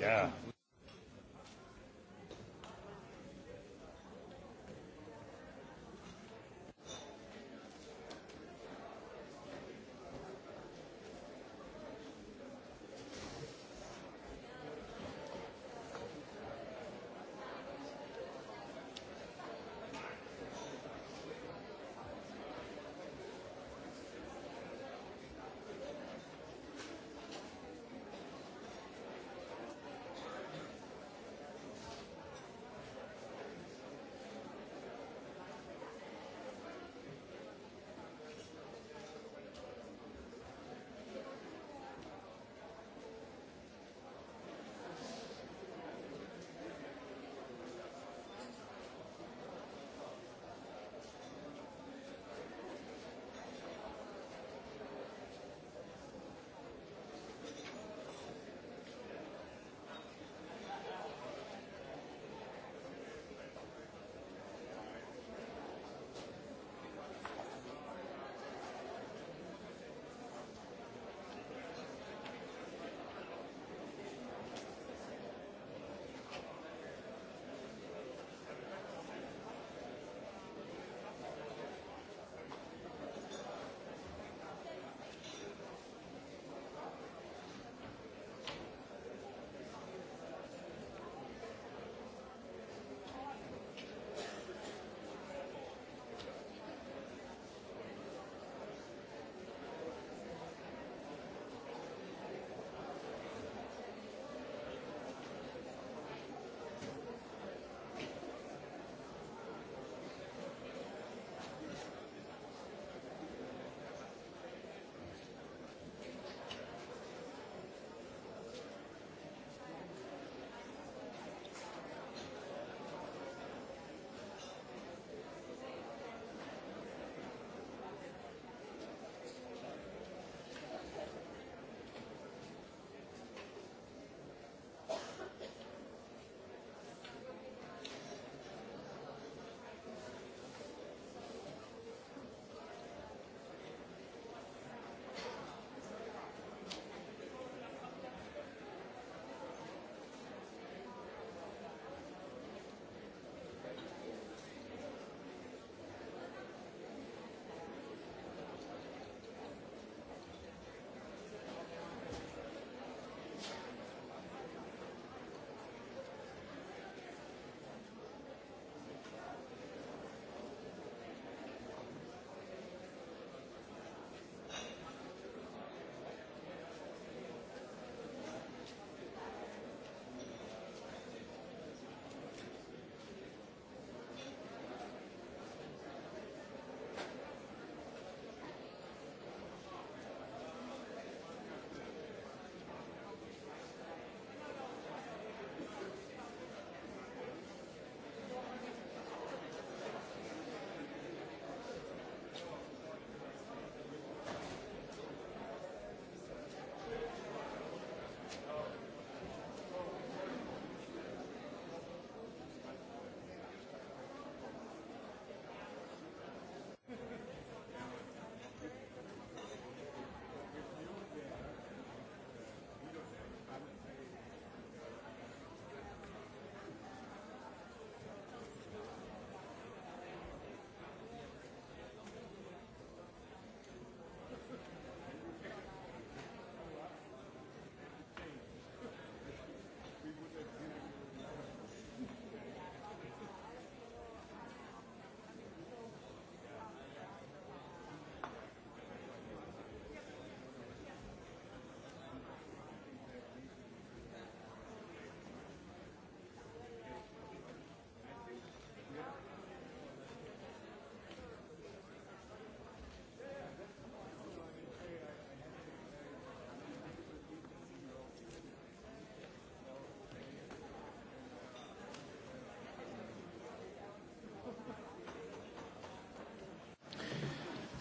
Yeah.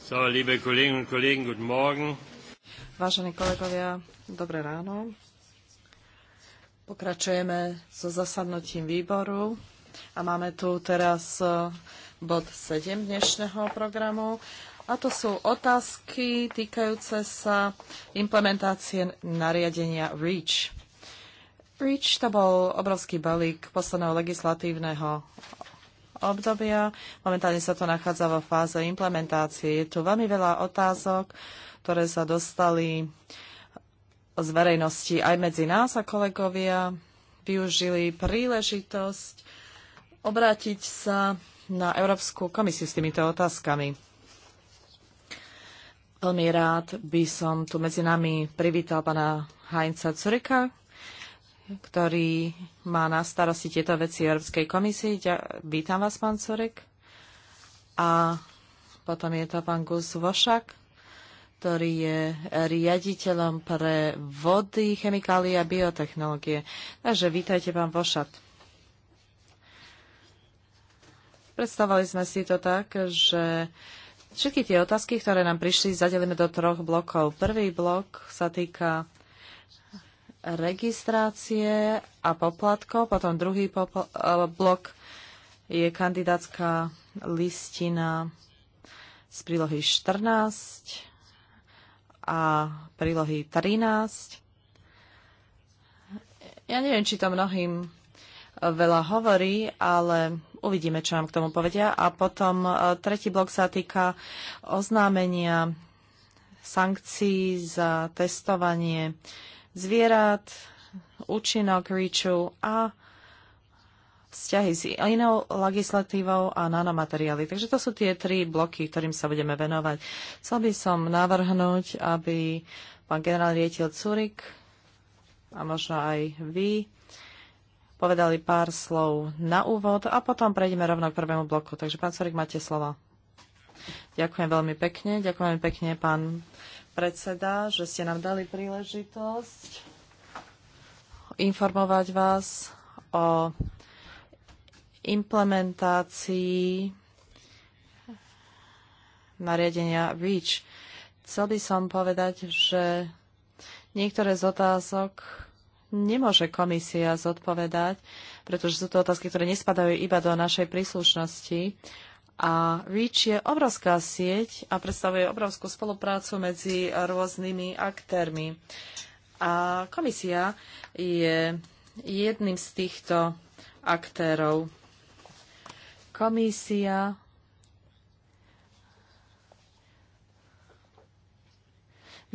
So, liebe Kolleginnen und Kollegen, guten Morgen. Vážení kolegovia, dobré ráno. Pokračujeme so zasadnutím výboru a máme tu teraz e, bod 7 dnešného programu a to sú otázky týkajúce sa implementácie nariadenia REACH. REACH to bol obrovský balík posledného legislatívneho obdobia. Momentálne sa to nachádza vo fáze implementácie. Je tu veľmi veľa otázok, ktoré sa dostali z verejnosti aj medzi nás a kolegovia využili príležitosť obrátiť sa na Európsku komisiu s týmito otázkami. Veľmi rád by som tu medzi nami privítal pana Heinza Curika, ktorý má na starosti tieto veci Európskej komisii. Vítam vás, pán Curek. A potom je to pán Gus Vošak, ktorý je riaditeľom pre vody, chemikálie a biotechnológie. Takže vítajte, pán vošak. Predstavali sme si to tak, že všetky tie otázky, ktoré nám prišli, zadelíme do troch blokov. Prvý blok sa týka registrácie a poplatkov. Potom druhý popl- eh, blok je kandidátska listina z prílohy 14 a prílohy 13. Ja neviem, či to mnohým eh, veľa hovorí, ale uvidíme, čo vám k tomu povedia. A potom eh, tretí blok sa týka oznámenia sankcií za testovanie zvierat, účinok REACHu a vzťahy s inou legislatívou a nanomateriály. Takže to sú tie tri bloky, ktorým sa budeme venovať. Chcel by som navrhnúť, aby pán generál rietil Curik a možno aj vy povedali pár slov na úvod a potom prejdeme rovno k prvému bloku. Takže pán Curik, máte slovo. Ďakujem veľmi pekne. Ďakujem veľmi pekne, pán predseda, že ste nám dali príležitosť informovať vás o implementácii nariadenia REACH. Chcel by som povedať, že niektoré z otázok nemôže komisia zodpovedať, pretože sú to otázky, ktoré nespadajú iba do našej príslušnosti a REACH je obrovská sieť a predstavuje obrovskú spoluprácu medzi rôznymi aktérmi. A komisia je jedným z týchto aktérov. Komisia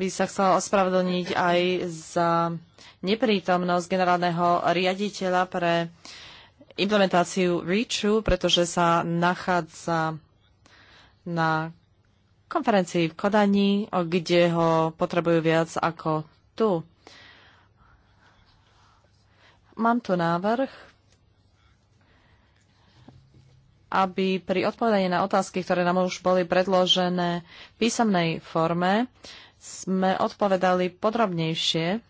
by sa chcela ospravedlniť aj za neprítomnosť generálneho riaditeľa pre uh, implementáciu REACHu, pretože sa nachádza na konferencii v Kodani, kde ho potrebujú viac ako tu. Mám tu návrh, aby pri odpovedaní na otázky, ktoré nám už boli predložené v písomnej forme, sme odpovedali podrobnejšie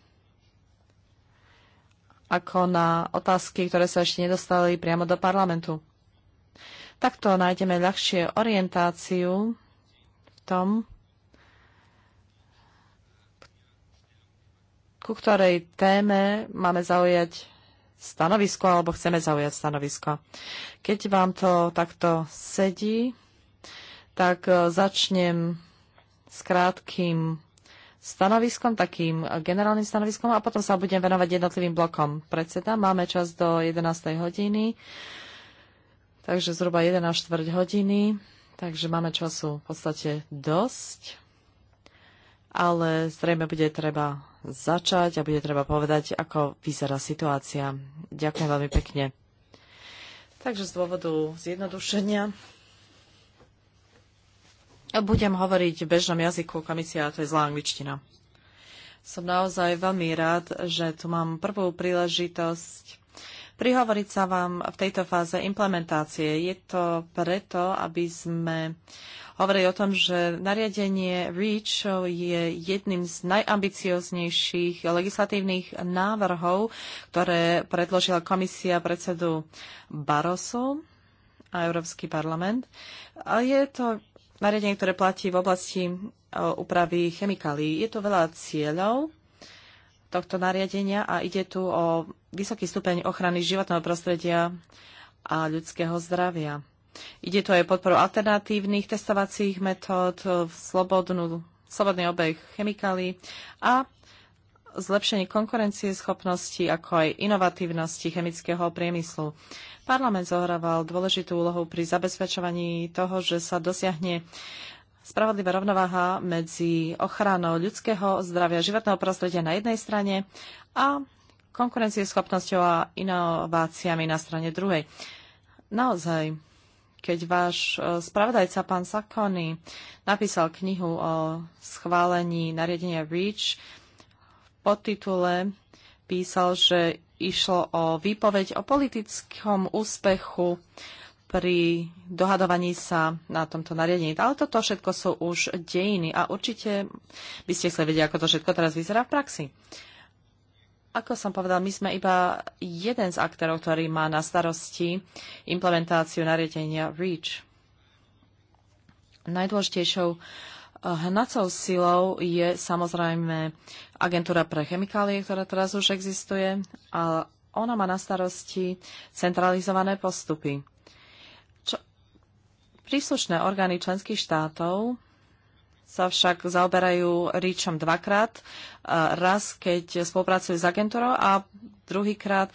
ako na otázky, ktoré sa ešte nedostali priamo do parlamentu. Takto nájdeme ľahšie orientáciu v tom, ku ktorej téme máme zaujať stanovisko alebo chceme zaujať stanovisko. Keď vám to takto sedí, tak e, začnem s krátkým stanoviskom, takým generálnym stanoviskom a potom sa budem venovať jednotlivým blokom predseda. Máme čas do 11. hodiny, takže zhruba 1 až hodiny, takže máme času v podstate dosť, ale zrejme bude treba začať a bude treba povedať, ako vyzerá situácia. Ďakujem veľmi pekne. Takže z dôvodu zjednodušenia budem hovoriť v bežnom jazyku, komisia to je zlá angličtina. Som naozaj veľmi rád, že tu mám prvú príležitosť prihovoriť sa vám v tejto fáze implementácie. Je to preto, aby sme hovorili o tom, že nariadenie REACH je jedným z najambicioznejších legislatívnych návrhov, ktoré predložila komisia predsedu Barroso a Európsky parlament. A je to nariadenie, ktoré platí v oblasti e, úpravy chemikálií. Je tu veľa cieľov tohto nariadenia a ide tu o vysoký stupeň ochrany životného prostredia a ľudského zdravia. Ide tu aj podporu alternatívnych testovacích metód, e, slobodnú, slobodný obeh chemikálií a zlepšení konkurencie schopnosti, ako aj inovatívnosti chemického priemyslu. Parlament zohrával dôležitú úlohu pri zabezpečovaní toho, že sa dosiahne spravodlivá rovnováha medzi ochranou ľudského zdravia, životného prostredia na jednej strane a konkurencieschopnosťou a inováciami na strane druhej. Naozaj, keď váš e, spravodajca pán Sakony napísal knihu o schválení nariadenia REACH, podtitule písal, že išlo o výpoveď o politickom úspechu pri dohadovaní sa na tomto nariadení. Ale toto všetko sú už dejiny a určite by ste chceli vedieť, ako to všetko teraz vyzerá v praxi. Ako som povedal, my sme iba jeden z aktérov, ktorý má na starosti implementáciu nariadenia REACH. Najdôležitejšou hnacou silou je samozrejme agentúra pre chemikálie, ktorá teraz už existuje, a ona má na starosti centralizované postupy. Čo... Príslušné orgány členských štátov sa však zaoberajú ríčom dvakrát. E, raz, keď spolupracujú s agentúrou a druhýkrát, e,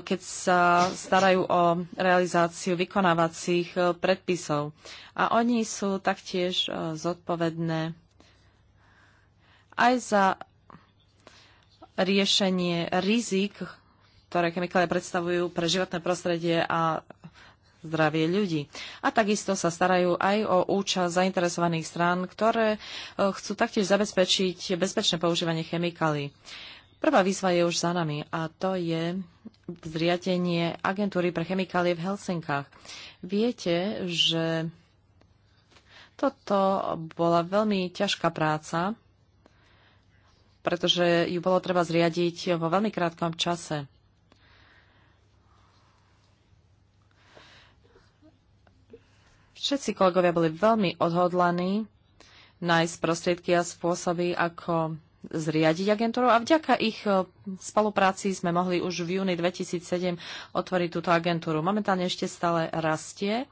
keď sa starajú o realizáciu vykonávacích e, predpisov. A oni sú taktiež zodpovedné aj za riešenie rizik, ktoré chemikálie predstavujú pre životné prostredie a zdravie ľudí. A takisto sa starajú aj o účasť zainteresovaných strán, ktoré e, chcú taktiež zabezpečiť bezpečné používanie chemikálií. Prvá výzva je už za nami a to je zriadenie agentúry pre chemikálie v Helsinkách. Viete, že toto bola veľmi ťažká práca pretože ju bolo treba zriadiť vo veľmi krátkom čase. Všetci kolegovia boli veľmi odhodlaní nájsť prostriedky a spôsoby, ako zriadiť agentúru a vďaka ich e, spolupráci sme mohli už v júni 2007 otvoriť túto agentúru. Momentálne ešte stále rastie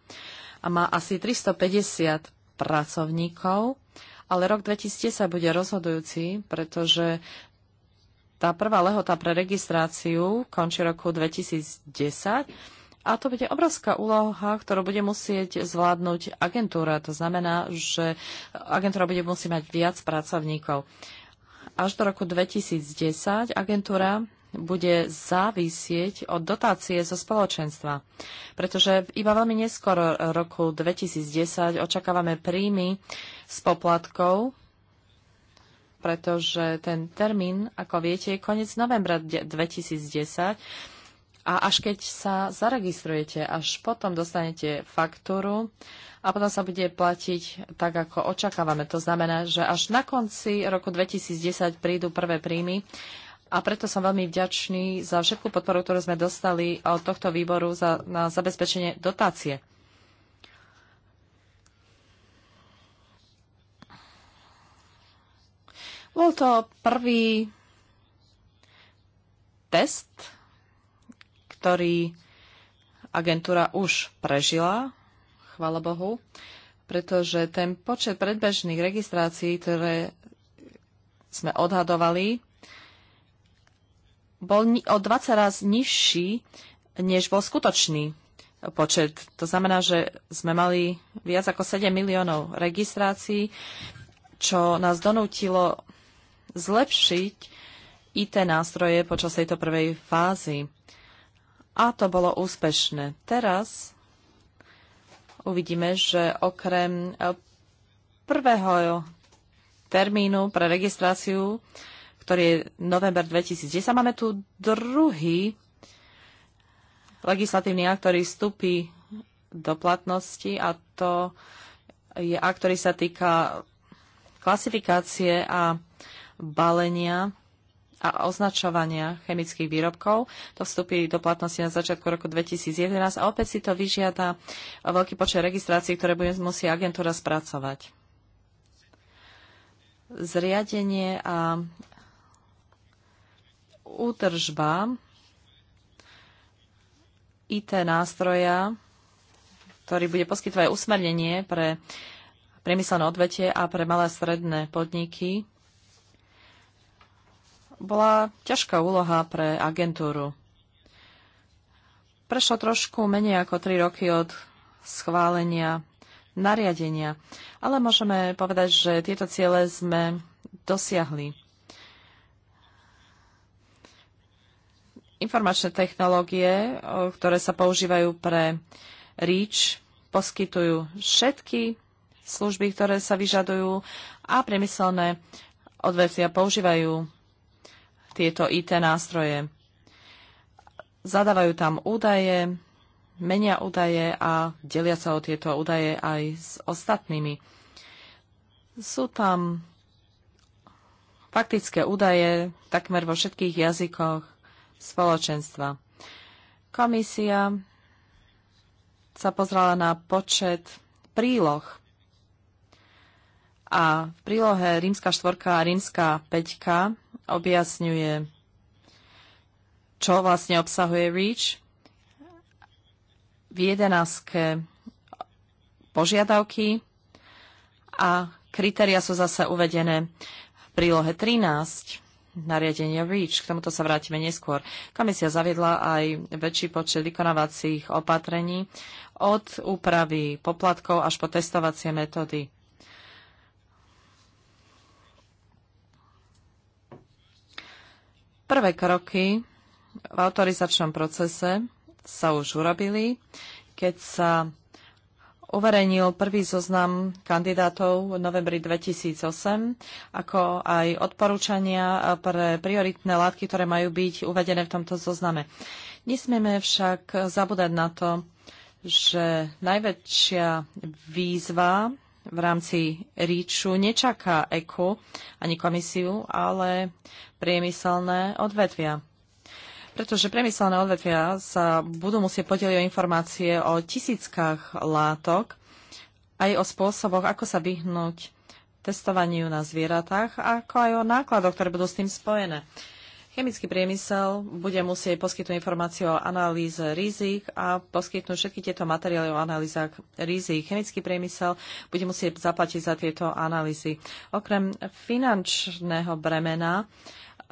a má asi 350 pracovníkov ale rok 2010 bude rozhodujúci, pretože tá prvá lehota pre registráciu končí roku 2010 a to bude obrovská úloha, ktorú bude musieť zvládnuť agentúra. To znamená, že agentúra bude musieť mať viac pracovníkov. Až do roku 2010 agentúra bude závisieť od dotácie zo spoločenstva. Pretože iba veľmi neskoro roku 2010 očakávame príjmy s poplatkou, pretože ten termín, ako viete, je koniec novembra 2010 a až keď sa zaregistrujete, až potom dostanete faktúru a potom sa bude platiť tak, ako očakávame. To znamená, že až na konci roku 2010 prídu prvé príjmy a preto som veľmi vďačný za všetkú podporu, ktorú sme dostali od tohto výboru za, na zabezpečenie dotácie. Bol to prvý test, ktorý agentúra už prežila, chvála Bohu, pretože ten počet predbežných registrácií, ktoré sme odhadovali, bol o 20 raz nižší, než bol skutočný počet. To znamená, že sme mali viac ako 7 miliónov registrácií, čo nás donútilo zlepšiť IT nástroje počas tejto prvej fázy. A to bolo úspešné. Teraz uvidíme, že okrem eh, prvého termínu pre registráciu, ktorý je november 2010, máme tu druhý legislatívny akt, ktorý vstupí do platnosti a to je akt, ktorý sa týka klasifikácie a balenia a označovania chemických výrobkov. To vstúpi do platnosti na začiatku roku 2011 a opäť si to vyžiada veľký počet registrácií, ktoré bude musí agentúra spracovať. Zriadenie a údržba IT nástroja, ktorý bude poskytovať usmernenie pre priemyselné odvetie a pre malé a stredné podniky bola ťažká úloha pre agentúru. Prešlo trošku menej ako 3 roky od schválenia nariadenia, ale môžeme povedať, že tieto ciele sme dosiahli. Informačné technológie, ktoré sa používajú pre REACH, poskytujú všetky služby, ktoré sa vyžadujú a priemyselné odvetvia používajú tieto IT nástroje. Zadávajú tam údaje, menia údaje a delia sa o tieto údaje aj s ostatnými. Sú tam faktické údaje takmer vo všetkých jazykoch spoločenstva. Komisia sa pozrela na počet príloh a v prílohe rímska štvorka a rímska peťka objasňuje, čo vlastne obsahuje REACH. V jedenáctke požiadavky a kritéria sú zase uvedené v prílohe 13 nariadenia REACH. K tomuto sa vrátime neskôr. Komisia zaviedla aj väčší počet vykonávacích opatrení od úpravy poplatkov až po testovacie metódy. Prvé kroky v autorizačnom procese sa už urobili, keď sa uverejnil prvý zoznam kandidátov v novembri 2008, ako aj odporúčania pre prioritné látky, ktoré majú byť uvedené v tomto zozname. Nesmieme však zabúdať na to, že najväčšia výzva v rámci ríču nečaká EKU ani komisiu, ale priemyselné odvetvia. Pretože priemyselné odvetvia sa budú musieť podeliť o informácie o tisíckach látok, aj o spôsoboch, ako sa vyhnúť testovaniu na zvieratách, ako aj o nákladoch, ktoré budú s tým spojené. Chemický priemysel bude musieť poskytnúť informácie o analýze rizik a poskytnúť všetky tieto materiály o analýzach rizik. Chemický priemysel bude musieť zaplatiť za tieto analýzy. Okrem finančného bremena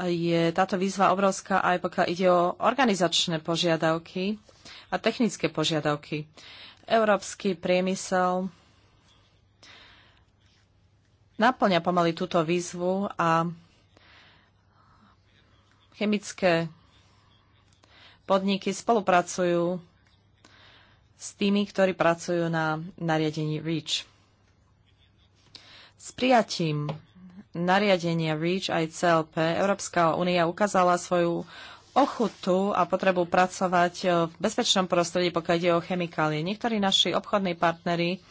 je táto výzva obrovská aj pokiaľ ide o organizačné požiadavky a technické požiadavky. Európsky priemysel naplňa pomaly túto výzvu a chemické podniky spolupracujú s tými, ktorí pracujú na nariadení REACH. S prijatím nariadenia REACH aj CLP Európska únia ukázala svoju ochutu a potrebu pracovať e, v bezpečnom prostredí, pokiaľ ide o chemikálie. Niektorí naši obchodní partnery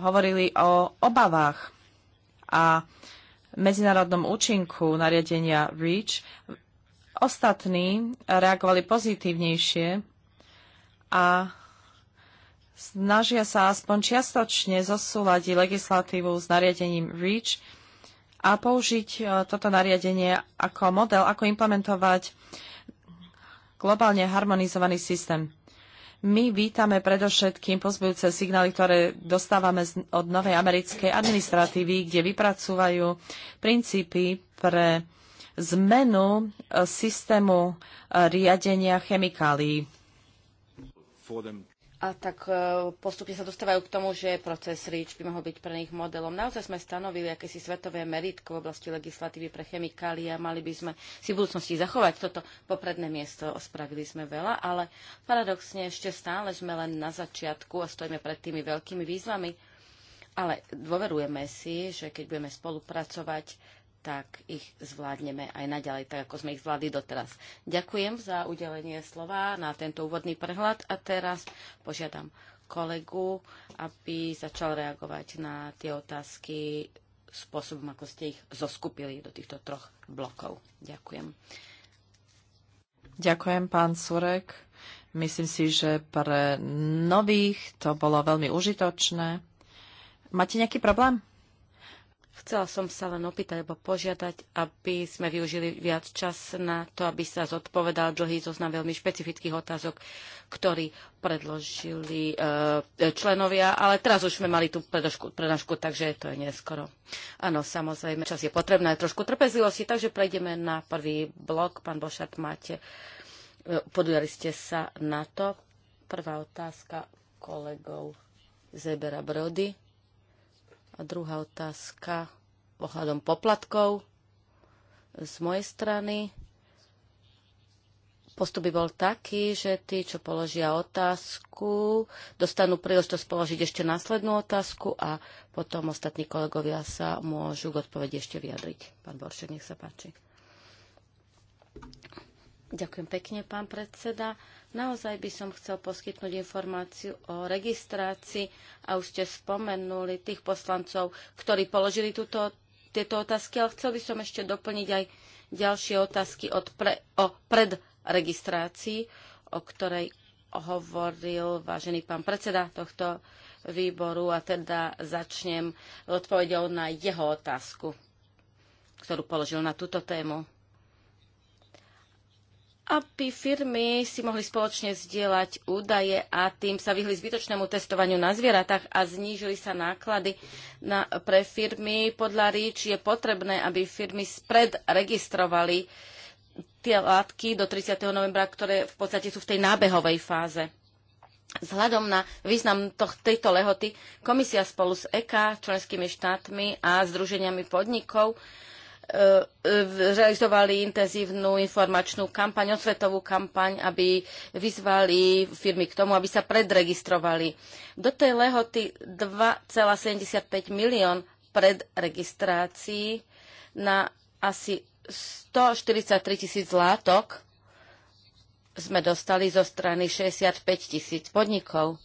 hovorili o obavách a medzinárodnom účinku nariadenia REACH. Ostatní reagovali pozitívnejšie a snažia sa aspoň čiastočne zosúľadiť legislatívu s nariadením REACH a použiť e, toto nariadenie ako model, ako implementovať globálne harmonizovaný systém. My vítame predovšetkým pozbujúce signály, ktoré dostávame od novej americkej administratívy, kde vypracúvajú princípy pre zmenu e, systému e, riadenia chemikálií a tak e, postupne sa dostávajú k tomu, že proces REACH by mohol byť pre nich modelom. Naozaj sme stanovili akési svetové meritko v oblasti legislatívy pre chemikálie a mali by sme si v budúcnosti zachovať toto popredné miesto. Spravili sme veľa, ale paradoxne ešte stále sme len na začiatku a stojíme pred tými veľkými výzvami. Ale dôverujeme si, že keď budeme spolupracovať tak ich zvládneme aj naďalej, tak ako sme ich zvládli doteraz. Ďakujem za udelenie slova na tento úvodný prehľad a teraz požiadam kolegu, aby začal reagovať na tie otázky spôsobom, ako ste ich zoskupili do týchto troch blokov. Ďakujem. Ďakujem, pán Surek. Myslím si, že pre nových to bolo veľmi užitočné. Máte nejaký problém? Chcela som sa len opýtať alebo požiadať, aby sme využili viac čas na to, aby sa zodpovedal dlhý zoznam veľmi špecifických otázok, ktorý predložili e, členovia, ale teraz už sme mali tú prednášku, takže to je neskoro. Áno, samozrejme, čas je potrebné, je trošku trpezlivosti, takže prejdeme na prvý blok. Pán Bošat, máte, e, podujali ste sa na to. Prvá otázka kolegov Zebera Brody. A druhá otázka ohľadom poplatkov z mojej strany. Postup by bol taký, že tí, čo položia otázku, dostanú príležitosť položiť ešte následnú otázku a potom ostatní kolegovia sa môžu k odpovedi ešte vyjadriť. Pán Boršek, nech sa páči. Ďakujem pekne, pán predseda. Naozaj by som chcel poskytnúť informáciu o registrácii a už ste spomenuli tých poslancov, ktorí položili túto, tieto otázky, ale chcel by som ešte doplniť aj ďalšie otázky od pre, o predregistrácii, o ktorej hovoril vážený pán predseda tohto výboru a teda začnem odpovedou na jeho otázku, ktorú položil na túto tému aby firmy si mohli spoločne zdieľať údaje a tým sa vyhli zbytočnému testovaniu na zvieratách a znížili sa náklady na, pre firmy. Podľa REACH je potrebné, aby firmy spred registrovali tie látky do 30. novembra, ktoré v podstate sú v tej nábehovej fáze. Vzhľadom na význam to, tejto lehoty, komisia spolu s EK, členskými štátmi a združeniami podnikov E, e, realizovali intenzívnu informačnú kampaň, osvetovú kampaň, aby vyzvali firmy k tomu, aby sa predregistrovali. Do tej lehoty 2,75 milión predregistrácií na asi 143 tisíc látok sme dostali zo strany 65 tisíc podnikov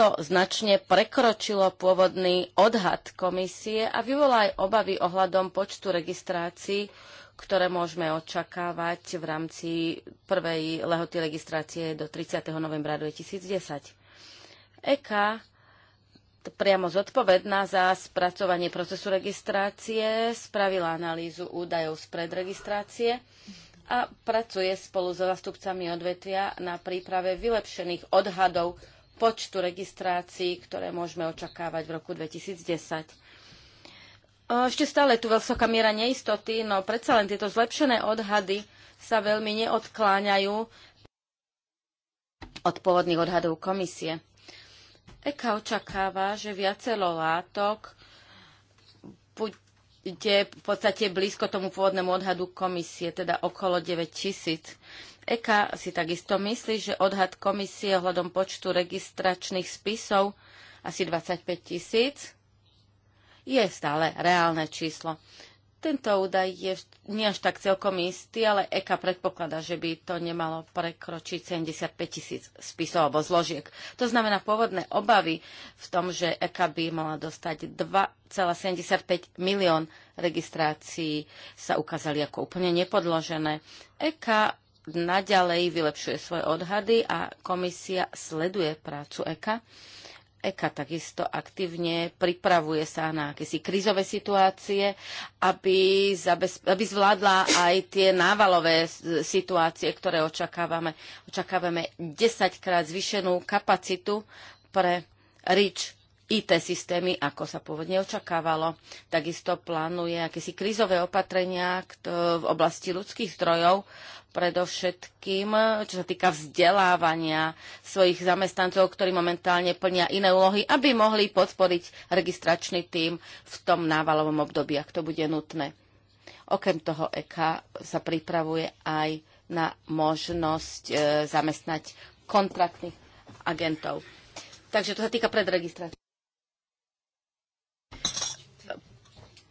to značne prekročilo pôvodný odhad komisie a vyvolá aj obavy ohľadom počtu registrácií, ktoré môžeme očakávať v rámci prvej lehoty registrácie do 30. novembra 2010. EK priamo zodpovedná za spracovanie procesu registrácie, spravila analýzu údajov z predregistrácie a pracuje spolu so zastupcami odvetvia na príprave vylepšených odhadov počtu registrácií, ktoré môžeme očakávať v roku 2010. E, ešte stále je tu vysoká miera neistoty, no predsa len tieto zlepšené odhady sa veľmi neodkláňajú od pôvodných odhadov komisie. EKA očakáva, že viacero látok ide v podstate blízko tomu pôvodnému odhadu komisie, teda okolo 9 tisíc. EKA si takisto myslí, že odhad komisie ohľadom počtu registračných spisov asi 25 tisíc je stále reálne číslo. Tento údaj je nie až tak celkom istý, ale EKA predpokladá, že by to nemalo prekročiť 75 tisíc spisov alebo zložiek. To znamená pôvodné obavy v tom, že EKA by mala dostať 2,75 milión registrácií sa ukázali ako úplne nepodložené. EKA naďalej vylepšuje svoje odhady a komisia sleduje prácu EKA EKA takisto aktívne pripravuje sa na akési krízové situácie, aby, zabez, aby zvládla aj tie návalové situácie, ktoré očakávame. Očakávame 10 krát zvyšenú kapacitu pre REACH IT systémy, ako sa pôvodne očakávalo. Takisto plánuje akési krízové opatrenia v oblasti ľudských zdrojov, predovšetkým, čo sa týka vzdelávania svojich zamestnancov, ktorí momentálne plnia iné úlohy, aby mohli podporiť registračný tím v tom návalovom období, ak to bude nutné. Okrem toho EK sa pripravuje aj na možnosť e, zamestnať kontraktných agentov. Takže to sa týka predregistrácie.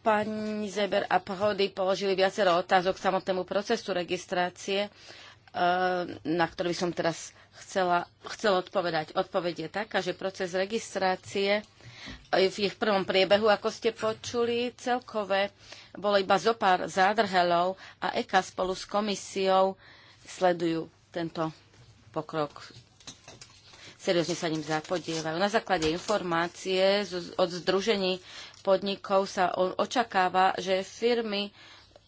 Pani Zeber a Pohody položili viacero otázok k samotnému procesu registrácie, e, na ktorý by som teraz chcela, chcela odpovedať. Odpoveď je taká, že proces registrácie v prvom priebehu, ako ste počuli, celkové bolo iba zo pár zádrhelov a EKA spolu s komisiou sledujú tento pokrok seriózne sa ním zapodievajú. Na základe informácie od Združení podnikov sa očakáva, že firmy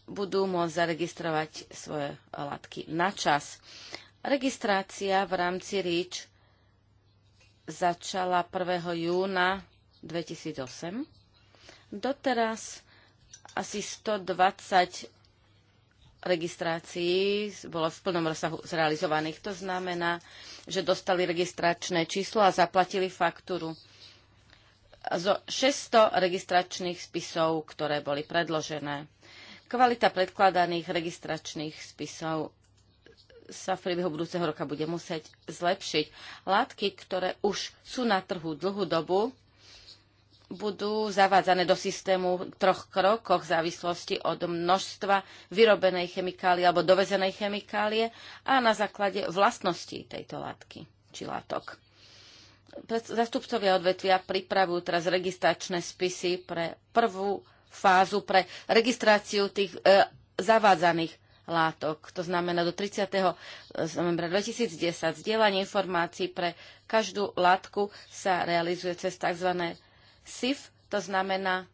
budú môcť zaregistrovať svoje látky na čas. Registrácia v rámci REACH začala 1. júna 2008. Doteraz asi 120 registrácií bolo v plnom rozsahu zrealizovaných. To znamená, že dostali registračné číslo a zaplatili faktúru zo 600 registračných spisov, ktoré boli predložené. Kvalita predkladaných registračných spisov sa v priebehu budúceho roka bude musieť zlepšiť. Látky, ktoré už sú na trhu dlhú dobu, budú zavádzané do systému v troch krokoch v závislosti od množstva vyrobenej chemikálie alebo dovezenej chemikálie a na základe vlastností tejto látky či látok. Zastupcovia odvetvia pripravujú teraz registračné spisy pre prvú fázu pre registráciu tých e, zavádzaných látok. To znamená do 30. E, novembra 2010 zdieľanie informácií pre každú látku sa realizuje cez tzv. SIF, to znamená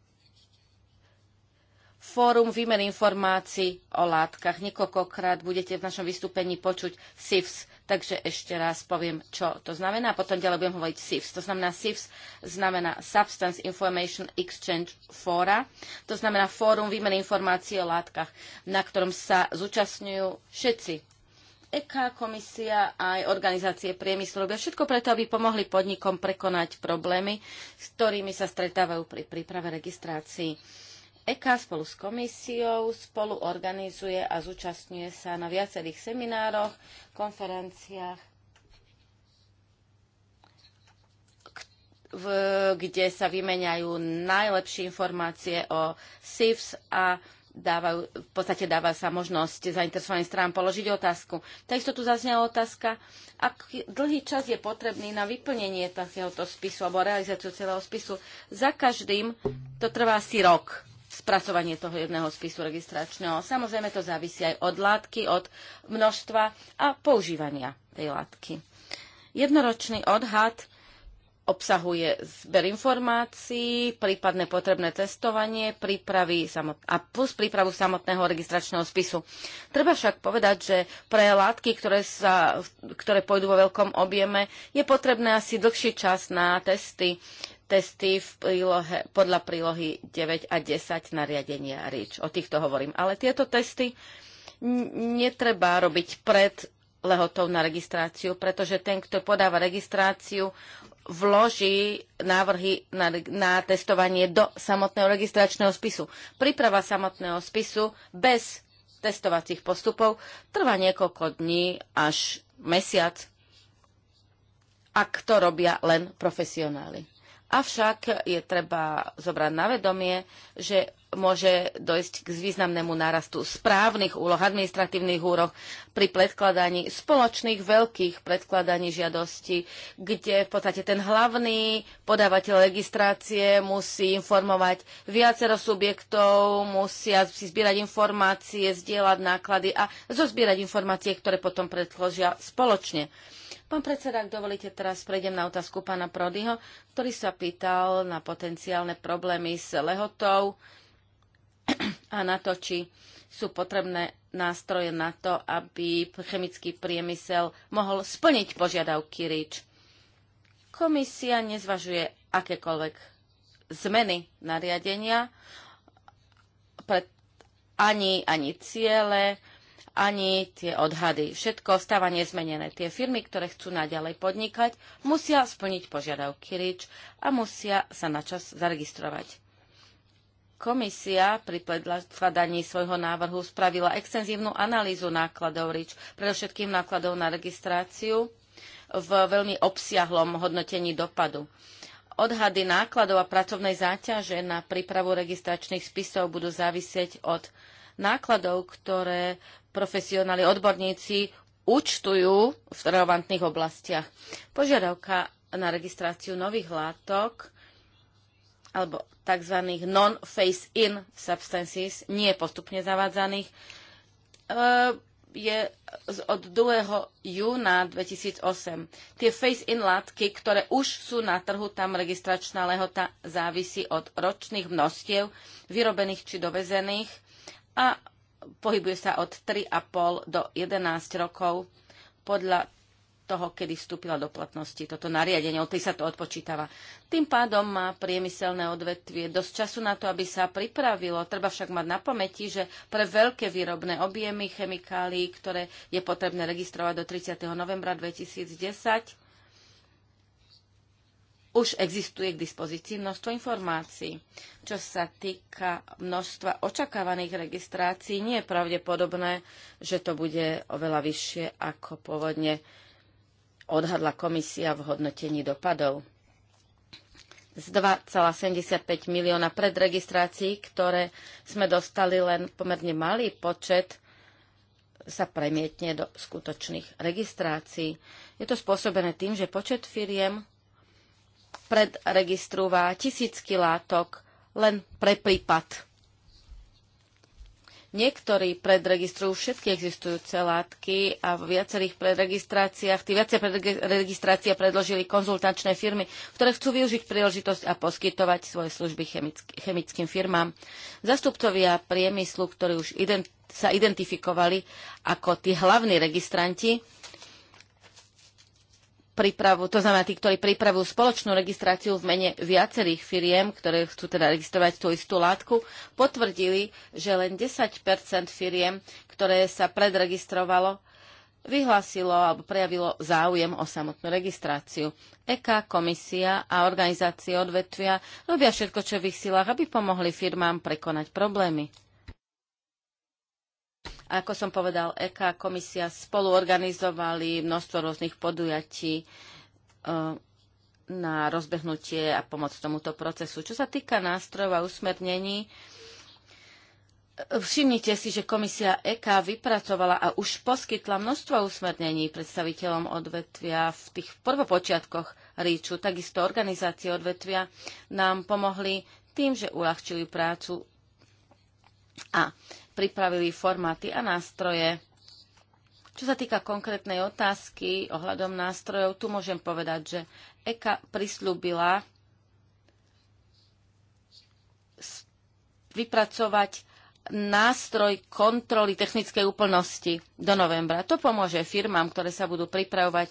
Fórum výmen informácií o látkach. Niekoľkokrát budete v našom vystúpení počuť SIFS Takže ešte raz poviem, čo to znamená. Potom ďalej budem hovoriť SIFS. To znamená SIFS znamená Substance Information Exchange Fora. To znamená fórum výmeny informácií o látkach, na ktorom sa zúčastňujú všetci EK komisia a aj organizácie priemyslu robia všetko preto, aby pomohli podnikom prekonať problémy, s ktorými sa stretávajú pri príprave registrácií. EKA spolu s komisiou spolu organizuje a zúčastňuje sa na viacerých seminároch, konferenciách, kde sa vymeniajú najlepšie informácie o SIFS a dávajú, v podstate dáva sa možnosť zainteresovaným strán položiť otázku. Takisto tu zaznela otázka, aký dlhý čas je potrebný na vyplnenie takéhoto spisu alebo realizáciu celého spisu. Za každým to trvá asi rok spracovanie toho jedného spisu registračného. Samozrejme to závisí aj od látky, od množstva a používania tej látky. Jednoročný odhad obsahuje zber informácií, prípadné potrebné testovanie, prípravy a plus prípravu samotného registračného spisu. Treba však povedať, že pre látky, ktoré, sa, ktoré pôjdu vo veľkom objeme, je potrebné asi dlhší čas na testy, testy v prílohe, podľa prílohy 9 a 10 nariadenia REACH. O týchto hovorím. Ale tieto testy netreba robiť pred lehotou na registráciu, pretože ten, kto podáva registráciu, vloží návrhy na, na testovanie do samotného registračného spisu. Príprava samotného spisu bez testovacích postupov trvá niekoľko dní až mesiac, ak to robia len profesionáli. Avšak je treba zobrať na vedomie, že môže dojsť k významnému nárastu správnych úloh, administratívnych úroh pri predkladaní spoločných veľkých predkladaní žiadosti, kde v podstate ten hlavný podávateľ registrácie musí informovať viacero subjektov, musia si zbierať informácie, zdieľať náklady a zozbierať informácie, ktoré potom predložia spoločne. Pán predseda, ak dovolíte, teraz prejdem na otázku pána Prodyho, ktorý sa pýtal na potenciálne problémy s lehotou a na to, či sú potrebné nástroje na to, aby chemický priemysel mohol splniť požiadavky REACH. Komisia nezvažuje akékoľvek zmeny nariadenia, pred ani, ani ciele, ani tie odhady. Všetko ostáva nezmenené. Tie firmy, ktoré chcú naďalej podnikať, musia splniť požiadavky RIČ a musia sa načas zaregistrovať. Komisia pri predkladaní svojho návrhu spravila extenzívnu analýzu nákladov RIČ, predovšetkým nákladov na registráciu v veľmi obsiahlom hodnotení dopadu. Odhady nákladov a pracovnej záťaže na prípravu registračných spisov budú závisieť od nákladov, ktoré profesionáli, odborníci účtujú v relevantných oblastiach. Požiadavka na registráciu nových látok alebo tzv. non-face-in substances, nie postupne zavádzaných, e, je od 2. júna 2008. Tie face-in látky, ktoré už sú na trhu, tam registračná lehota závisí od ročných množstiev, vyrobených či dovezených, a pohybuje sa od 3,5 do 11 rokov podľa toho, kedy vstúpila do platnosti toto nariadenie, od tej sa to odpočítava. Tým pádom má priemyselné odvetvie dosť času na to, aby sa pripravilo. Treba však mať na pamäti, že pre veľké výrobné objemy chemikálií, ktoré je potrebné registrovať do 30. novembra 2010, už existuje k dispozícii množstvo informácií. Čo sa týka množstva očakávaných registrácií, nie je pravdepodobné, že to bude oveľa vyššie, ako pôvodne odhadla komisia v hodnotení dopadov. Z 2,75 milióna predregistrácií, ktoré sme dostali len pomerne malý počet, sa premietne do skutočných registrácií. Je to spôsobené tým, že počet firiem, predregistrúva tisícky látok len pre prípad. Niektorí predregistrujú všetky existujúce látky a v viacerých predregistráciách, tí viacej predregistrácie predložili konzultačné firmy, ktoré chcú využiť príležitosť a poskytovať svoje služby chemick- chemickým firmám. Zastupcovia priemyslu, ktorí už ident, sa identifikovali ako tí hlavní registranti, pripravu, to znamená tí, ktorí pripravujú spoločnú registráciu v mene viacerých firiem, ktoré chcú teda registrovať tú istú látku, potvrdili, že len 10 firiem, ktoré sa predregistrovalo, vyhlásilo alebo prejavilo záujem o samotnú registráciu. EK, komisia a organizácie odvetvia robia všetko, čo je v ich silách, aby pomohli firmám prekonať problémy. Ako som povedal, EK komisia spolu organizovali množstvo rôznych podujatí e, na rozbehnutie a pomoc tomuto procesu. Čo sa týka nástrojov a usmernení, e, Všimnite si, že komisia EK vypracovala a už poskytla množstvo usmernení predstaviteľom odvetvia v tých prvopočiatkoch ríču. Takisto organizácie odvetvia nám pomohli tým, že uľahčili prácu a pripravili formáty a nástroje. Čo sa týka konkrétnej otázky ohľadom nástrojov, tu môžem povedať, že EKA prislúbila vypracovať nástroj kontroly technickej úplnosti do novembra. To pomôže firmám, ktoré sa budú pripravovať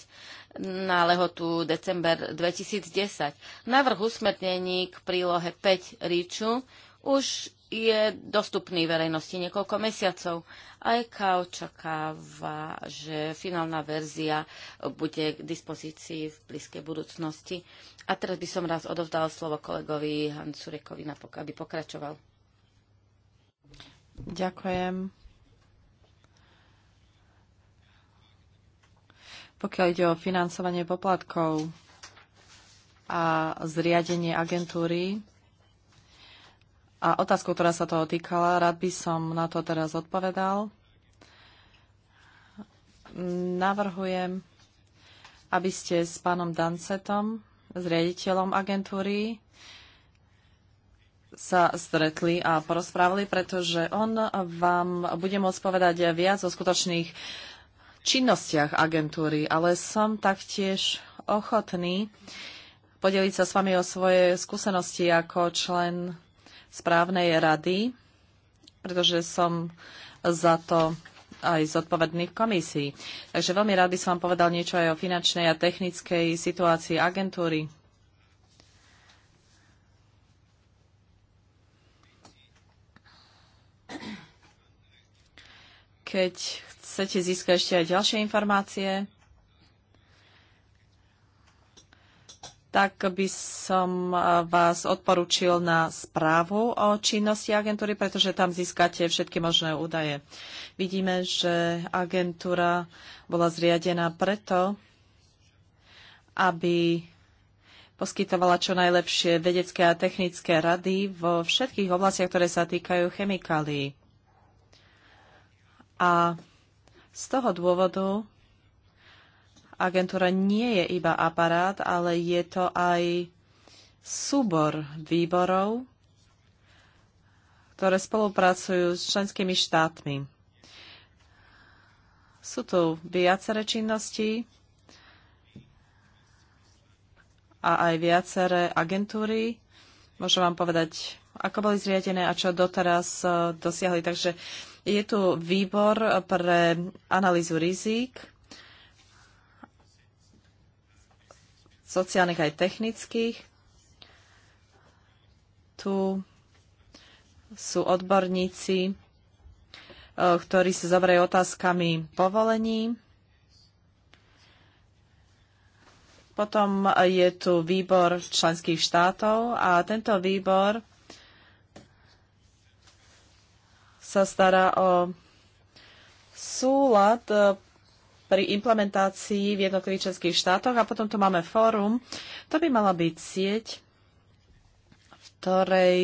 na lehotu december 2010. Navrh usmernení k prílohe 5 ríču už je dostupný verejnosti niekoľko mesiacov. Aj očakáva, že finálna verzia bude k dispozícii v blízkej budúcnosti. A teraz by som raz odovzdal slovo kolegovi Hancurekovi, aby pokračoval. Ďakujem. Pokiaľ ide o financovanie poplatkov a zriadenie agentúry, a otázku, ktorá sa toho týkala, rád by som na to teraz odpovedal. Navrhujem, aby ste s pánom Dancetom, s riaditeľom agentúry, sa stretli a porozprávali, pretože on vám bude môcť povedať viac o skutočných činnostiach agentúry, ale som taktiež ochotný podeliť sa s vami o svoje skúsenosti ako člen správnej rady, pretože som za to aj zodpovedných komisí. Takže veľmi rád by som vám povedal niečo aj o finančnej a technickej situácii agentúry. Keď chcete získať ešte aj ďalšie informácie, tak by som eh, vás odporučil na správu o činnosti agentúry, pretože tam získate všetky možné údaje. Vidíme, že agentúra bola zriadená preto, aby poskytovala čo najlepšie vedecké a technické rady vo všetkých oblastiach, ktoré sa týkajú chemikálií. A z toho dôvodu agentúra nie je iba aparát, ale je to aj súbor výborov, ktoré spolupracujú s členskými štátmi. Sú tu viaceré činnosti a aj viaceré agentúry. Môžem vám povedať, ako boli zriadené a čo doteraz eh, dosiahli. Takže je tu výbor pre analýzu rizík, sociálnych aj technických. Tu sú odborníci, e, ktorí sa zabrajú otázkami povolení. Potom je tu výbor členských štátov a tento výbor sa stará o súlad pri implementácii v jednotlivých českých štátoch a potom tu máme fórum. To by mala byť sieť, v ktorej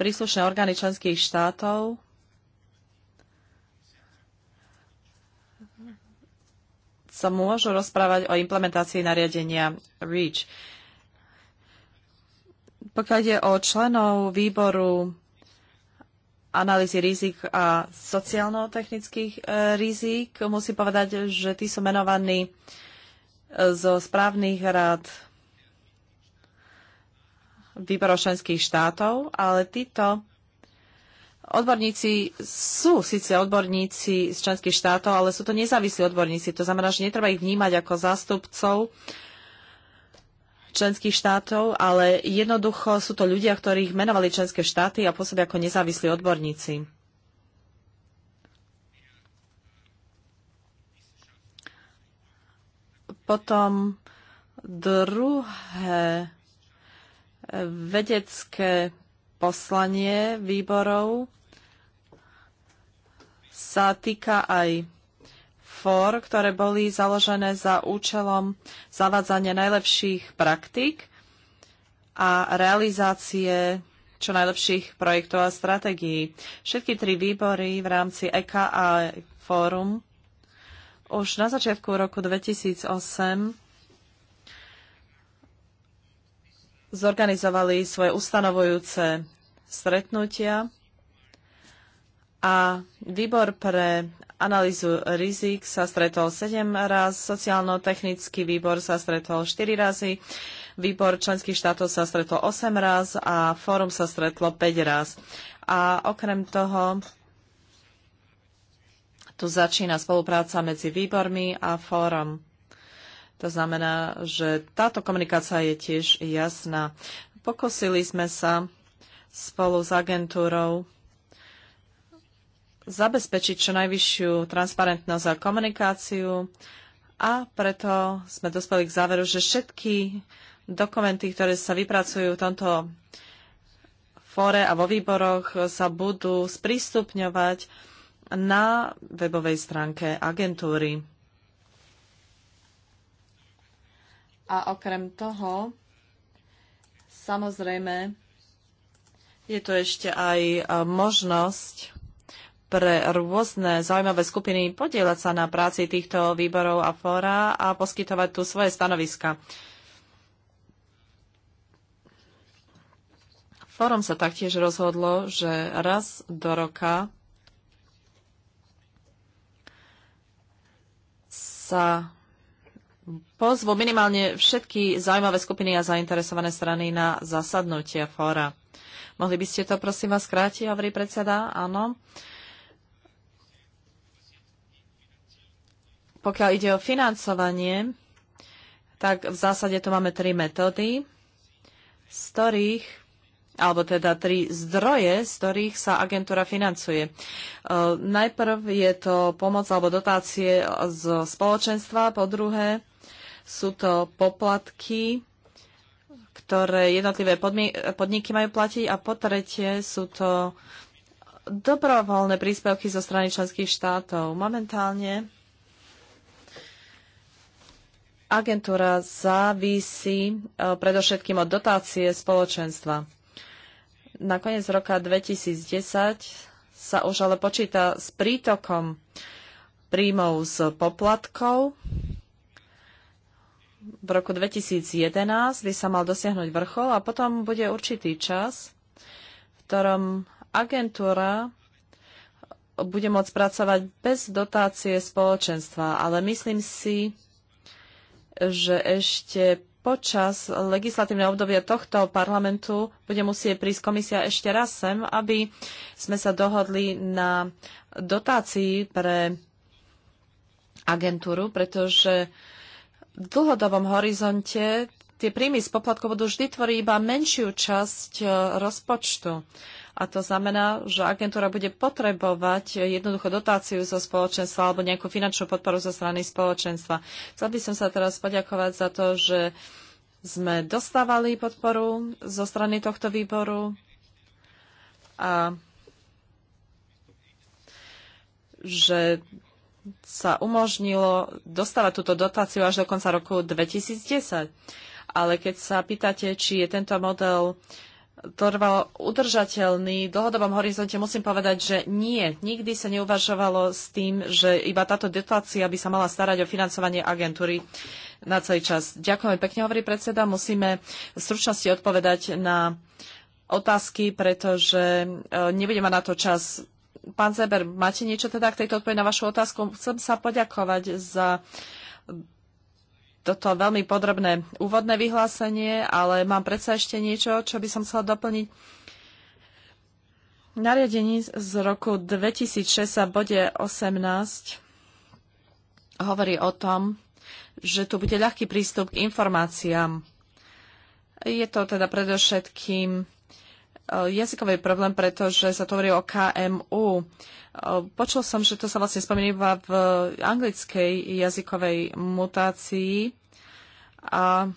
príslušné orgány členských štátov sa môžu rozprávať o implementácii nariadenia REACH. Pokiaľ je o členov výboru analýzy rizik a sociálno-technických e, rizik. Musím povedať, že tí sú menovaní e, zo správnych rád výborov členských štátov, ale títo odborníci sú síce odborníci z členských štátov, ale sú to nezávislí odborníci. To znamená, že netreba ich vnímať ako zástupcov členských štátov, ale jednoducho sú to ľudia, ktorých menovali členské štáty a pôsobia ako nezávislí odborníci. Potom druhé vedecké poslanie výborov sa týka aj fór, ktoré boli založené za účelom zavádzania najlepších praktík a realizácie čo najlepších projektov a stratégií. Všetky tri výbory v rámci EKA a Fórum už na začiatku roku 2008 zorganizovali svoje ustanovujúce stretnutia a výbor pre analýzu rizik sa stretol 7 raz, sociálno-technický výbor sa stretol 4 razy, výbor členských štátov sa stretol 8 raz a fórum sa stretlo 5 raz. A okrem toho tu začína spolupráca medzi výbormi a fórum. To znamená, že táto komunikácia je tiež jasná. Pokosili sme sa spolu s agentúrou zabezpečiť čo najvyššiu transparentnosť a komunikáciu a preto sme dospeli k záveru, že všetky dokumenty, ktoré sa vypracujú v tomto fóre a vo výboroch, sa budú sprístupňovať na webovej stránke agentúry. A okrem toho, samozrejme, je tu ešte aj e, možnosť pre rôzne zaujímavé skupiny podielať sa na práci týchto výborov a fóra a poskytovať tu svoje stanoviska. Fórum sa taktiež rozhodlo, že raz do roka sa pozvu minimálne všetky zaujímavé skupiny a zainteresované strany na zasadnutia fóra. Mohli by ste to prosím vás skrátiť, hovorí predseda? Áno. Uh, Pokiaľ ide o financovanie, tak v zásade tu máme tri metódy, z ktorých alebo teda tri zdroje, z ktorých sa agentúra financuje. E, najprv je to pomoc alebo dotácie z spoločenstva, po druhé sú to poplatky, ktoré jednotlivé podniky majú platiť a po tretie sú to dobrovoľné príspevky zo strany členských štátov. Momentálne agentúra závisí e, predovšetkým od dotácie spoločenstva. Na koniec roka 2010 sa už ale počíta s prítokom príjmov z poplatkov. V roku 2011 by sa mal dosiahnuť vrchol a potom bude určitý čas, v ktorom agentúra bude môcť pracovať bez dotácie spoločenstva, ale myslím si, že ešte počas legislatívneho obdobia tohto parlamentu bude musieť prísť komisia ešte raz sem, aby sme sa dohodli na dotácii pre agentúru, pretože v dlhodobom horizonte tie príjmy z poplatkov budú vždy tvoriť iba menšiu časť eh, rozpočtu. A to znamená, že agentúra bude potrebovať jednoducho dotáciu zo spoločenstva alebo nejakú finančnú podporu zo strany spoločenstva. Chcel by som sa teraz poďakovať za to, že sme dostávali podporu zo strany tohto výboru a že sa umožnilo dostávať túto dotáciu až do konca roku 2010. Ale keď sa pýtate, či je tento model uh, trvalo udržateľný v dlhodobom horizonte, musím povedať, že nie. Nikdy sa neuvažovalo s tým, že iba táto dotácia by sa mala starať o financovanie agentúry na celý čas. Ďakujem pekne, hovorí predseda. Musíme v stručnosti odpovedať na otázky, pretože e, nebudeme mať na to čas. Pán Zeber, máte niečo teda k tejto odpovedi na vašu otázku? Chcem sa poďakovať za toto veľmi podrobné úvodné vyhlásenie, ale mám predsa ešte niečo, čo by som chcela doplniť. Nariadení z roku 2006 a bode 18 hovorí o tom, že tu bude ľahký prístup k informáciám. Je to teda predovšetkým Eh, jazykový problém, pretože sa to hovorí o KMU. Eh, počul som, že to sa vlastne spomína v anglickej jazykovej mutácii a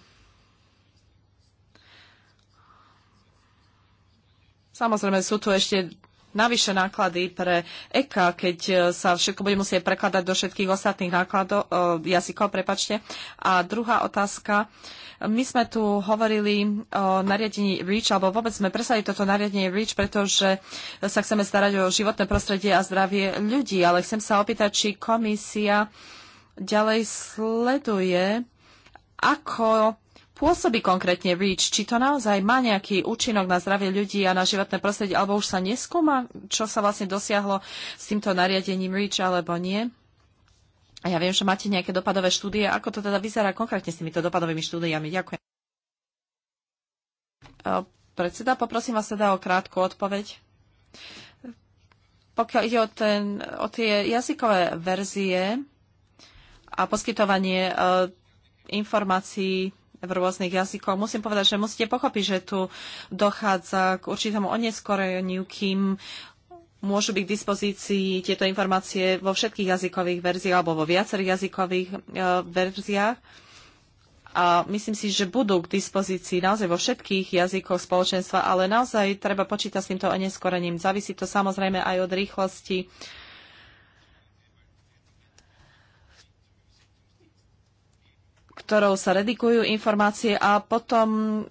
Samozrejme, sú tu ešte navyše náklady pre EKA, keď e, sa všetko bude musieť prekladať do všetkých ostatných nákladov, e, jazykov, prepačte. A druhá otázka. My sme tu hovorili o nariadení REACH, alebo vôbec sme presadili toto nariadenie REACH, pretože sa chceme starať o životné prostredie a zdravie ľudí. Ale chcem sa opýtať, či komisia ďalej sleduje, ako pôsobí konkrétne REACH? Či to naozaj má nejaký účinok na zdravie ľudí a na životné prostredie, alebo už sa neskúma, čo sa vlastne dosiahlo s týmto nariadením REACH alebo nie? A ja viem, že máte nejaké dopadové štúdie. Ako to teda vyzerá konkrétne s týmito dopadovými štúdiami? Ďakujem. Predseda, poprosím vás teda o krátku odpoveď. Pokiaľ ide o, ten, o tie jazykové verzie a poskytovanie informácií v rôznych jazykoch. Musím povedať, že musíte pochopiť, že tu dochádza k určitému oneskoreniu, kým môžu byť k dispozícii tieto informácie vo všetkých jazykových verziách alebo vo viacerých jazykových e, verziách. A myslím si, že budú k dispozícii naozaj vo všetkých jazykoch spoločenstva, ale naozaj treba počítať s týmto oneskorením. Závisí to samozrejme aj od rýchlosti ktorou sa redikujú informácie a potom,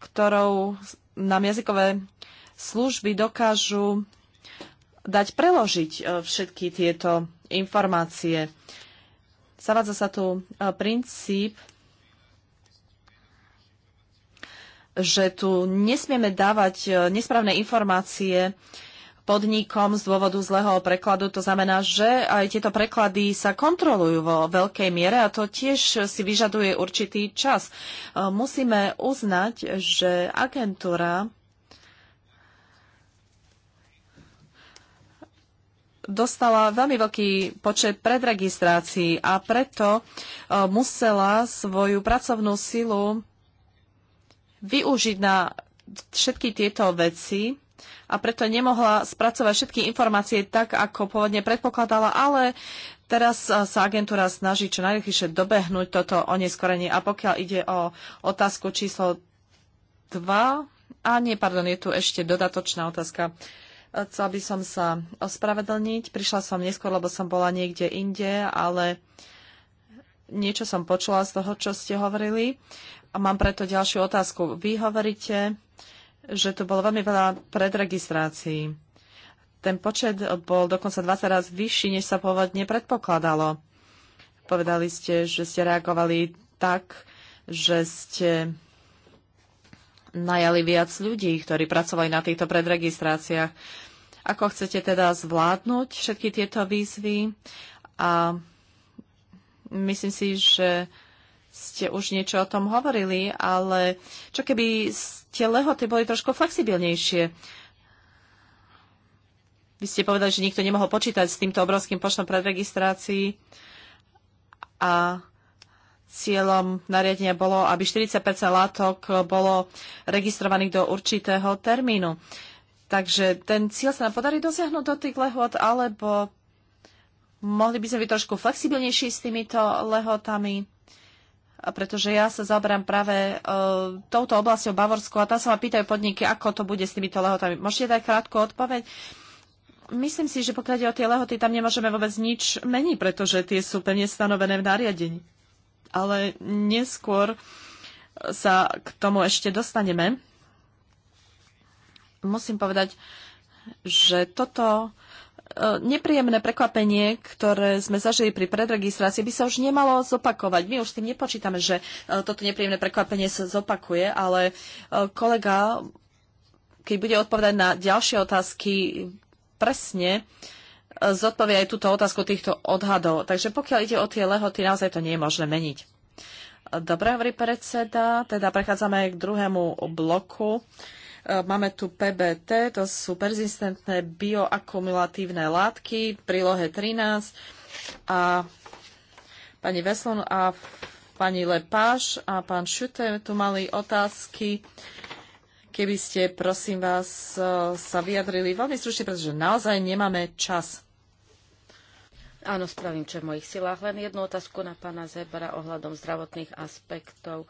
ktorou nám jazykové služby dokážu dať preložiť e, všetky tieto informácie. Zavádza sa tu e, princíp, že tu nesmieme dávať e, nesprávne informácie podnikom z dôvodu zlého prekladu. To znamená, že aj tieto preklady sa kontrolujú vo veľkej miere a to tiež si vyžaduje určitý čas. E, musíme uznať, že agentúra dostala veľmi veľký počet predregistrácií a preto e, musela svoju pracovnú silu využiť na všetky tieto veci a preto nemohla spracovať všetky informácie tak, ako pôvodne predpokladala, ale teraz sa agentúra snaží čo najrychlejšie dobehnúť toto oneskorenie. A pokiaľ ide o otázku číslo 2, a nie, pardon, je tu ešte dodatočná otázka. Chcela by som sa ospravedlniť. Prišla som neskôr, lebo som bola niekde inde, ale niečo som počula z toho, čo ste hovorili. A mám preto ďalšiu otázku. Vy hovoríte, že tu bolo veľmi veľa predregistrácií. Ten počet bol dokonca 20 raz vyšší, než sa pôvodne predpokladalo. Povedali ste, že ste reagovali tak, že ste najali viac ľudí, ktorí pracovali na týchto predregistráciách. Ako chcete teda zvládnuť všetky tieto výzvy? A myslím si, že ste už niečo o tom hovorili, ale čo keby tie lehoty boli trošku flexibilnejšie? Vy ste povedali, že nikto nemohol počítať s týmto obrovským počtom predregistrácií a cieľom nariadenia bolo, aby 40 látok bolo registrovaných do určitého termínu. Takže ten cieľ sa nám podarí dosiahnuť do tých lehot, alebo mohli by sme byť trošku flexibilnejší s týmito lehotami pretože ja sa zabrám práve uh, touto oblasťou Bavorsku a tam sa ma pýtajú podniky, ako to bude s týmito lehotami. Môžete dať krátku odpoveď? Myslím si, že pokiaľ ide o tie lehoty, tam nemôžeme vôbec nič meniť, pretože tie sú pevne stanovené v nariadení. Ale neskôr sa k tomu ešte dostaneme. Musím povedať, že toto nepríjemné prekvapenie, ktoré sme zažili pri predregistrácii, by sa už nemalo zopakovať. My už s tým nepočítame, že e, toto nepríjemné prekvapenie sa zopakuje, ale e, kolega, keď bude odpovedať na ďalšie otázky presne, e, zodpovie aj túto otázku týchto odhadov. Takže pokiaľ ide o tie lehoty, naozaj to nie je možné meniť. Dobre, hovorí predseda, teda prechádzame k druhému bloku. Uh, E, máme tu PBT, to sú persistentné bioakumulatívne látky, prílohe 13 a pani Veslon a pani Lepáš a pán Šute tu mali otázky. Keby ste, prosím vás, e, sa vyjadrili veľmi stručne, pretože naozaj nemáme čas. Áno, spravím, čo v mojich silách. Len jednu otázku na pána Zebra ohľadom zdravotných aspektov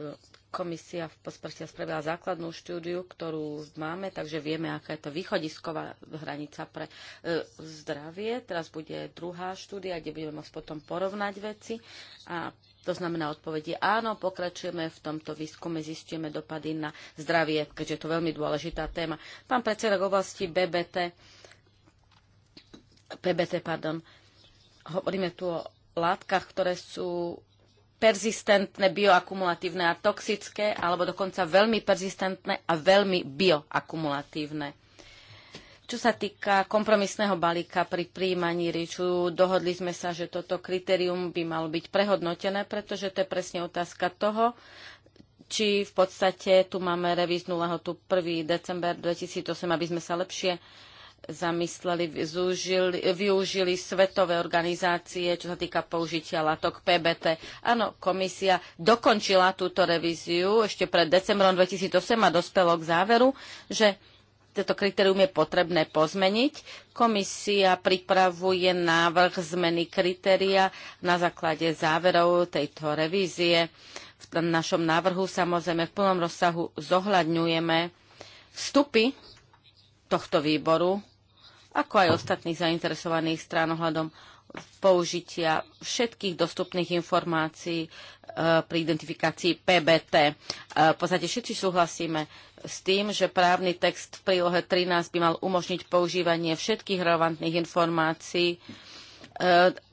e, komisia v podstate spravila základnú štúdiu, ktorú máme, takže vieme, aká je to východisková hranica pre e, zdravie. Teraz bude druhá štúdia, kde budeme môcť potom porovnať veci. A to znamená odpovedie áno, pokračujeme v tomto výskume, zistíme dopady na zdravie, keďže je to veľmi dôležitá téma. Pán predseda v oblasti BBT, PBT, pardon, hovoríme tu o látkach, ktoré sú persistentné, bioakumulatívne a toxické, alebo dokonca veľmi persistentné a veľmi bioakumulatívne. Čo sa týka kompromisného balíka pri príjmaní ríču, dohodli sme sa, že toto kritérium by malo byť prehodnotené, pretože to je presne otázka toho, či v podstate tu máme revíznu lehotu 1. december 2008, aby sme sa lepšie zamysleli, využili, využili svetové organizácie, čo sa týka použitia látok PBT. Áno, komisia dokončila túto revíziu ešte pred decembrom 2008 a dospelo k záveru, že toto kritérium je potrebné pozmeniť. Komisia pripravuje návrh zmeny kritéria na základe záverov tejto revízie. V našom návrhu samozrejme v plnom rozsahu zohľadňujeme vstupy tohto výboru, ako aj ostatných zainteresovaných strán ohľadom použitia všetkých dostupných informácií e, pri identifikácii PBT. E, v podstate všetci súhlasíme s tým, že právny text v prílohe 13 by mal umožniť používanie všetkých relevantných informácií e,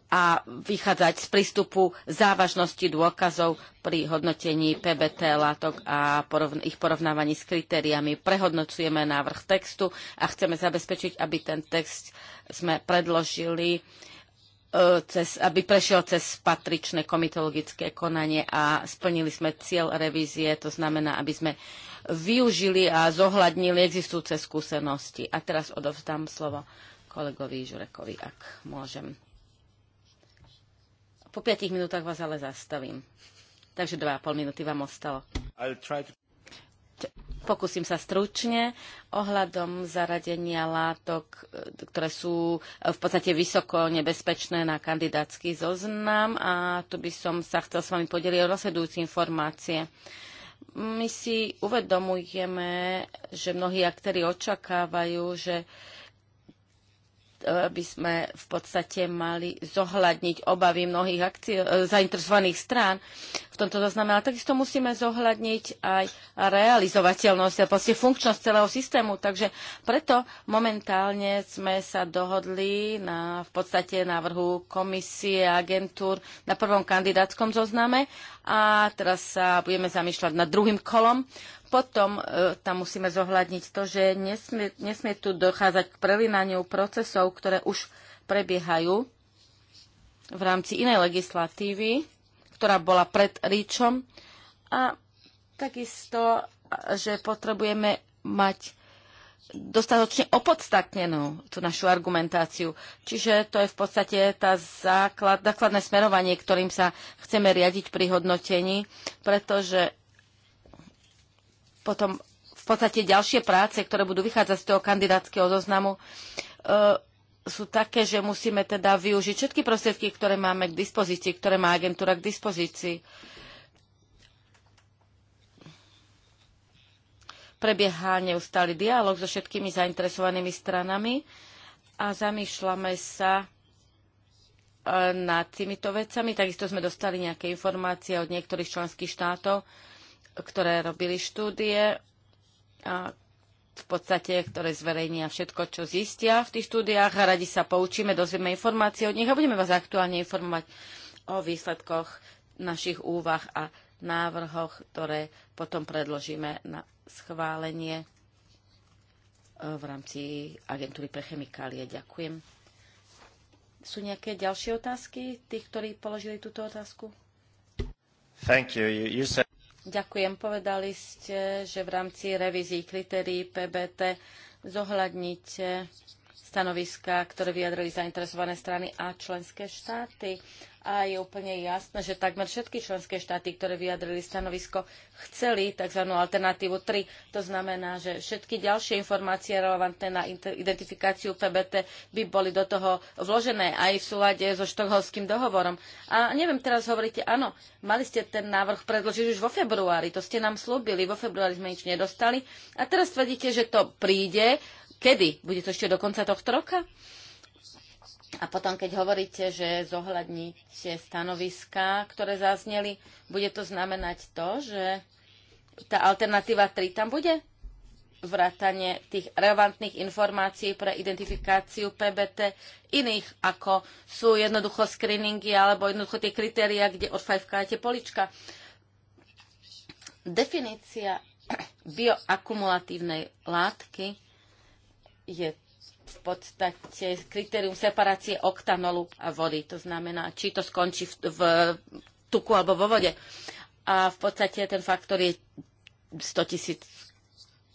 a vychádzať z prístupu závažnosti dôkazov pri hodnotení PBT látok a porovn- ich porovnávaní s kritériami. Prehodnocujeme návrh textu a chceme zabezpečiť, aby ten text sme predložili e, cez, aby prešiel cez patričné komitologické konanie a splnili sme cieľ revízie, to znamená, aby sme využili a zohľadnili existujúce skúsenosti. A teraz odovzdám slovo kolegovi Žurekovi, ak môžem. Po 5 minútach vás ale zastavím. Takže 2,5 minúty vám ostalo. Pokúsim sa stručne ohľadom zaradenia látok, e, ktoré sú e, v podstate vysoko nebezpečné na kandidátsky zoznam a tu by som sa chcel s vami podeliť o rozhodujúce informácie. My si uvedomujeme, že mnohí aktéry očakávajú, že uh, E, aby sme v podstate mali zohľadniť obavy mnohých akci- e, zainteresovaných strán v tomto zozname. Ale takisto musíme zohľadniť aj realizovateľnosť a proste funkčnosť celého systému. Takže preto momentálne sme sa dohodli na v podstate návrhu komisie a agentúr na prvom kandidátskom zozname a teraz sa budeme zamýšľať nad druhým kolom potom e, tam musíme zohľadniť to, že nesmie, nesmie tu dochádzať k prelinaniu procesov, ktoré už prebiehajú v rámci inej legislatívy, ktorá bola pred ríčom. A takisto, že potrebujeme mať dostatočne opodstatnenú tú našu argumentáciu. Čiže to je v podstate tá základ, základné smerovanie, ktorým sa chceme riadiť pri hodnotení, pretože potom v podstate ďalšie práce, ktoré budú vychádzať z toho kandidátskeho zoznamu, e, sú také, že musíme teda využiť všetky prostriedky, ktoré máme k dispozícii, ktoré má agentúra k dispozícii. Prebieha neustály dialog so všetkými zainteresovanými stranami a zamýšľame sa e, nad týmito vecami. Takisto sme dostali nejaké informácie od niektorých členských štátov, ktoré robili štúdie a v podstate, ktoré zverejnia všetko, čo zistia v tých štúdiách a radi sa poučíme, dozvieme informácie od nich a budeme vás aktuálne informovať o výsledkoch našich úvah a návrhoch, ktoré potom predložíme na schválenie e, v rámci agentúry pre chemikálie. Ďakujem. Sú nejaké ďalšie otázky tých, ktorí položili túto otázku? Thank you. You, you said... Ďakujem. Povedali ste, že v rámci revízií kritérií PBT zohľadníte stanoviská, ktoré vyjadrili zainteresované strany a členské štáty a je úplne jasné, že takmer všetky členské štáty, ktoré vyjadrili stanovisko, chceli tzv. alternatívu 3. To znamená, že všetky ďalšie informácie relevantné na identifikáciu PBT by boli do toho vložené aj v súlade so štokholským dohovorom. A neviem, teraz hovoríte, áno, mali ste ten návrh predložiť už vo februári, to ste nám slúbili, vo februári sme nič nedostali a teraz tvrdíte, že to príde. Kedy? Bude to ešte do konca tohto roka? A potom, keď hovoríte, že zohľadníte stanoviská, ktoré zazneli, bude to znamenať to, že tá alternatíva 3 tam bude? Vrátanie tých relevantných informácií pre identifikáciu PBT iných, ako sú jednoducho screeningy alebo jednoducho tie kritéria, kde odfajfkáte polička. Definícia bioakumulatívnej látky je v podstate kritérium separácie oktanolu a vody. To znamená, či to skončí v, v tuku alebo vo vode. A v podstate ten faktor je 100 tisíc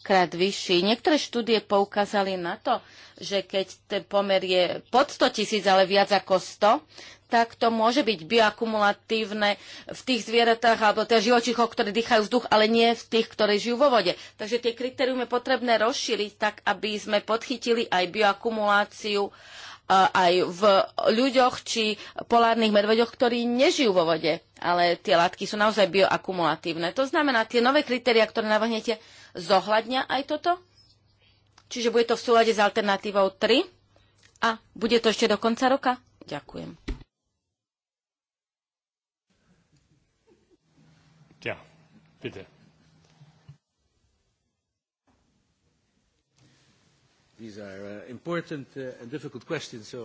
krát vyšší. Niektoré štúdie poukázali na to, že keď ten pomer je pod 100 tisíc, ale viac ako 100, tak to môže byť bioakumulatívne v tých zvieratách alebo tých živočíchoch, ktoré dýchajú vzduch, ale nie v tých, ktoré žijú vo vode. Takže tie kritérium je potrebné rozšíriť tak, aby sme podchytili aj bioakumuláciu Eh, aj v ľuďoch či polárnych medveďoch, ktorí nežijú vo vode, ale tie látky sú naozaj bioakumulatívne. To znamená, tie nové kritéria, ktoré navrhnete, zohľadňa aj toto? Čiže bude to v súlade s alternatívou 3 a bude to ešte do konca roka? Ďakujem. Ja, bitte. Uh, uh,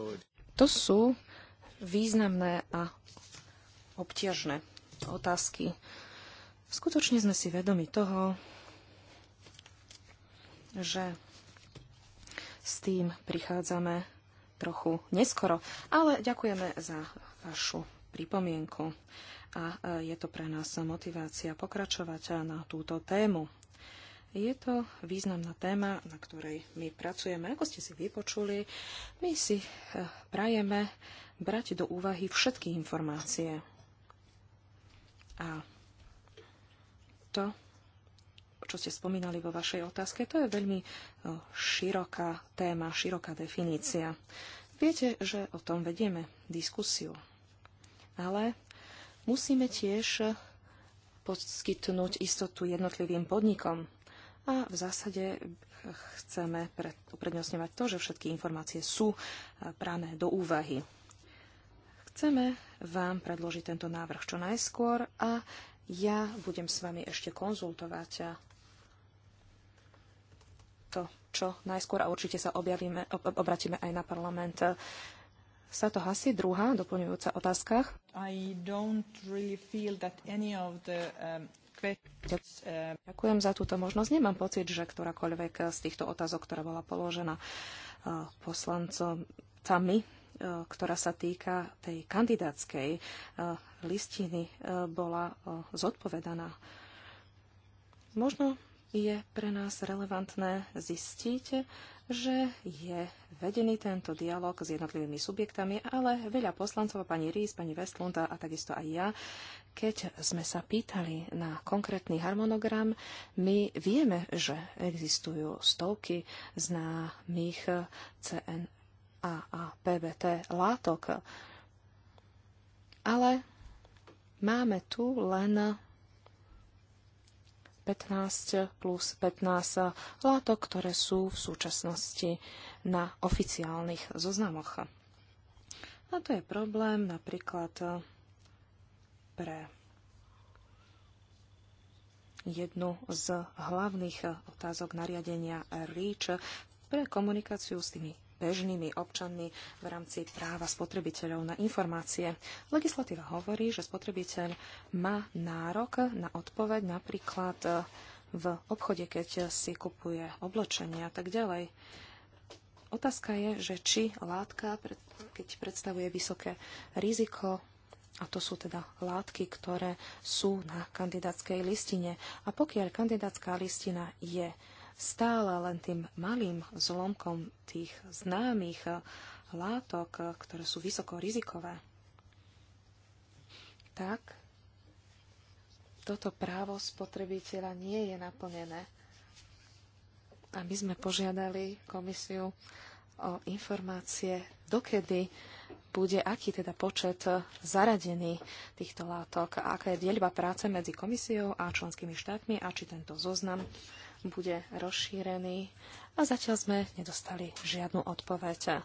to sú významné a obťažné otázky. Skutočne sme si vedomi toho, že s tým prichádzame trochu neskoro, ale ďakujeme za vašu pripomienku a e, je to pre nás motivácia pokračovať e, na túto tému. Je to významná téma, na ktorej my pracujeme. Ako ste si vypočuli, my si eh, prajeme brať do úvahy všetky informácie. A to, čo ste spomínali vo vašej otázke, to je veľmi eh, široká téma, široká definícia. Viete, že o tom vedieme diskusiu. Ale musíme tiež eh, poskytnúť istotu jednotlivým podnikom, a v zásade chceme uprednostňovať to, že všetky informácie sú prané e, do úvahy. Chceme vám predložiť tento návrh čo najskôr a ja budem s vami ešte konzultovať e, to, čo najskôr a určite sa objavíme, ob, obratíme aj na parlament. E, sa to Hasi, druhá doplňujúca otázka. I don't really feel that any of the um, Ďakujem za túto možnosť. Nemám pocit, že ktorákoľvek z týchto otázok, ktorá bola položená e, poslancami, e, ktorá sa týka tej kandidátskej e, listiny, bola zodpovedaná. Možno je pre nás relevantné zistiť, že je vedený tento dialog s jednotlivými subjektami, ale veľa poslancov, pani Rís, pani Westlunda a takisto aj ja, keď sme sa pýtali na konkrétny harmonogram, my vieme, že existujú stovky známych CNA a PBT látok, ale máme tu len 15 plus 15 látok, ktoré sú v súčasnosti na oficiálnych zoznamoch. A to je problém napríklad pre jednu z hlavných otázok nariadenia REACH pre komunikáciu s tými bežnými občanmi v rámci práva spotrebiteľov na informácie. Legislatíva hovorí, že spotrebiteľ má nárok na odpoveď napríklad eh, v obchode, keď si kupuje oblečenie a tak ďalej. Otázka je, že či látka, keď predstavuje vysoké riziko, a to sú teda látky, ktoré sú na kandidátskej listine. A pokiaľ kandidátska listina je stále len tým malým zlomkom tých známych látok, ktoré sú vysoko rizikové, tak toto právo spotrebiteľa nie je naplnené. A my sme požiadali komisiu o informácie, dokedy bude aký teda počet zaradený týchto látok a aká je dieľba práce medzi komisiou a členskými štátmi a či tento zoznam bude rozšírený a zatiaľ sme nedostali žiadnu odpoveď.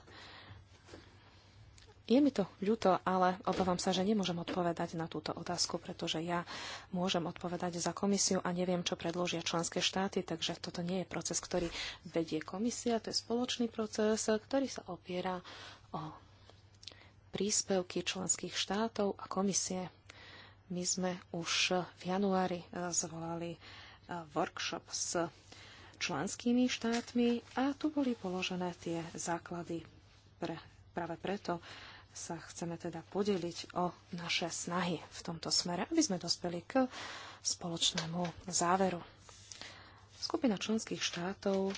Je mi to ľúto, ale obávam sa, že nemôžem odpovedať na túto otázku, pretože ja môžem odpovedať za komisiu a neviem, čo predložia členské štáty, takže toto nie je proces, ktorý vedie komisia, to je spoločný proces, ktorý sa opiera o príspevky členských štátov a komisie. My sme už v januári eh, zvolali workshop s členskými štátmi a tu boli položené tie základy. Pre, práve preto sa chceme teda podeliť o naše snahy v tomto smere, aby sme dospeli k spoločnému záveru. Skupina členských štátov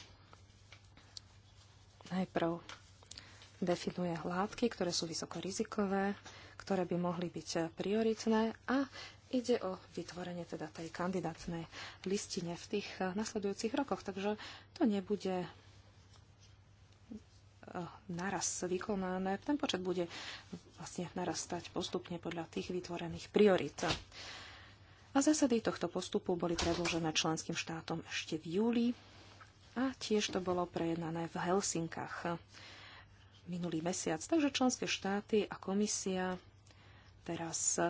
najprv definuje látky, ktoré sú vysokorizikové, ktoré by mohli byť prioritné a ide o vytvorenie teda tej kandidátnej listine v tých eh, nasledujúcich rokoch, takže to nebude eh, naraz vykonané. Ten počet bude vlastne narastať postupne podľa tých vytvorených priorit. A zásady tohto postupu boli predložené členským štátom ešte v júli a tiež to bolo prejednané v Helsinkách eh, minulý mesiac. Takže členské štáty a komisia teraz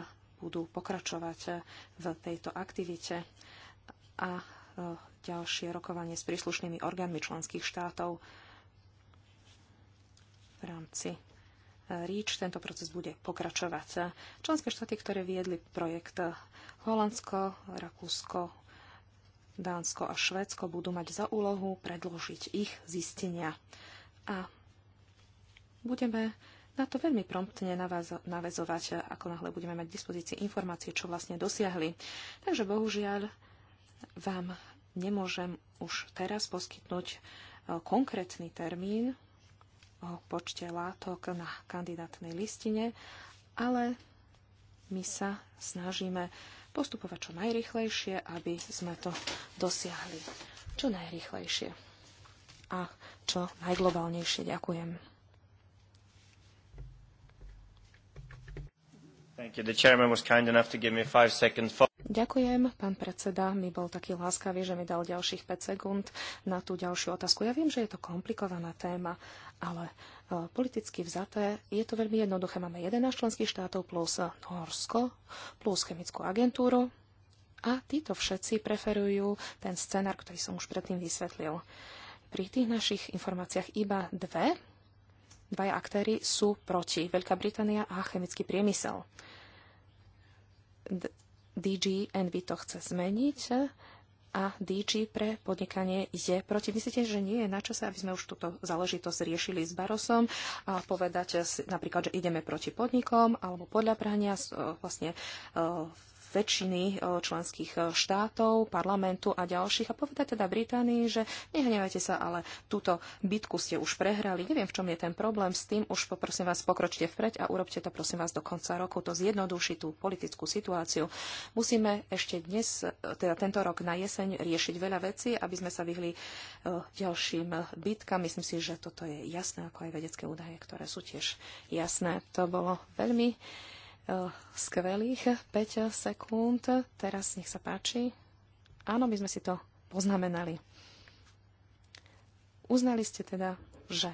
budú pokračovať v tejto aktivite a e, ďalšie rokovanie s príslušnými orgánmi členských štátov v rámci e, REACH. Tento proces bude pokračovať. Členské štáty, ktoré viedli projekt Holandsko, Rakúsko, Dánsko a Švédsko budú mať za úlohu predložiť ich zistenia. A budeme na to veľmi promptne navezovať, ako náhle budeme mať k dispozícii informácie, čo vlastne dosiahli. Takže bohužiaľ vám nemôžem už teraz poskytnúť e, konkrétny termín o počte látok na kandidátnej listine, ale my sa snažíme postupovať čo najrychlejšie, aby sme to dosiahli čo najrychlejšie a čo najglobálnejšie. Ďakujem. Ďakujem, pán predseda. Mi bol taký láskavý, že mi dal ďalších 5 sekúnd na tú ďalšiu otázku. Ja viem, že je to komplikovaná téma, ale e, politicky vzaté je to veľmi jednoduché. Máme 11 členských štátov plus e, Norsko, plus chemickú agentúru a títo všetci preferujú ten scenár, ktorý som už predtým vysvetlil. Pri tých našich informáciách iba dve dvaja aktéry sú proti. Veľká Británia a chemický priemysel. DG Envy to chce zmeniť a DG pre podnikanie je proti. Myslíte, že nie je na čase, aby sme už túto záležitosť riešili s Barosom a povedať napríklad, že ideme proti podnikom alebo podľa prania vlastne e, väčšiny e, členských e, štátov, parlamentu a ďalších a povedať teda Británii, že nehnevajte sa, ale túto bitku ste už prehrali. Neviem, v čom je ten problém s tým. Už poprosím vás, pokročte vpred a urobte to prosím vás do konca roku. To zjednoduší tú politickú situáciu. Musíme ešte dnes, e, teda tento rok na jeseň, riešiť veľa vecí, aby sme sa vyhli ďalším bitkám. Myslím si, že toto je jasné, ako aj vedecké údaje, ktoré sú tiež jasné. To bolo veľmi Eh, skvelých 5 sekúnd. Teraz nech sa páči. Áno, my sme si to poznamenali. Uznali ste teda, že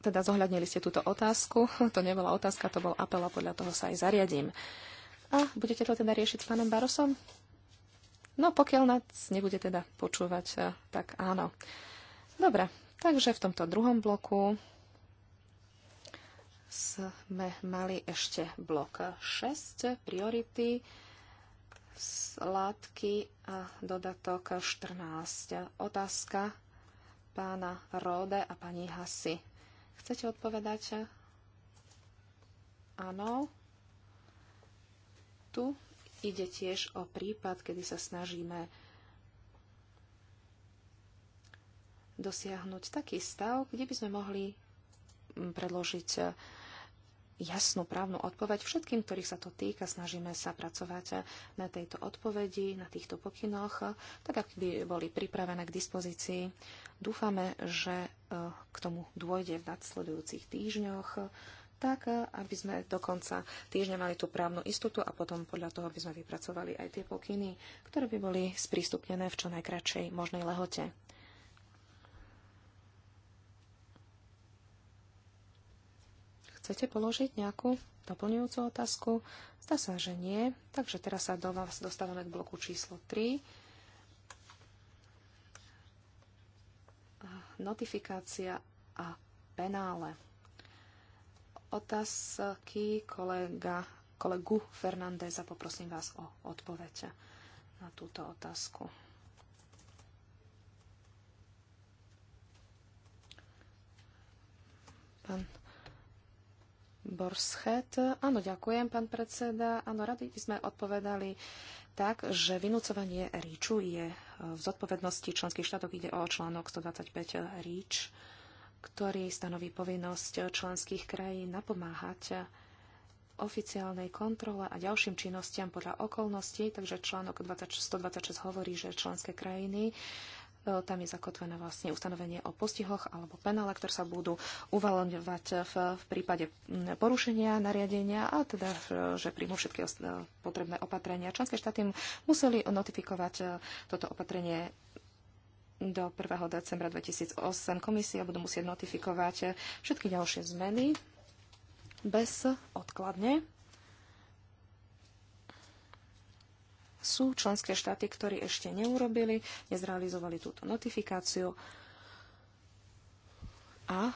teda zohľadnili ste túto otázku. To nebola otázka, to bol apel a podľa toho sa aj zariadím. A budete to teda riešiť s pánom Barosom? No pokiaľ nás nebude teda počúvať, eh, tak áno. Dobre, takže v tomto druhom bloku sme mali ešte blok 6, priority, sladky a dodatok 14. Otázka pána rode a pani Hasi. Chcete odpovedať? Áno. Tu ide tiež o prípad, kedy sa snažíme dosiahnuť taký stav, kde by sme mohli predložiť jasnú právnu odpoveď. Všetkým, ktorých sa to týka, snažíme sa pracovať na tejto odpovedi, na týchto pokynoch, tak aby boli pripravené k dispozícii. Dúfame, že e, k tomu dôjde v nadsledujúcich týždňoch tak, e, aby sme do konca týždňa mali tú právnu istotu a potom podľa toho by sme vypracovali aj tie pokyny, ktoré by boli sprístupnené v čo najkračej možnej lehote. chcete položiť nejakú doplňujúcu otázku? Zdá sa, že nie. Takže teraz sa do vás dostávame k bloku číslo 3. Notifikácia a penále. Otázky kolega, kolegu Fernandeza. Poprosím vás o odpoveď na túto otázku. Pán Borschet. Áno, ďakujem, pán predseda. Áno, rady sme odpovedali tak, že vynúcovanie ríču je e, v zodpovednosti členských štátov. Ide o článok 125 ríč, ktorý stanoví povinnosť členských krajín napomáhať oficiálnej kontrole a ďalším činnostiam podľa okolností. Takže článok 126 hovorí, že členské krajiny E, tam je zakotvené vlastne ustanovenie o postihoch alebo penále, ktoré sa budú uvalovať v, v prípade porušenia nariadenia a teda, že príjmu všetky e, potrebné opatrenia. Členské štáty museli notifikovať e, toto opatrenie do 1. decembra 2008. Komisia budú musieť notifikovať všetky ďalšie zmeny bezodkladne sú členské štáty, ktorí ešte neurobili, nezrealizovali túto notifikáciu a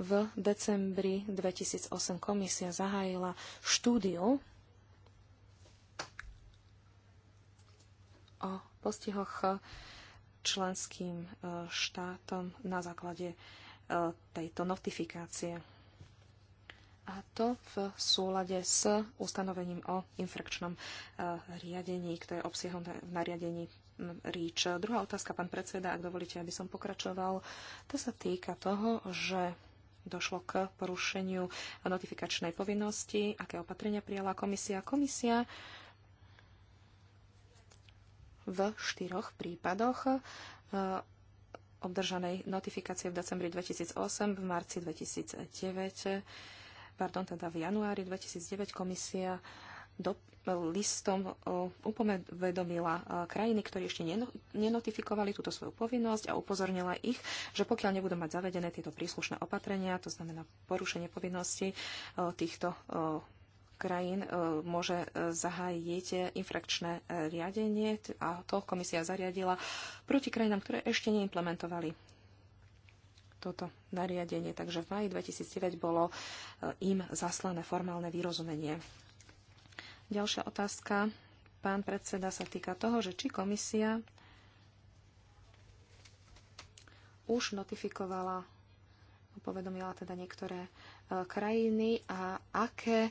v decembri 2008 komisia zahájila štúdiu o postihoch členským e, štátom na základe e, tejto notifikácie a to v súlade s ustanovením o infrakčnom e, riadení, ktoré je obsiehom v nariadení REACH. Druhá otázka, pán predseda, ak dovolíte, aby som pokračoval, to sa týka toho, že došlo k porušeniu notifikačnej povinnosti, aké opatrenia prijala komisia. Komisia v štyroch prípadoch e, obdržanej notifikácie v decembri 2008, v marci 2009 pardon, teda v januári 2009 komisia do, listom e, upovedomila e, krajiny, ktoré ešte nenotifikovali túto svoju povinnosť a upozornila ich, že pokiaľ nebudú mať zavedené tieto príslušné opatrenia, to znamená porušenie povinností e, týchto krajín môže zahájiť infrakčné riadenie a to komisia zariadila proti krajinám, ktoré ešte neimplementovali toto nariadenie. Takže v maji 2009 bolo e, im zaslané formálne vyrozumenie. Ďalšia otázka, pán predseda, sa týka toho, že či komisia už notifikovala povedomila teda niektoré e, krajiny a aké e,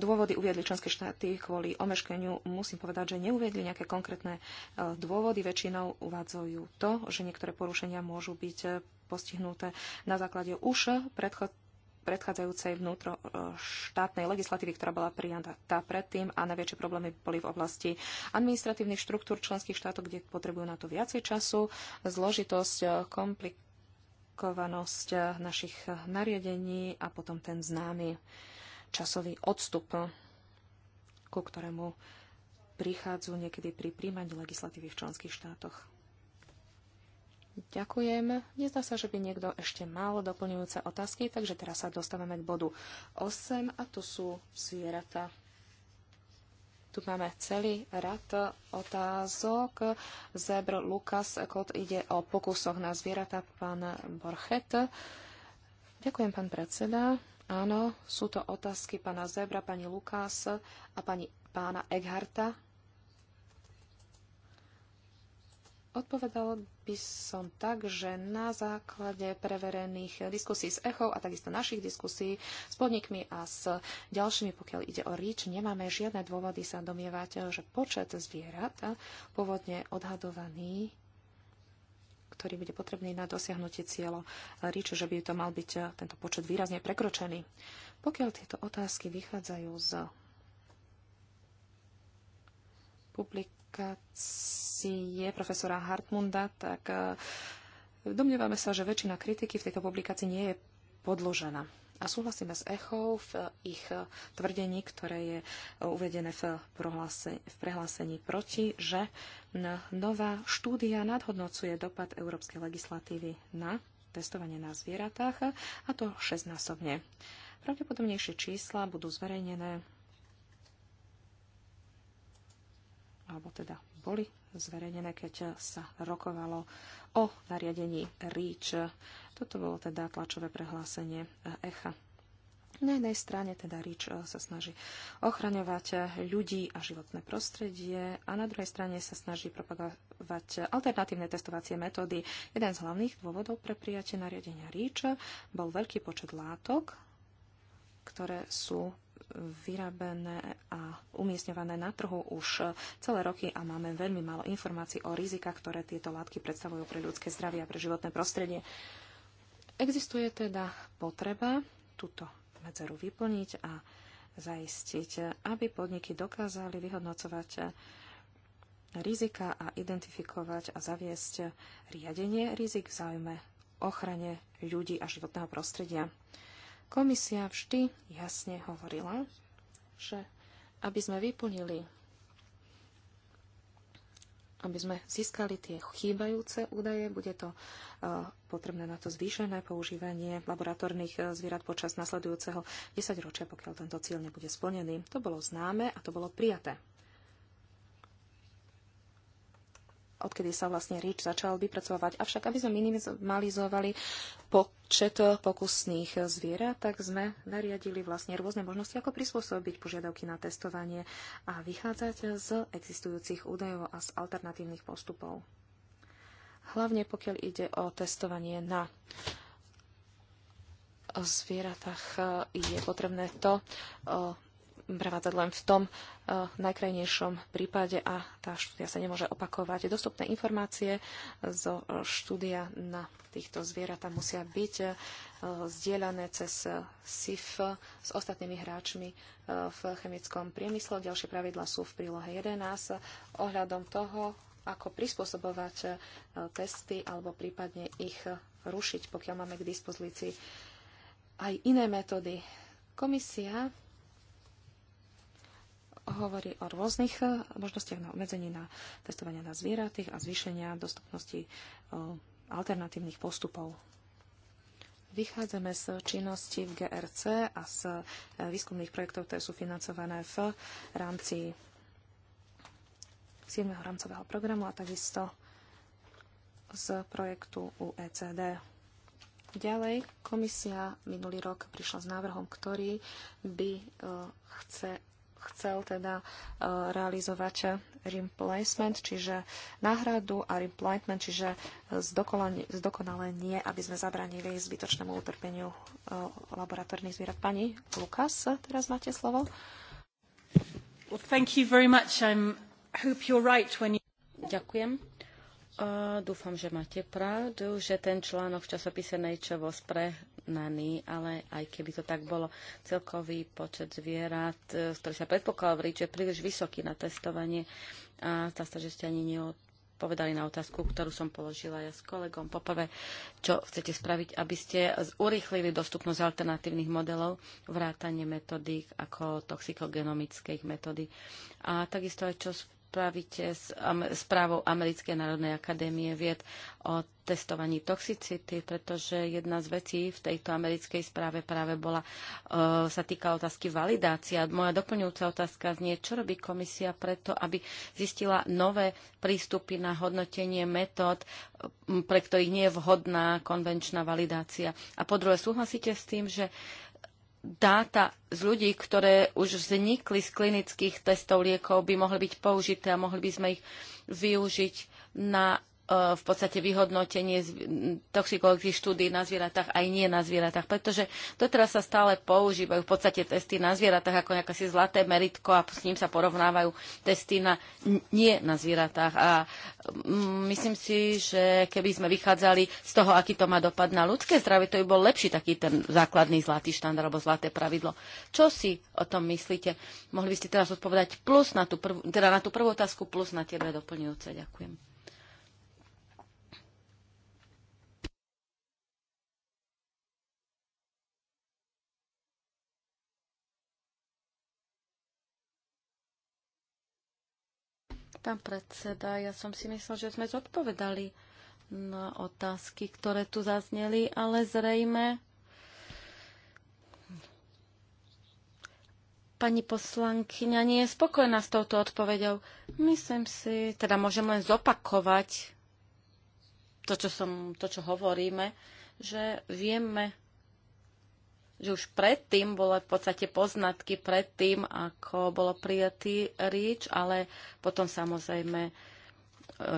dôvody uviedli členské štáty kvôli omeškeniu. Musím povedať, že neuviedli nejaké konkrétne dôvody. Väčšinou uvádzajú to, že niektoré porušenia môžu byť postihnuté na základe už predchod predchádzajúcej vnútroštátnej legislatívy, ktorá bola prijatá tá predtým a najväčšie problémy boli v oblasti administratívnych štruktúr členských štátov, kde potrebujú na to viacej času, zložitosť, komplikovanosť našich nariadení a potom ten známy časový odstup, ku ktorému prichádzajú niekedy pri príjmaní legislatívy v členských štátoch. Ďakujem. Nezdá sa, že by niekto ešte mal doplňujúce otázky, takže teraz sa dostávame k bodu 8 a tu sú zvieratá. Tu máme celý rad otázok. Zebr Lukas Kot ide o pokusoch na zvieratá pán Borchet. Ďakujem, pán predseda. Áno, sú to otázky pána Zebra, pani Lukas a pani pána Egharta Odpovedal by som tak, že na základe preverených diskusí s ECHO a takisto našich diskusí s podnikmi a s ďalšími, pokiaľ ide o ríč, nemáme žiadne dôvody sa domievať, že počet zvierat pôvodne odhadovaný ktorý bude potrebný na dosiahnutie cieľo REACH, že by to mal byť tento počet výrazne prekročený. Pokiaľ tieto otázky vychádzajú z publik publikácie profesora Hartmunda, tak e, domnievame sa, že väčšina kritiky v tejto publikácii nie je podložená. A súhlasíme s ECHO v ich tvrdení, ktoré je e, uvedené v, v prehlásení proti, že nová štúdia nadhodnocuje dopad európskej legislatívy na testovanie na zvieratách, a to šestnásobne. Pravdepodobnejšie čísla budú zverejnené alebo teda boli zverejnené, keď sa rokovalo o nariadení REACH. Toto bolo teda tlačové prehlásenie ECHA. Na jednej strane teda Rič sa snaží ochraňovať ľudí a životné prostredie a na druhej strane sa snaží propagovať alternatívne testovacie metódy. Jeden z hlavných dôvodov pre prijatie nariadenia Rič bol veľký počet látok, ktoré sú vyrábené a umiestňované na trhu už celé roky a máme veľmi málo informácií o rizikách, ktoré tieto látky predstavujú pre ľudské zdravie a pre životné prostredie. Existuje teda potreba túto medzeru vyplniť a zaistiť, aby podniky dokázali vyhodnocovať rizika a identifikovať a zaviesť riadenie rizik v záujme ochrane ľudí a životného prostredia. Komisia vždy jasne hovorila, že aby sme vyplnili, aby sme získali tie chýbajúce údaje, bude to e, potrebné na to zvýšené používanie laboratórnych e, zvierat počas nasledujúceho desaťročia, pokiaľ tento cieľ nebude splnený. To bolo známe a to bolo prijaté. odkedy sa vlastne REACH začal vypracovať. Avšak, aby sme minimalizovali počet pokusných zvierat, tak sme nariadili vlastne rôzne možnosti, ako prispôsobiť požiadavky na testovanie a vychádzať z existujúcich údajov a z alternatívnych postupov. Hlavne pokiaľ ide o testovanie na zvieratách, je potrebné to prevádzať len v tom eh, najkrajnejšom prípade a tá štúdia sa nemôže opakovať. Dostupné informácie zo štúdia na týchto zvieratá musia byť eh, zdieľané cez eh, SIF s ostatnými hráčmi v chemickom priemysle. Ďalšie pravidla sú v prílohe 11 ohľadom toho, ako prispôsobovať testy alebo prípadne ich rušiť, pokiaľ máme k dispozícii aj iné metódy. Komisia hovorí o rôznych e, možnostiach na obmedzenie na testovania na zvieratých a zvýšenia dostupnosti e, alternatívnych postupov. Vychádzame z činnosti v GRC a z e, výskumných projektov, ktoré sú financované v rámci 7. rámcového programu a takisto z projektu UECD. Ďalej, komisia minulý rok prišla s návrhom, ktorý by chce chcel teda e, realizovať replacement, čiže náhradu a replacement, čiže zdokonalenie, aby sme zabranili zbytočnému utrpeniu e, laboratórnych zvierat. Pani Lukas, teraz máte slovo. Well, thank you very much. I'm, hope you're right when you... Ďakujem. A e, dúfam, že máte pravdu, že ten článok v časopise Nature vo spre porovnaný, ale aj keby to tak bolo, celkový počet zvierat, e, ktorý sa predpokladal v Ríč, je príliš vysoký na testovanie a zdá sa, že ste ani neodpovedali na otázku, ktorú som položila ja s kolegom. Poprvé, čo chcete spraviť, aby ste urýchlili dostupnosť alternatívnych modelov, vrátanie metodík ako toxikogenomických metódy. A takisto aj čo spravíte s správou Americkej národnej akadémie vied o testovaní toxicity, pretože jedna z vecí v tejto americkej správe práve bola, e, sa týka otázky validácia. Moja doplňujúca otázka znie, čo robí komisia preto, aby zistila nové prístupy na hodnotenie metód, pre ktorých nie je vhodná konvenčná validácia. A po druhé, súhlasíte s tým, že dáta z ľudí, ktoré už vznikli z klinických testov liekov, by mohli byť použité a mohli by sme ich využiť na Eh, v podstate vyhodnotenie toxikologických štúdí na zvieratách aj nie na zvieratách, pretože doteraz sa stále používajú v podstate testy na zvieratách ako nejaké si zlaté meritko a s ním sa porovnávajú testy na nie na zvieratách. A mm, myslím si, že keby sme vychádzali z toho, aký to má dopad na ľudské zdravie, to by bol lepší taký ten základný zlatý štandard alebo zlaté pravidlo. Čo si o tom myslíte? Mohli by ste teraz odpovedať plus na tú prvú, teda na tú prvú otázku plus na tie dve doplňujúce. Ďakujem. Pán predseda, ja som si myslel, že sme zodpovedali na otázky, ktoré tu zazneli, ale zrejme pani poslankyňa nie je spokojná s touto odpoveďou. Myslím si, teda môžem len zopakovať to, čo, som, to, čo hovoríme, že vieme že už predtým boli v podstate poznatky predtým, ako bolo prijatý rič, ale potom samozrejme e,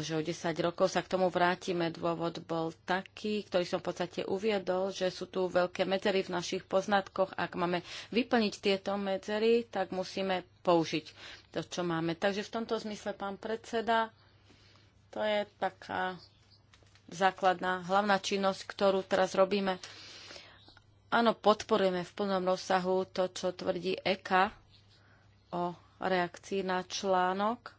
že o 10 rokov sa k tomu vrátime. Dôvod bol taký, ktorý som v podstate uviedol, že sú tu veľké medzery v našich poznatkoch. Ak máme vyplniť tieto medzery, tak musíme použiť to, čo máme. Takže v tomto zmysle, pán predseda, to je taká základná hlavná činnosť, ktorú teraz robíme. Áno, podporujeme v plnom rozsahu to, čo tvrdí EKA o reakcii na článok.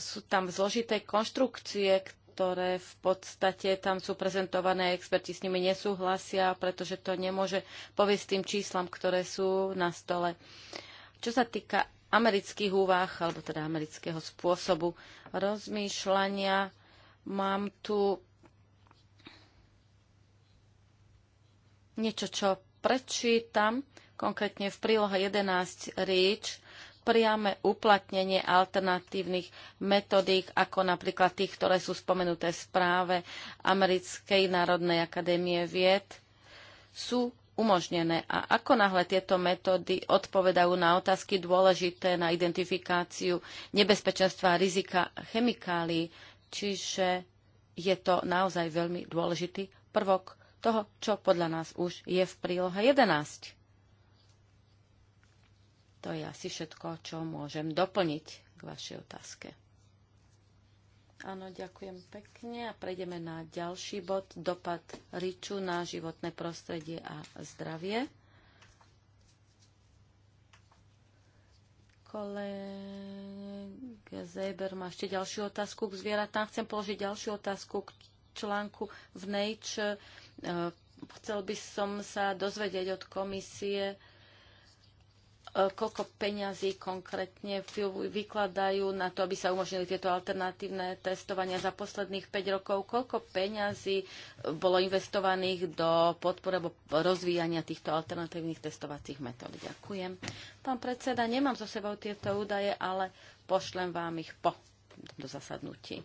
Sú tam zložité konštrukcie, ktoré v podstate tam sú prezentované, experti s nimi nesúhlasia, pretože to nemôže povieť tým číslam, ktoré sú na stole. Čo sa týka amerických úvah, alebo teda amerického spôsobu rozmýšľania, Mám tu niečo, čo prečítam, konkrétne v prílohe 11 ríč priame uplatnenie alternatívnych metodík, ako napríklad tých, ktoré sú spomenuté v správe Americkej národnej akadémie vied, sú umožnené. A ako náhle tieto metódy odpovedajú na otázky dôležité na identifikáciu nebezpečenstva a rizika chemikálií, Čiže je to naozaj veľmi dôležitý prvok toho, čo podľa nás už je v prílohe 11. To je asi všetko, čo môžem doplniť k vašej otázke. Áno, ďakujem pekne a prejdeme na ďalší bod. Dopad riču na životné prostredie a zdravie. Kolega Zeber má ešte ďalšiu otázku k zvieratám. Chcem položiť ďalšiu otázku k článku v Nature. E, chcel by som sa dozvedieť od komisie, e, koľko peňazí konkrétne vykladajú na to, aby sa umožnili tieto alternatívne testovania za posledných 5 rokov? Koľko peňazí e, bolo investovaných do podpory alebo rozvíjania týchto alternatívnych testovacích metód? Ďakujem. Pán predseda, nemám so sebou tieto údaje, ale pošlem vám ich po tomto zasadnutí.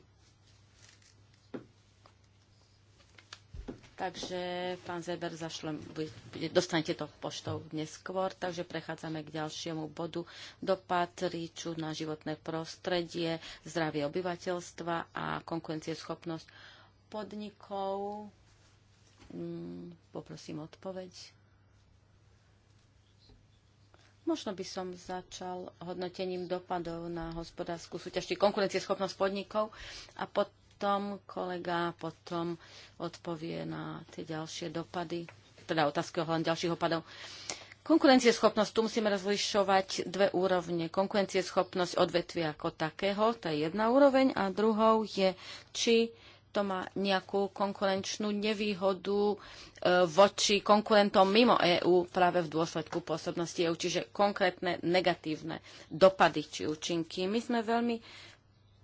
Takže pán Zeber, zašlem, dostanete to poštou neskôr, takže prechádzame k ďalšiemu bodu. Dopad ríču na životné prostredie, zdravie obyvateľstva a konkurencieschopnosť podnikov. Mm, poprosím odpoveď. Možno by som začal hodnotením dopadov na hospodárskú súťaž, či konkurencieschopnosť podnikov a potom kolega potom odpovie na tie ďalšie dopady, teda otázky ohľadom ďalších dopadov. Konkurencieschopnosť, tu musíme rozlišovať dve úrovne. Konkurencieschopnosť odvetvia ako takého, to je jedna úroveň, a druhou je, či to má nejakú konkurenčnú nevýhodu e, voči konkurentom mimo EÚ práve v dôsledku pôsobnosti EÚ, čiže konkrétne negatívne dopady či účinky. My sme veľmi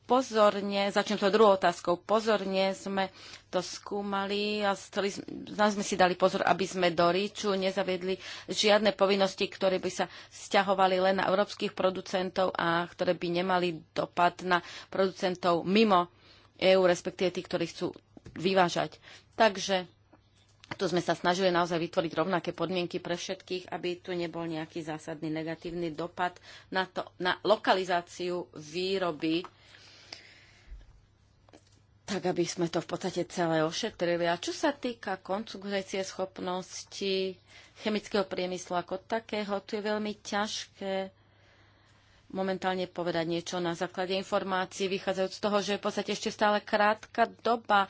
pozorne, začnem to druhou otázkou, pozorne sme to skúmali a stali, nás sme si dali pozor, aby sme do Ríču nezaviedli žiadne povinnosti, ktoré by sa stiahovali len na európskych producentov a ktoré by nemali dopad na producentov mimo EÚ, respektíve tí, ktorí chcú vyvážať. Takže tu sme sa snažili naozaj vytvoriť rovnaké podmienky pre všetkých, aby tu nebol nejaký zásadný negatívny dopad na, to, na lokalizáciu výroby, tak aby sme to v podstate celé ošetrili. A čo sa týka konkurencie schopnosti chemického priemyslu ako takého, tu je veľmi ťažké momentálne povedať niečo na základe informácií, vychádzajúc z toho, že je v podstate ešte stále krátka doba. E,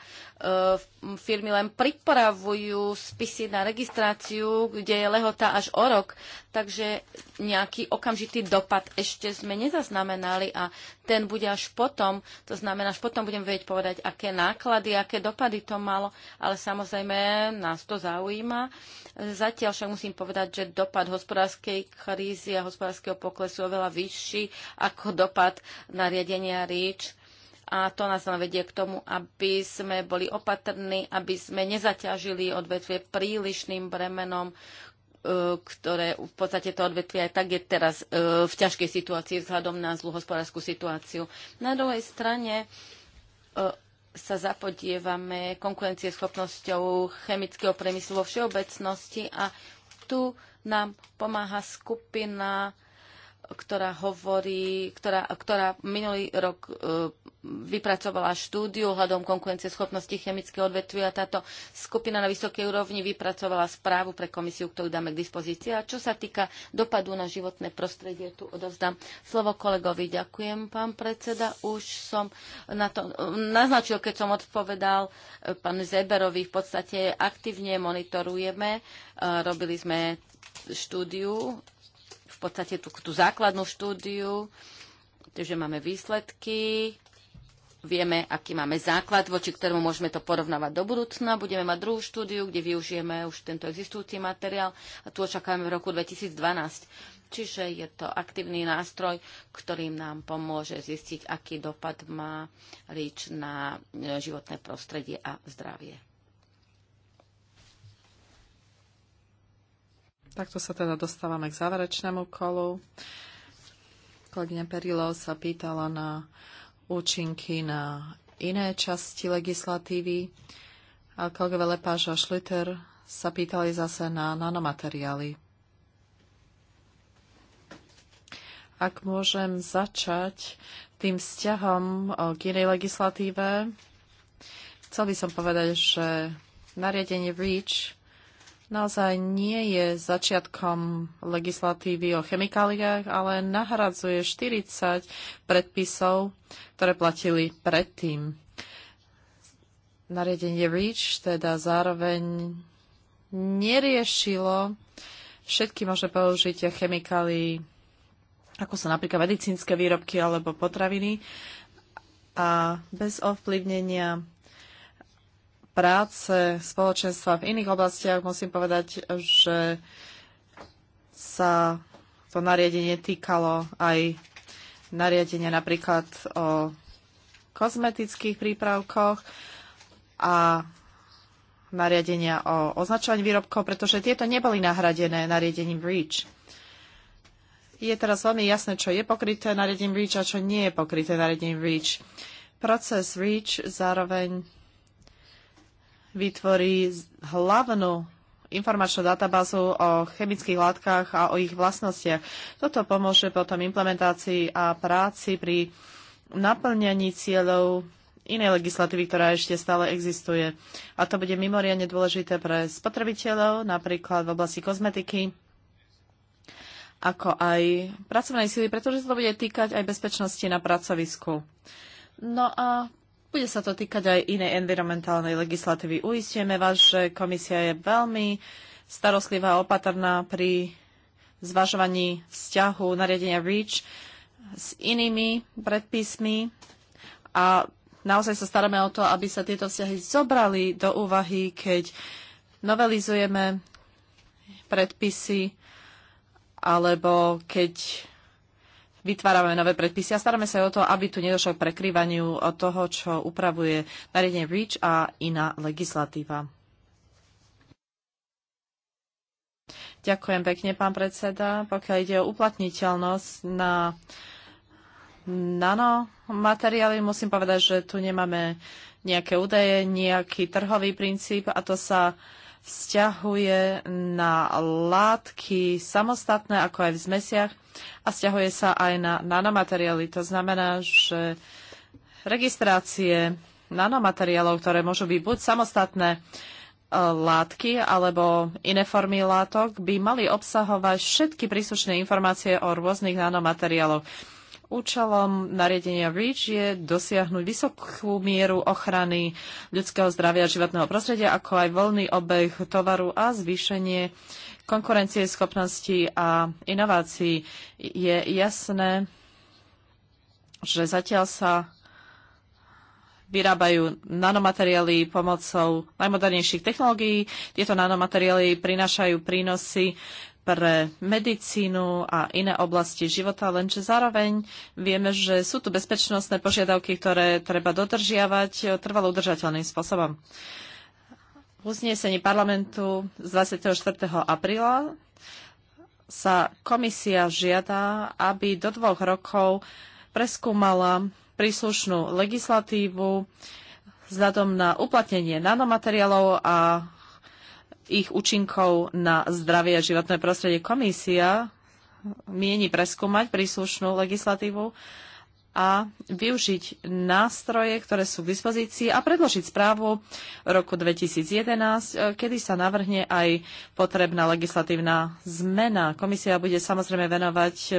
firmy len pripravujú spisy na registráciu, kde je lehota až o rok, takže nejaký okamžitý dopad ešte sme nezaznamenali a ten bude až potom, to znamená, až potom budem vedieť povedať, aké náklady, aké dopady to malo, ale samozrejme nás to zaujíma. Zatiaľ však musím povedať, že dopad hospodárskej krízy a hospodárskeho poklesu je oveľa vyšší ako dopad nariadenia REACH a to nás len vedie k tomu, aby sme boli opatrní, aby sme nezaťažili odvetvie prílišným bremenom, E, ktoré v podstate to odvetvie aj tak je teraz e, v ťažkej situácii vzhľadom na zlú hospodárskú situáciu. Na druhej strane e, sa zapodievame konkurencieschopnosťou chemického priemyslu vo všeobecnosti a tu nám pomáha skupina ktorá hovorí, ktorá, ktorá minulý rok e, vypracovala štúdiu hľadom konkurencie schopnosti chemického odvetvia. Táto skupina na vysokej úrovni vypracovala správu pre komisiu, ktorú dáme k dispozícii. A čo sa týka dopadu na životné prostredie, tu odovzdám slovo kolegovi. Ďakujem, pán predseda. Už som na to e, naznačil, keď som odpovedal e, pán Zeberovi. V podstate aktívne monitorujeme. robili sme štúdiu podstate tú, tú základnú štúdiu, takže máme výsledky, vieme, aký máme základ, voči ktorému môžeme to porovnávať do budúcna. Budeme mať druhú štúdiu, kde využijeme už tento existujúci materiál a tu očakávame v roku 2012. Čiže je to aktívny nástroj, ktorým nám pomôže zistiť, aký dopad má rič na životné prostredie a zdravie. Takto sa teda dostávame k záverečnému kolu. Kolegyňa Perilo sa pýtala na účinky na iné časti legislatívy a kolegové Lepáš a Šliter sa pýtali zase na nanomateriály. Ak môžem začať tým vzťahom k inej legislatíve, chcel by som povedať, že nariadenie REACH naozaj nie je začiatkom legislatívy o chemikáliách, ale nahradzuje 40 predpisov, ktoré platili predtým. Nariadenie REACH teda zároveň neriešilo všetky možné použitia chemikálií, ako sú napríklad medicínske výrobky alebo potraviny, a bez ovplyvnenia práce spoločenstva v iných oblastiach, musím povedať, že sa to nariadenie týkalo aj nariadenia napríklad o kozmetických prípravkoch a nariadenia o označovaní výrobkov, pretože tieto neboli nahradené nariadením REACH. Je teraz veľmi jasné, čo je pokryté nariadením REACH a čo nie je pokryté nariadením REACH. Proces REACH zároveň vytvorí hlavnú informačnú databázu o chemických látkach a o ich vlastnostiach. Toto pomôže potom implementácii a práci pri naplňaní cieľov inej legislatívy, ktorá ešte stále existuje. A to bude mimoriadne dôležité pre spotrebiteľov, napríklad v oblasti kozmetiky, ako aj pracovnej síly, pretože sa to bude týkať aj bezpečnosti na pracovisku. No a bude sa to týkať aj inej environmentálnej legislatívy. Uistíme vás, že komisia je veľmi starostlivá a opatrná pri zvažovaní vzťahu nariadenia REACH s inými predpismi a naozaj sa staráme o to, aby sa tieto vzťahy zobrali do úvahy, keď novelizujeme predpisy alebo keď vytvárame nové predpisy a staráme sa o to, aby tu nedošlo k prekrývaniu toho, čo upravuje nariadenie REACH a iná legislatíva. Ďakujem pekne, pán predseda. Pokiaľ ide o uplatniteľnosť na nanomateriály, musím povedať, že tu nemáme nejaké údaje, nejaký trhový princíp a to sa uh, vzťahuje na látky samostatné, ako aj v zmesiach a vzťahuje sa aj na nanomateriály. To znamená, že registrácie nanomateriálov, ktoré môžu byť buď samostatné e, látky alebo iné formy látok, by mali obsahovať všetky príslušné informácie o rôznych nanomateriáloch Účelom nariadenia REACH je dosiahnuť vysokú mieru ochrany ľudského zdravia a životného prostredia, ako aj voľný obeh tovaru a zvýšenie konkurencie schopnosti a inovácií. Je jasné, že zatiaľ sa vyrábajú nanomateriály pomocou najmodernejších technológií. Tieto nanomateriály prinášajú prínosy pre medicínu a iné oblasti života, lenže zároveň vieme, že sú tu bezpečnostné požiadavky, ktoré treba dodržiavať trvalo udržateľným spôsobom. V uznesení parlamentu z 24. apríla sa komisia žiada, aby do dvoch rokov preskúmala príslušnú legislatívu vzhľadom na uplatnenie nanomateriálov a ich účinkov na zdravie a životné prostredie. Komisia mieni preskúmať príslušnú legislatívu a využiť nástroje, ktoré sú k dispozícii a predložiť správu roku 2011, eh, kedy sa navrhne aj potrebná legislatívna zmena. Komisia bude samozrejme venovať eh,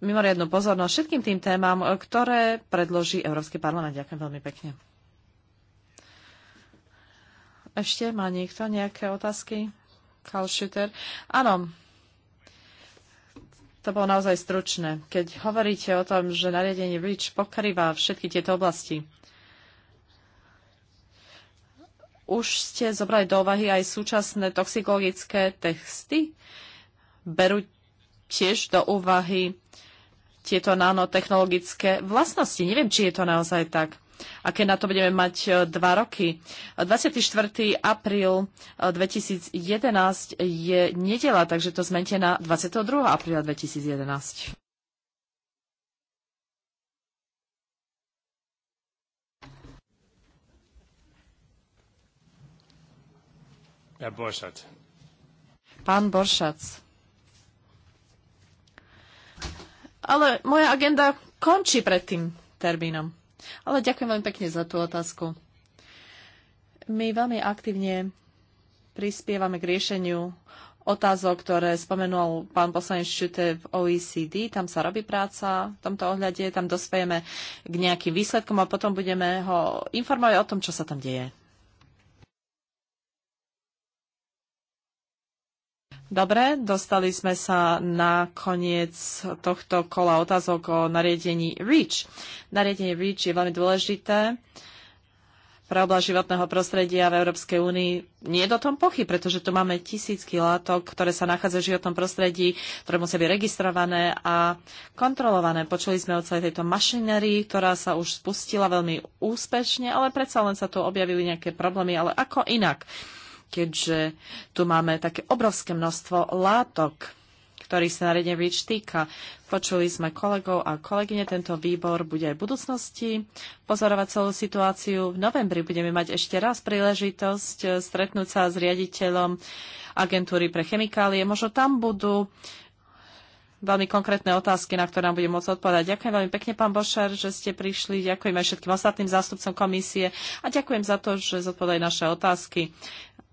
mimoriadnú pozornosť všetkým tým témam, eh, ktoré predloží Európsky parlament. Ďakujem veľmi pekne. Ešte má niekto nejaké otázky? Karl Schütter. Áno, to bolo naozaj stručné. Keď hovoríte o tom, že nariadenie REACH pokrýva všetky tieto oblasti, už ste zobrali do úvahy aj súčasné toxikologické texty? Berú tiež do úvahy tieto nanotechnologické vlastnosti. Neviem, či je to naozaj tak a keď na to budeme mať e, dva roky. 24. apríl 2011 e, je nedela, takže to zmente na 22. apríla 2011. Herr Pán Boršac. Ale moja agenda končí pred tým termínom. Ale ďakujem veľmi pekne za tú otázku. My veľmi aktívne prispievame k riešeniu otázok, ktoré spomenul pán poslanec Šute v OECD. Tam sa robí práca v tomto ohľade, tam dospejeme k nejakým výsledkom a potom budeme ho informovať o tom, čo sa tam deje. Dobre, dostali sme sa na koniec tohto kola otázok o nariadení REACH. Nariadenie REACH je veľmi dôležité pre oblasť životného prostredia v Európskej únii. Nie je do tom pochy, pretože tu máme tisícky látok, ktoré sa nachádzajú v životnom prostredí, ktoré musia byť registrované a kontrolované. Počuli sme o celej tejto mašinérii, ktorá sa už spustila veľmi úspešne, ale predsa len sa tu objavili nejaké problémy, ale ako inak keďže tu máme také obrovské množstvo látok, ktorý sa nariadne REACH týka. Počuli sme kolegov a kolegyne, tento výbor bude aj v budúcnosti pozorovať celú situáciu. V novembri budeme mať ešte raz príležitosť eh, stretnúť sa s riaditeľom agentúry pre chemikálie. Možno tam budú uh, veľmi konkrétne otázky, na ktoré nám bude môcť odpovedať. Ďakujem veľmi pekne, pán Bošer, že ste prišli. Ďakujem aj všetkým ostatným zástupcom komisie a ďakujem za to, že zodpovedali naše otázky.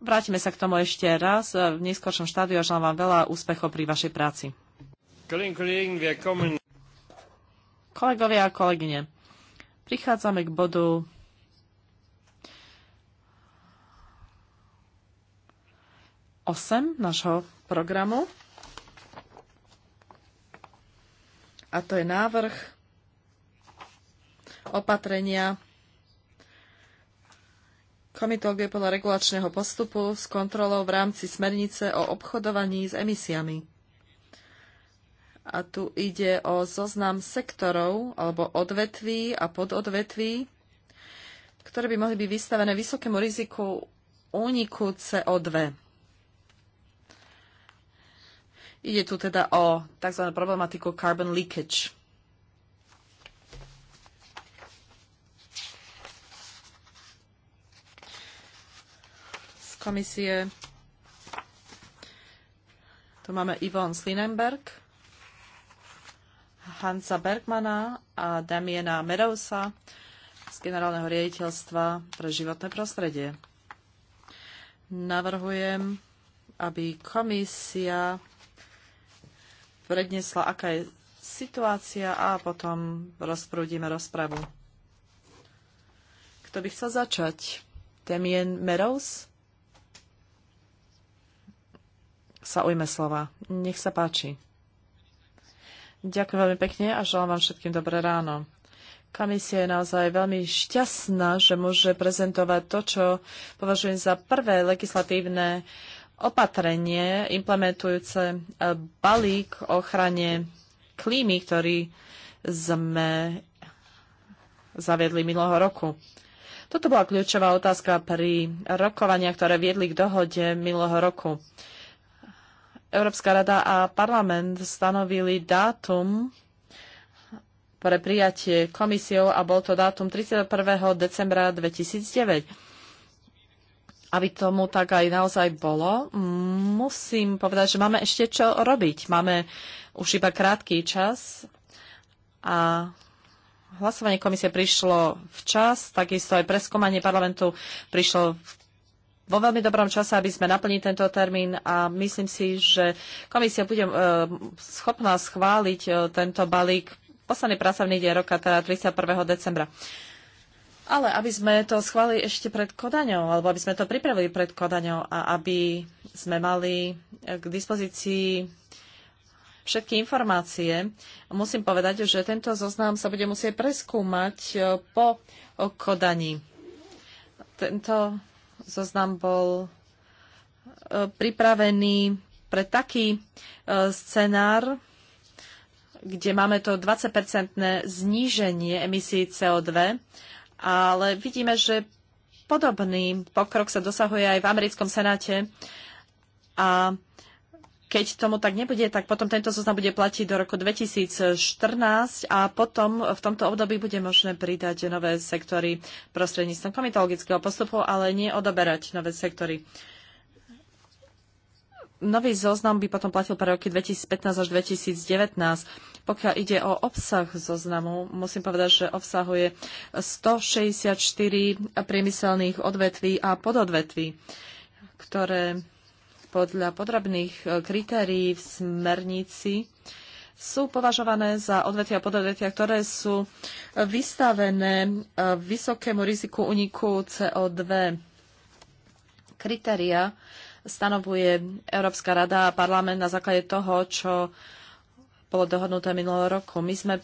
Vrátime sa k tomu ešte raz v neskôršom štádiu a želám vám veľa úspechov pri vašej práci. Kolegovia a kolegyne, prichádzame k bodu osem našho programu. a to je návrh opatrenia komitológie podľa regulačného postupu s kontrolou v rámci smernice o obchodovaní s emisiami. A tu ide o zoznam sektorov alebo odvetví a pododvetví, ktoré by mohli byť vystavené vysokému riziku úniku CO2. Ide tu teda o tzv. problematiku carbon leakage. Z komisie tu máme Ivon Slinenberg, Hansa Bergmana a Damiena Merousa z generálneho riaditeľstva pre životné prostredie. Navrhujem, aby komisia predniesla, aká je situácia a potom rozprúdime rozpravu. Kto by chcel začať? Damien Meadows? Sa ujme slova. Nech sa páči. Ďakujem veľmi pekne a želám vám všetkým dobré ráno. Komisia je naozaj veľmi šťastná, že môže prezentovať to, čo považujem za prvé legislatívne opatrenie implementujúce e, balík o ochrane klímy, ktorý sme zaviedli minulého roku. Toto bola kľúčová otázka pri rokovaniach, ktoré viedli k dohode minulého roku. Európska rada a parlament stanovili dátum pre prijatie komisiou a bol to dátum 31. decembra 2009 aby tomu tak aj naozaj bolo, musím povedať, že máme ešte čo robiť. Máme už iba krátky čas a hlasovanie komisie prišlo včas, takisto aj preskúmanie parlamentu prišlo vo veľmi dobrom čase, aby sme naplnili tento termín a myslím si, že komisia bude e, schopná schváliť e, tento balík posledný pracovný deň roka, teda 31. decembra. Ale aby sme to schválili ešte pred kodaňou, alebo aby sme to pripravili pred kodaňou a aby sme mali eh, k dispozícii všetky informácie, musím povedať, že tento zoznam sa bude musieť preskúmať eh, po kodaní. Tento zoznam bol eh, pripravený pre taký scenár, kde máme to 20-percentné zníženie emisí CO2 ale vidíme, že podobný pokrok sa dosahuje aj v americkom senáte a keď tomu tak nebude, tak potom tento zoznam bude platiť do roku 2014 a potom v tomto období bude možné pridať nové sektory prostredníctvom komitologického postupu, ale nie odoberať nové sektory nový zoznam by potom platil pre roky 2015 až 2019. Pokiaľ ide o obsah zoznamu, musím povedať, že obsahuje 164 priemyselných odvetví a pododvetví, ktoré podľa podrobných e, kritérií v smernici sú považované za odvetia a pododvetvia, ktoré sú vystavené e, vysokému riziku uniku CO2. Kritéria stanovuje Európska rada a parlament na základe toho, čo bolo dohodnuté minulého roku. My sme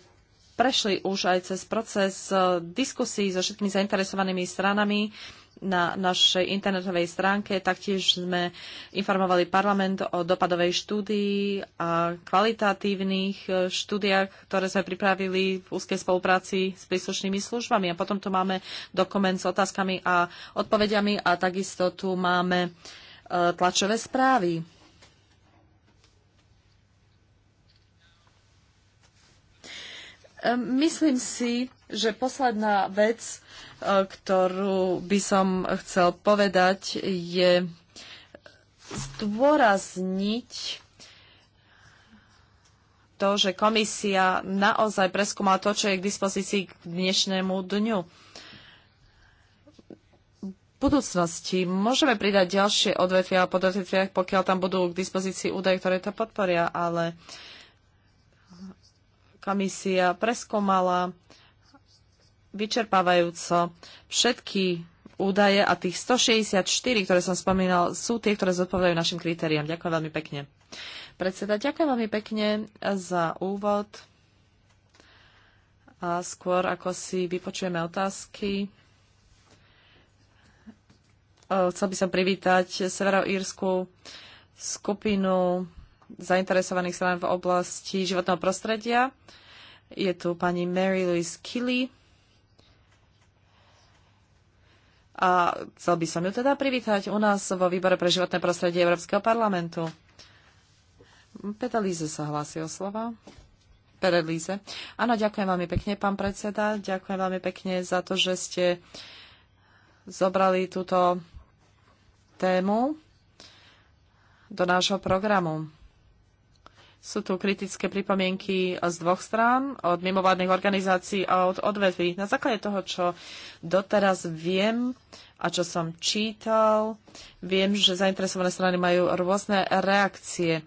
prešli už aj cez proces eh, diskusí so všetkými zainteresovanými stranami na našej internetovej stránke. Taktiež sme informovali parlament o dopadovej štúdii a kvalitatívnych eh, štúdiách, ktoré sme pripravili v úzkej spolupráci s príslušnými službami. A potom tu máme dokument s otázkami a odpovediami a takisto tu máme uh, E, tlačové správy. E, myslím si, že posledná vec, e, ktorú by som chcel povedať, je zdôrazniť to, že komisia naozaj preskúmala to, čo je k dispozícii k dnešnému dňu budúcnosti. Môžeme pridať ďalšie odvetvia a podvetvia, pokiaľ tam budú k dispozícii údaje, ktoré to podporia, ale komisia preskomala vyčerpávajúco všetky údaje a tých 164, ktoré som spomínal, sú tie, ktoré zodpovedajú našim kritériám. Ďakujem veľmi pekne. Predseda, ďakujem veľmi pekne za úvod. A skôr, ako si vypočujeme otázky, E, chcel by som privítať Severoírskú skupinu zainteresovaných strán v oblasti životného prostredia. Je tu pani Mary Louise Kelly. A chcel by som ju teda privítať u nás vo výbore pre životné prostredie Európskeho parlamentu. Peter Líze sa hlási o slova. Peter Líze. Áno, ďakujem veľmi pekne, pán predseda. Ďakujem veľmi pekne za to, že ste zobrali túto tému do nášho programu. Sú tu kritické pripomienky z dvoch strán, od mimovládnych organizácií a od odvetví. Na základe toho, čo doteraz viem a čo som čítal, viem, že zainteresované strany majú rôzne reakcie.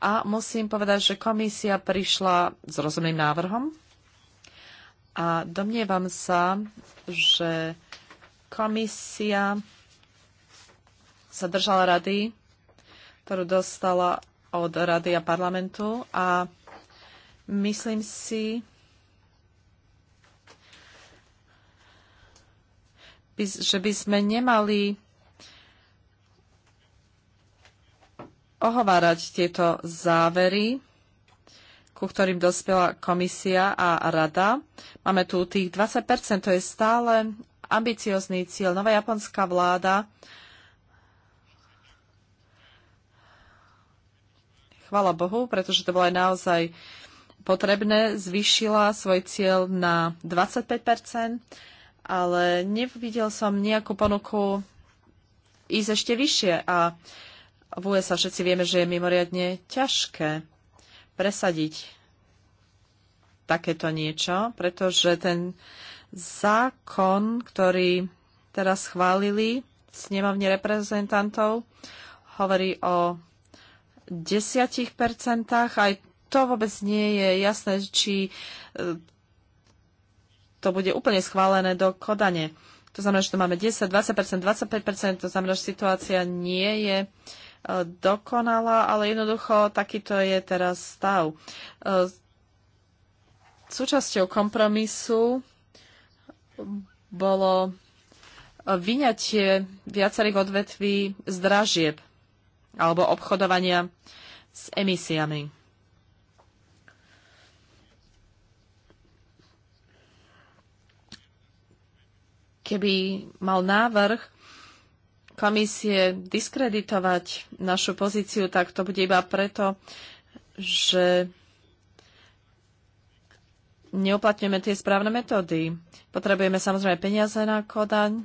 A musím povedať, že komisia prišla s rozumným návrhom a domnievam sa, že komisia sa držala rady, ktorú dostala od rady a parlamentu a myslím si, že by sme nemali ohovárať tieto závery, ku ktorým dospela komisia a rada. Máme tu tých 20%, to je stále ambiciózny cieľ. Nová japonská vláda chvala Bohu, pretože to bolo aj naozaj potrebné, zvýšila svoj cieľ na 25 ale nevidel som nejakú ponuku ísť ešte vyššie a v USA všetci vieme, že je mimoriadne ťažké presadiť takéto niečo, pretože ten zákon, ktorý teraz chválili snemovne reprezentantov, hovorí o 10%. Aj to vôbec nie je jasné, či e, to bude úplne schválené do kodane. To znamená, že tu máme 10, 20%, 25%, to znamená, že situácia nie je e, dokonalá, ale jednoducho takýto je teraz stav. E, súčasťou kompromisu bolo vyňatie viacerých odvetví z dražieb alebo obchodovania s emisiami. Keby mal návrh komisie diskreditovať našu pozíciu, tak to bude iba preto, že neuplatňujeme tie správne metódy. Potrebujeme samozrejme peniaze na kodaň,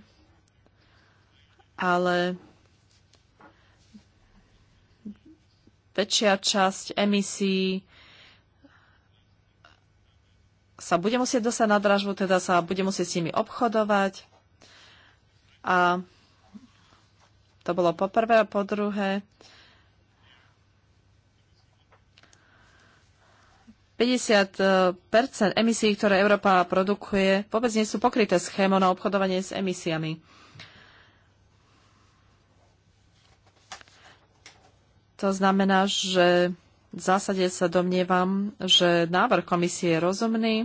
ale väčšia časť emisí sa bude musieť dostať na dražbu, teda sa bude musieť s nimi obchodovať. A to bolo po prvé a po druhé. 50 emisí, ktoré Európa produkuje, vôbec nie sú pokryté schémou na obchodovanie s emisiami. To znamená, že v zásade sa domnievam, že návrh komisie je rozumný,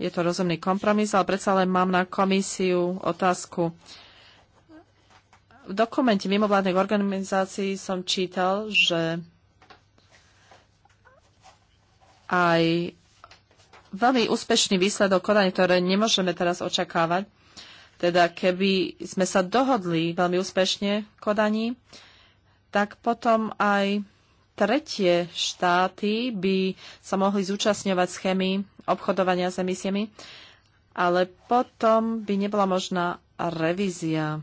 je to rozumný kompromis, ale predsa len mám na komisiu otázku. V dokumente mimovládnych organizácií som čítal, že aj veľmi úspešný výsledok konania, ktoré nemôžeme teraz očakávať, teda keby sme sa dohodli veľmi úspešne v kodaní, tak potom aj tretie štáty by sa mohli zúčastňovať schémy obchodovania s emisiami, ale potom by nebola možná revízia.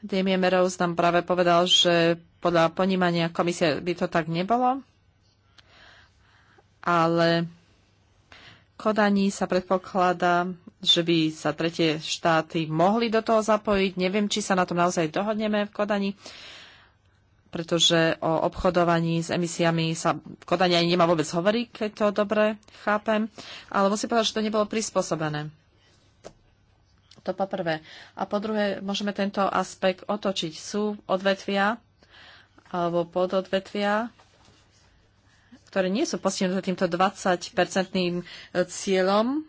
Damien Merovs nám práve povedal, že podľa ponímania komisie by to tak nebolo, ale Kodaní sa predpokladá, že by sa tretie štáty mohli do toho zapojiť. Neviem, či sa na tom naozaj dohodneme v Kodani pretože o obchodovaní s emisiami sa v Kodani ani nemá vôbec hovoriť, keď to dobre chápem. Ale musím povedať, že to nebolo prispôsobené. To po prvé. A po druhé, môžeme tento aspekt otočiť. Sú odvetvia alebo pododvetvia, ktoré nie sú postihnuté týmto 20-percentným e, cieľom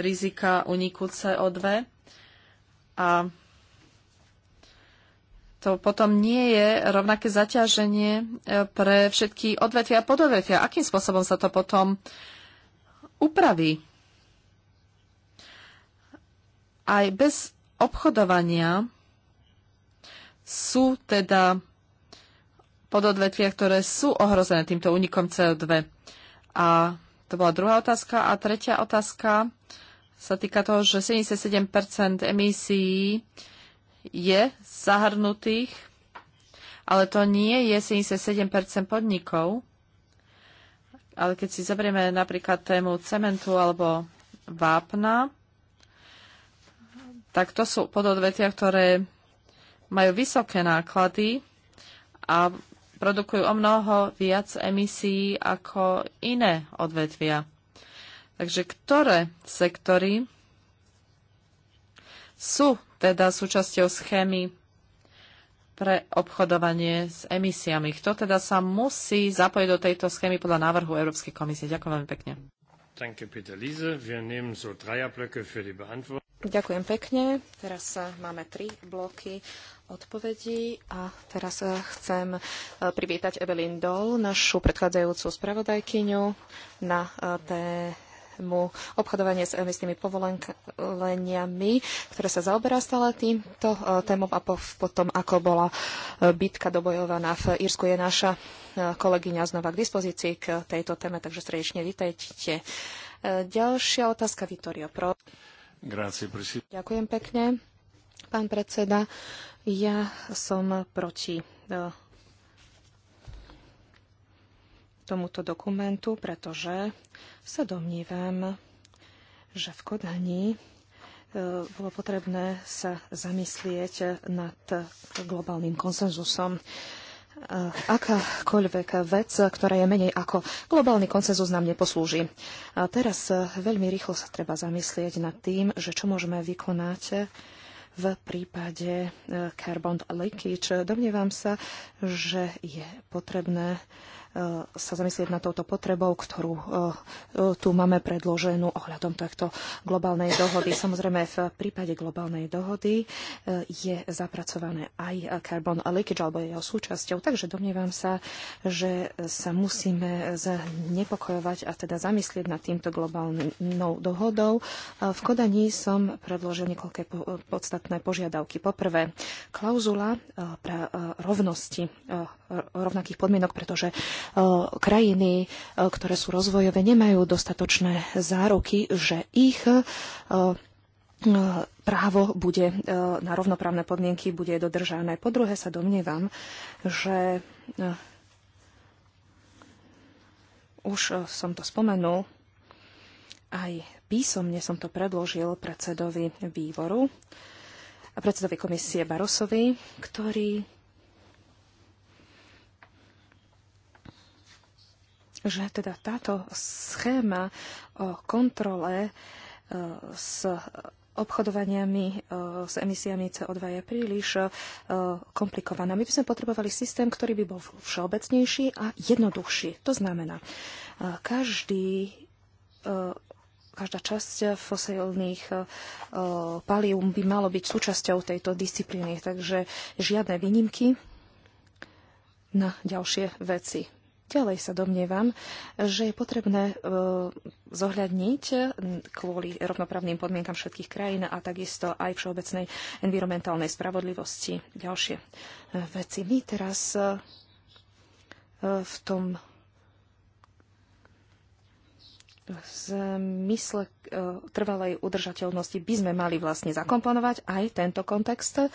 rizika uniku CO2 a to potom nie je rovnaké zaťaženie e, pre všetky odvetvia a pododvetvia. Akým spôsobom sa to potom upraví? Aj bez obchodovania sú teda pododvetvia, ktoré sú ohrozené týmto únikom CO2. A to bola druhá otázka. A tretia otázka sa týka toho, že 77 emisí je zahrnutých, ale to nie je 77 podnikov. Ale keď si zoberieme napríklad tému cementu alebo vápna, tak to sú pododvetia, ktoré majú vysoké náklady a produkujú o mnoho viac emisí ako iné odvetvia. Takže ktoré sektory sú teda súčasťou schémy pre obchodovanie s emisiami. Kto teda sa musí zapojiť do tejto schémy podľa návrhu Európskej komisie? Ďakujem veľmi pekne. Ďakujem pekne. Teraz eh, máme tri bloky odpovedí a teraz eh, chcem eh, privítať Evelyn Dole, našu predchádzajúcu spravodajkyňu na té tému obchodovanie s emisnými povoleniami, ktoré sa zaoberá stále týmto e, témom a potom, ako bola e, bitka dobojovaná v Írsku, je naša e, kolegyňa znova k dispozícii k tejto téme, takže srdečne vítajte. Ďalšia otázka, Vittorio Pro. Grazie, Ďakujem pekne, pán predseda. Ja som proti tomuto dokumentu, pretože sa domnívam, že v Kodani e, bolo potrebné sa zamyslieť nad globálnym konsenzusom. E, akákoľvek vec, ktorá je menej ako globálny konsenzus, nám neposlúži. A teraz e, veľmi rýchlo sa treba zamyslieť nad tým, že čo môžeme vykonať v prípade carbon leakage. Domnievam sa, že je potrebné E, sa zamyslieť nad touto potrebou, ktorú e, e, tu máme predloženú ohľadom takto globálnej dohody. Samozrejme, v prípade globálnej dohody je zapracované aj carbon leakage alebo jeho súčasťou, takže domnievam sa, že sa musíme znepokojovať a teda zamyslieť nad týmto globálnou dohodou. V Kodani som predložil niekoľké podstatné požiadavky. Poprvé, klauzula pre rovnosti rovnakých podmienok, pretože krajiny, ktoré sú rozvojové, nemajú dostatočné záruky, že ich právo bude na rovnoprávne podmienky bude dodržané. Po druhé sa domnievam, že už som to spomenul, aj písomne som to predložil predsedovi výboru a predsedovi komisie Barosovi, ktorý že teda táto schéma o kontrole e, s obchodovaniami e, s emisiami CO2 je príliš e, komplikovaná. My by sme potrebovali systém, ktorý by bol všeobecnejší a jednoduchší. To znamená, každý každá časť fosilných palium by malo byť súčasťou tejto disciplíny. Takže žiadne výnimky na ďalšie veci Ďalej sa domnievam, že je potrebné e, zohľadniť kvôli rovnoprávnym podmienkam všetkých krajín a takisto aj všeobecnej environmentálnej spravodlivosti ďalšie e, veci. My teraz e, v tom v zmysle trvalej udržateľnosti by sme mali vlastne zakomponovať aj tento kontext.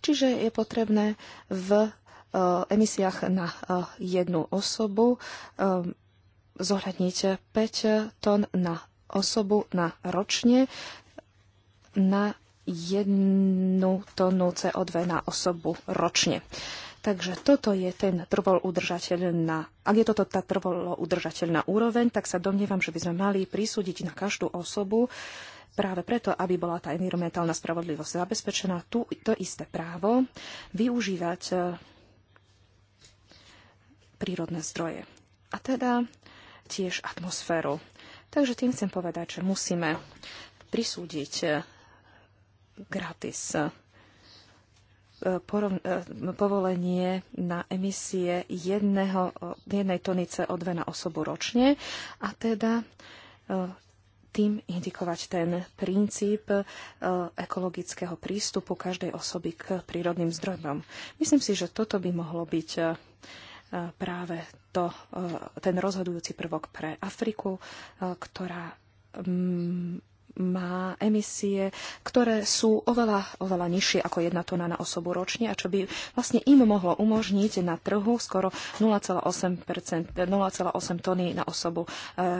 Čiže je potrebné v Eh, emisiách na eh, jednu osobu eh, zohľadniť 5 tón na osobu na ročne na jednu tonu CO2 na osobu ročne. Takže toto je ten trvol udržateľná, ak je toto tá trvolo udržateľná úroveň, tak sa domnievam, že by sme mali prisúdiť na každú osobu práve preto, aby bola tá environmentálna spravodlivosť zabezpečená, tu to isté právo využívať prírodné zdroje a teda tiež atmosféru. Takže tým chcem povedať, že musíme prisúdiť e, gratis e, e, povolenie na emisie jedného, jednej tony CO2 na osobu ročne a teda tým indikovať ten princíp ekologického prístupu každej osoby k prírodným zdrojom. Myslím si, že toto by mohlo byť E, práve to, e, ten rozhodujúci prvok pre Afriku, e, ktorá mm, má emisie, ktoré sú oveľa, oveľa nižšie ako jedna tona na osobu ročne a čo by vlastne im mohlo umožniť na trhu skoro 0,8, 0,8 tony na osobu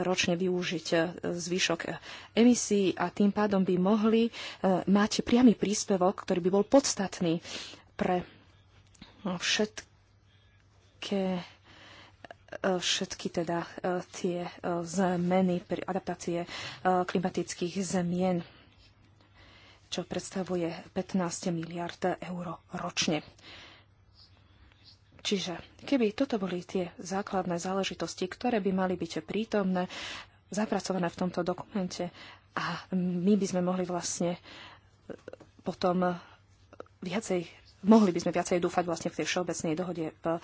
ročne využiť zvyšok emisí a tým pádom by mohli mať priamy príspevok, ktorý by bol podstatný pre všetky také e, všetky teda e, tie e, zmeny pri adaptácie klimatických zmien čo predstavuje 15 miliard eur ročne. Čiže keby toto boli tie základné záležitosti, ktoré by mali byť prítomné, zapracované v tomto dokumente a my by sme mohli vlastne potom viacej mohli by sme viacej dúfať vlastne v tej všeobecnej dohode v e,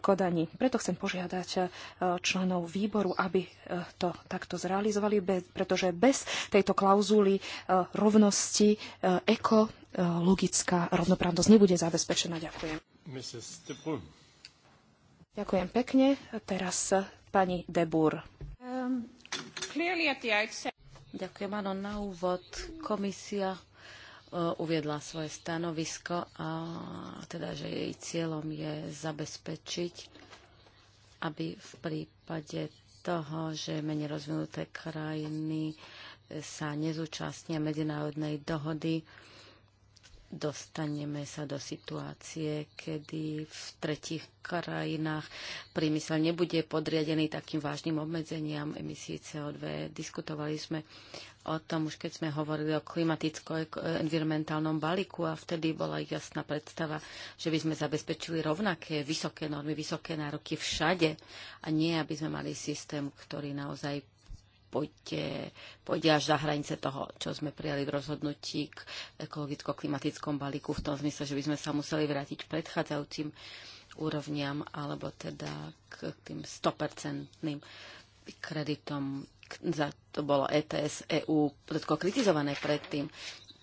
Kodani. Preto chcem požiadať e, členov výboru, aby e, to takto zrealizovali, pretože bez tejto klauzuly rovnosti ekologická rovnoprávnosť nebude zabezpečená. Ďakujem. Ďakujem pekne. Teraz pani Debur. Um, Ďakujem, áno, na úvod komisia Eh, uviedla svoje stanovisko a teda, že jej cieľom je zabezpečiť, aby v prípade toho, že menej rozvinuté krajiny sa nezúčastnia medzinárodnej dohody, dostaneme sa do situácie, kedy v tretich krajinách priemysel nebude podriadený takým vážnym obmedzeniam emisí CO2. Diskutovali sme o tom už keď sme hovorili o klimaticko-environmentálnom balíku a vtedy bola jasná predstava, že by sme zabezpečili rovnaké vysoké normy, vysoké nároky všade a nie, aby sme mali systém, ktorý naozaj poďte, poďte až za hranice toho, čo sme prijali v rozhodnutí k ekologicko-klimatickom balíku v tom zmysle, že by sme sa museli vrátiť k predchádzajúcim úrovniam alebo teda k tým 100% kreditom. Za to bolo ETS EU všetko kritizované predtým.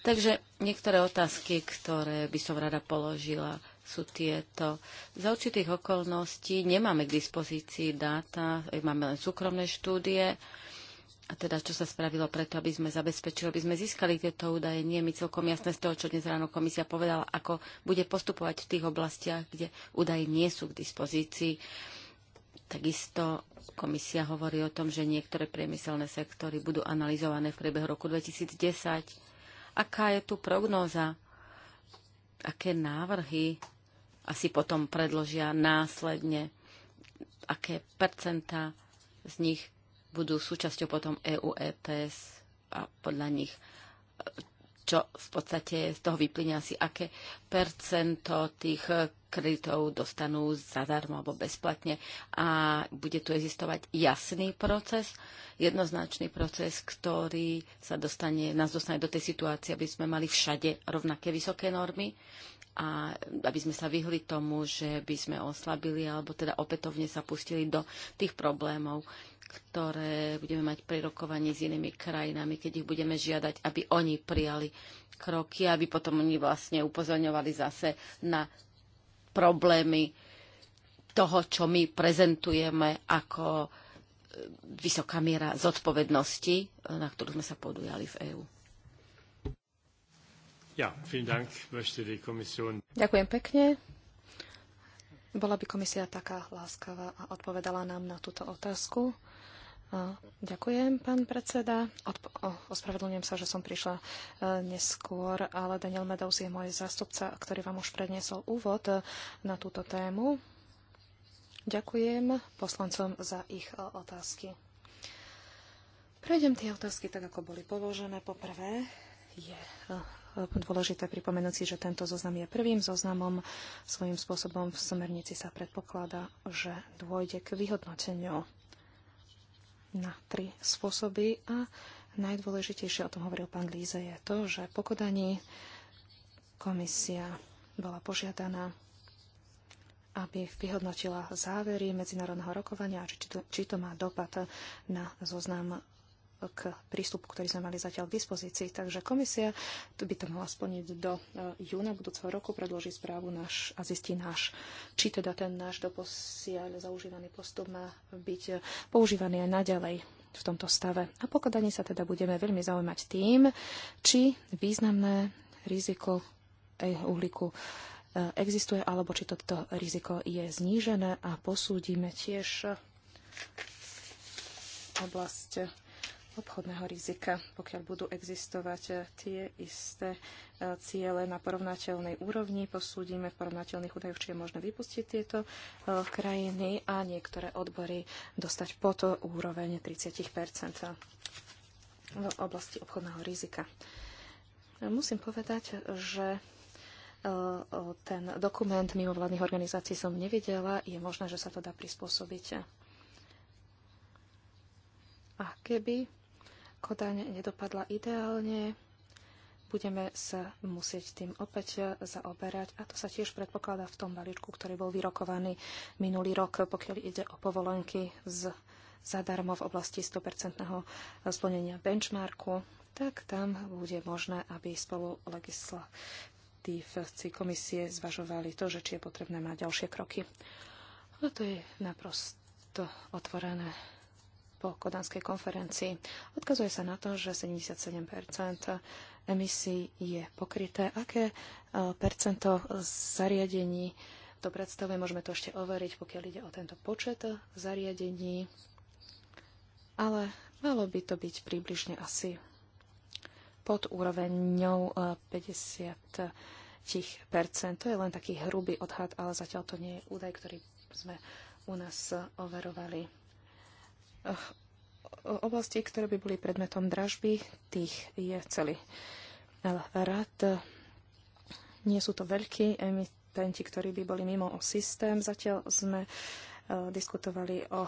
Takže niektoré otázky, ktoré by som rada položila, sú tieto. Za určitých okolností nemáme k dispozícii dáta, máme len súkromné štúdie. Uh, a teda čo sa spravilo preto, aby sme zabezpečili, aby sme získali tieto údaje. Nie je mi celkom jasné z toho, čo dnes ráno komisia povedala, ako bude postupovať v tých oblastiach, kde údaje nie sú k dispozícii. Takisto komisia hovorí o tom, že niektoré priemyselné sektory budú analyzované v priebehu roku 2010. Aká je tu prognóza? Aké návrhy asi potom predložia následne? Aké percentá z nich budú súčasťou potom EU EPS a podľa nich čo v podstate z toho vyplyne asi, aké percento tých kreditov dostanú zadarmo alebo bezplatne a bude tu existovať jasný proces, jednoznačný proces, ktorý sa dostane, nás dostane do tej situácie, aby sme mali všade rovnaké vysoké normy a aby sme sa vyhli tomu, že by sme oslabili alebo teda opätovne sa pustili do tých problémov, ktoré budeme mať pri rokovaní s inými krajinami, keď ich budeme žiadať, aby oni prijali kroky, aby potom oni vlastne upozorňovali zase na problémy toho, čo my prezentujeme ako e, vysoká miera zodpovednosti, na ktorú sme sa podujali v EÚ. Ďakujem pekne. Bola by komisia taká láskavá a odpovedala nám na túto otázku. Ďakujem, pán predseda. ospravedlňujem sa, že som prišla e, neskôr, ale Daniel Meadows je môj zástupca, ktorý vám už predniesol úvod e, na túto tému. Ďakujem poslancom za ich e, otázky. Prejdem tie otázky tak, ako boli položené. Poprvé je dôležité pripomenúť si, že tento zoznam je prvým zoznamom. Svojím spôsobom v smernici sa predpokladá, že dôjde k vyhodnoteniu na tri spôsoby a najdôležitejšie, o tom hovoril pán Líze, je to, že po kodaní komisia bola požiadaná aby vyhodnotila závery medzinárodného rokovania a či, či, to, či to má dopad na zoznam k prístupu, ktorý sme mali zatiaľ k dispozícii. Takže komisia by to mala splniť do e, júna budúceho roku, predložiť správu náš a zistí náš, či teda ten náš doposiaľ zaužívaný postup má byť e, používaný aj naďalej v tomto stave. A pokladanie sa teda budeme veľmi zaujímať tým, či významné riziko e, uhlíku existuje, alebo či toto riziko je znížené a posúdime tiež oblasť obchodného rizika, pokiaľ budú existovať e, tie isté e, ciele na porovnateľnej úrovni. Posúdime v porovnateľných údajoch, či je možné vypustiť tieto e, krajiny a niektoré odbory dostať po to úroveň 30 v oblasti obchodného rizika. Musím povedať, že ten dokument vládnych organizácií som nevidela. Je možné, že sa to dá prispôsobiť. A keby Kodaň nedopadla ideálne, budeme sa musieť tým opäť zaoberať a to sa tiež predpokladá v tom balíčku, ktorý bol vyrokovaný minulý rok, pokiaľ ide o povolenky z zadarmo v oblasti 100% splnenia benchmarku, tak tam bude možné, aby spolu legislatívci komisie zvažovali to, že či je potrebné mať ďalšie kroky. No to je naprosto otvorené po kodanskej konferencii. Odkazuje sa na to, že 77 emisí je pokryté. Aké e, percento zariadení to predstavuje, môžeme to ešte overiť, pokiaľ ide o tento počet zariadení, ale malo by to byť približne asi pod úroveňou 50 e, To je len taký hrubý odhad, ale zatiaľ to nie je údaj, ktorý sme u nás overovali oblastí, ktoré by boli predmetom dražby, tých je celý rad. Nie sú to veľkí emitenti, ktorí by boli mimo o systém. Zatiaľ sme eh, diskutovali o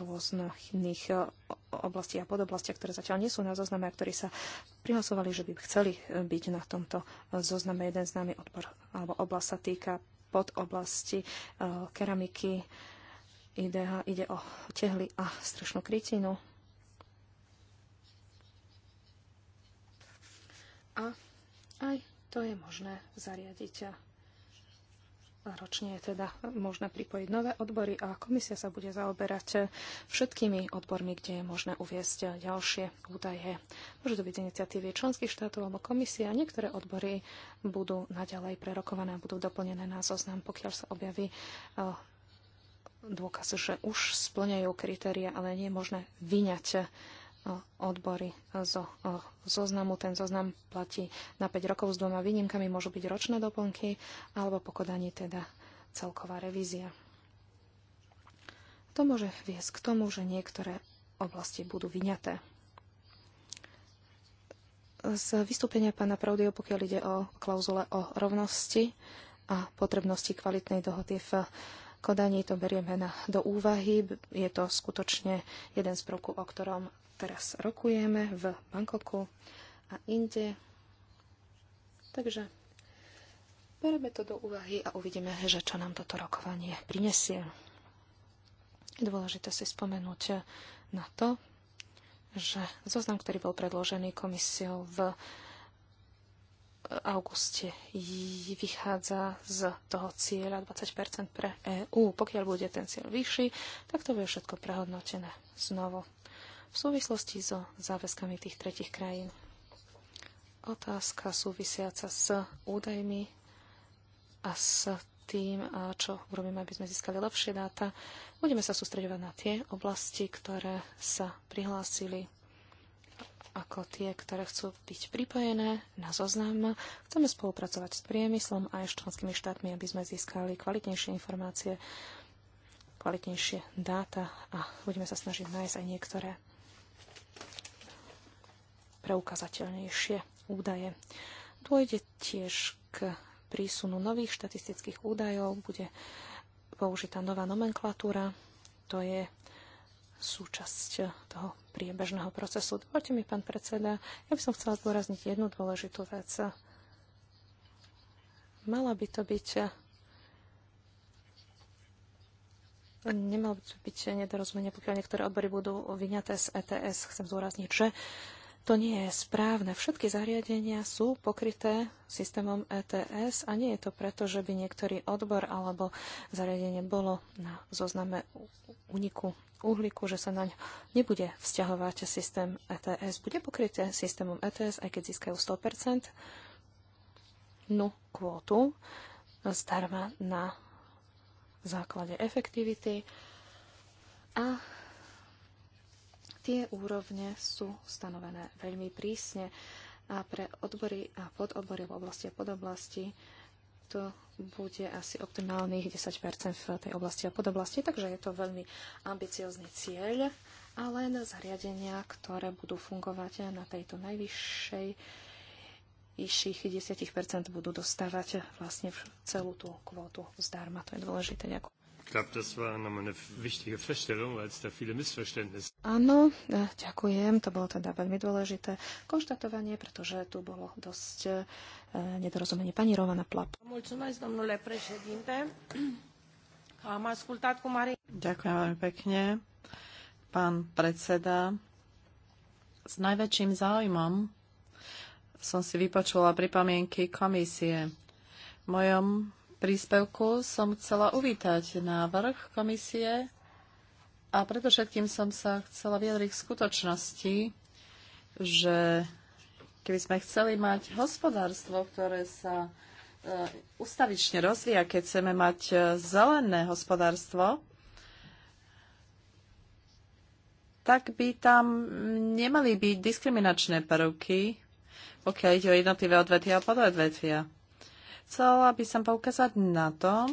rôznych eh, oblastiach a podoblastiach, ktoré zatiaľ nie sú na zozname a ktorí sa prihlasovali, že by chceli eh, byť na tomto zozname. Jeden známy odbor alebo oblasť sa týka pod oblasti keramiky, IDH ide o tehly a strašnú krytinu. A aj to je možné zariadiť. Ročne je teda možné pripojiť nové odbory a komisia sa bude zaoberať všetkými odbormi, kde je možné uviesť ďalšie údaje. Môže to byť iniciatívy členských štátov alebo komisie a niektoré odbory budú naďalej prerokované a budú doplnené na zoznam, pokiaľ sa objaví eh, dôkaz, že už splňajú kritéria, ale nie je možné vyňať e, odbory zo e, zoznamu. Ten zoznam platí na 5 rokov s dvoma výnimkami, môžu byť ročné doplnky alebo pokodaní teda celková revízia. To môže viesť k tomu, že niektoré oblasti budú vyňaté. Z vystúpenia pána Praudio, pokiaľ ide o klauzule o rovnosti a potrebnosti kvalitnej dohody v Kodani to berieme na, do úvahy. Je to skutočne jeden z prvku, o ktorom teraz rokujeme v Bangkoku a inde. Takže bereme to do úvahy a uvidíme, že čo nám toto rokovanie prinesie. Je dôležité si spomenúť na to, že zoznam, ktorý bol predložený komisiou v auguste vychádza z toho cieľa 20% pre EÚ. Pokiaľ bude ten cieľ vyšší, tak to bude všetko prehodnotené znovu v súvislosti so záväzkami tých tretich krajín. Otázka súvisiaca s údajmi a s tým, čo urobíme, aby sme získali lepšie dáta. Budeme sa sústredovať na tie oblasti, ktoré sa prihlásili ako tie, ktoré chcú byť pripojené na zoznam. Chceme spolupracovať s priemyslom a aj s členskými štátmi, aby sme získali kvalitnejšie informácie, kvalitnejšie dáta a budeme sa snažiť nájsť aj niektoré preukazateľnejšie údaje. Dôjde tiež k prísunu nových štatistických údajov, bude použitá nová nomenklatúra, to je súčasť toho priebežného procesu. Dovolte mi, pán predseda, ja by som chcela zdôrazniť jednu dôležitú vec. Mala by to byť Nemalo by to byť nedorozumenie, pokiaľ niektoré odbory budú vyňaté z ETS. Chcem zdôrazniť, že to nie je správne. Všetky zariadenia sú pokryté systémom ETS a nie je to preto, že by niektorý odbor alebo zariadenie bolo na zozname uniku uhlíku, že sa naň nebude vzťahovať systém ETS. Bude pokryté systémom ETS, aj keď získajú 100% no kvótu zdarma na základe efektivity a Tie úrovne sú stanovené veľmi prísne a pre odbory a podobory v oblasti a podoblasti to bude asi optimálnych 10 v tej oblasti a podoblasti, takže je to veľmi ambiciózny cieľ a len zariadenia, ktoré budú fungovať na tejto najvyššej vyšších 10 budú dostávať vlastne celú tú kvótu zdarma. To je dôležité. Ďakujem. Áno, e, ďakujem, to bolo teda veľmi dôležité konštatovanie, pretože tu bolo dosť e, nedorozumenie. Pani Rovana Plap. Ďakujem veľmi pekne, pán predseda. S najväčším záujmom som si vypočula pripomienky komisie. V mojom príspevku som chcela uvítať návrh komisie a predovšetkým som sa chcela vyjadriť k skutočnosti, že keby sme chceli mať hospodárstvo, ktoré sa e, ustavične rozvíja, keď chceme mať e, zelené hospodárstvo, tak by tam nemali byť diskriminačné prvky, pokiaľ ide o jednotlivé odvetvia a pododvetvia. Chcela by som poukázať na to,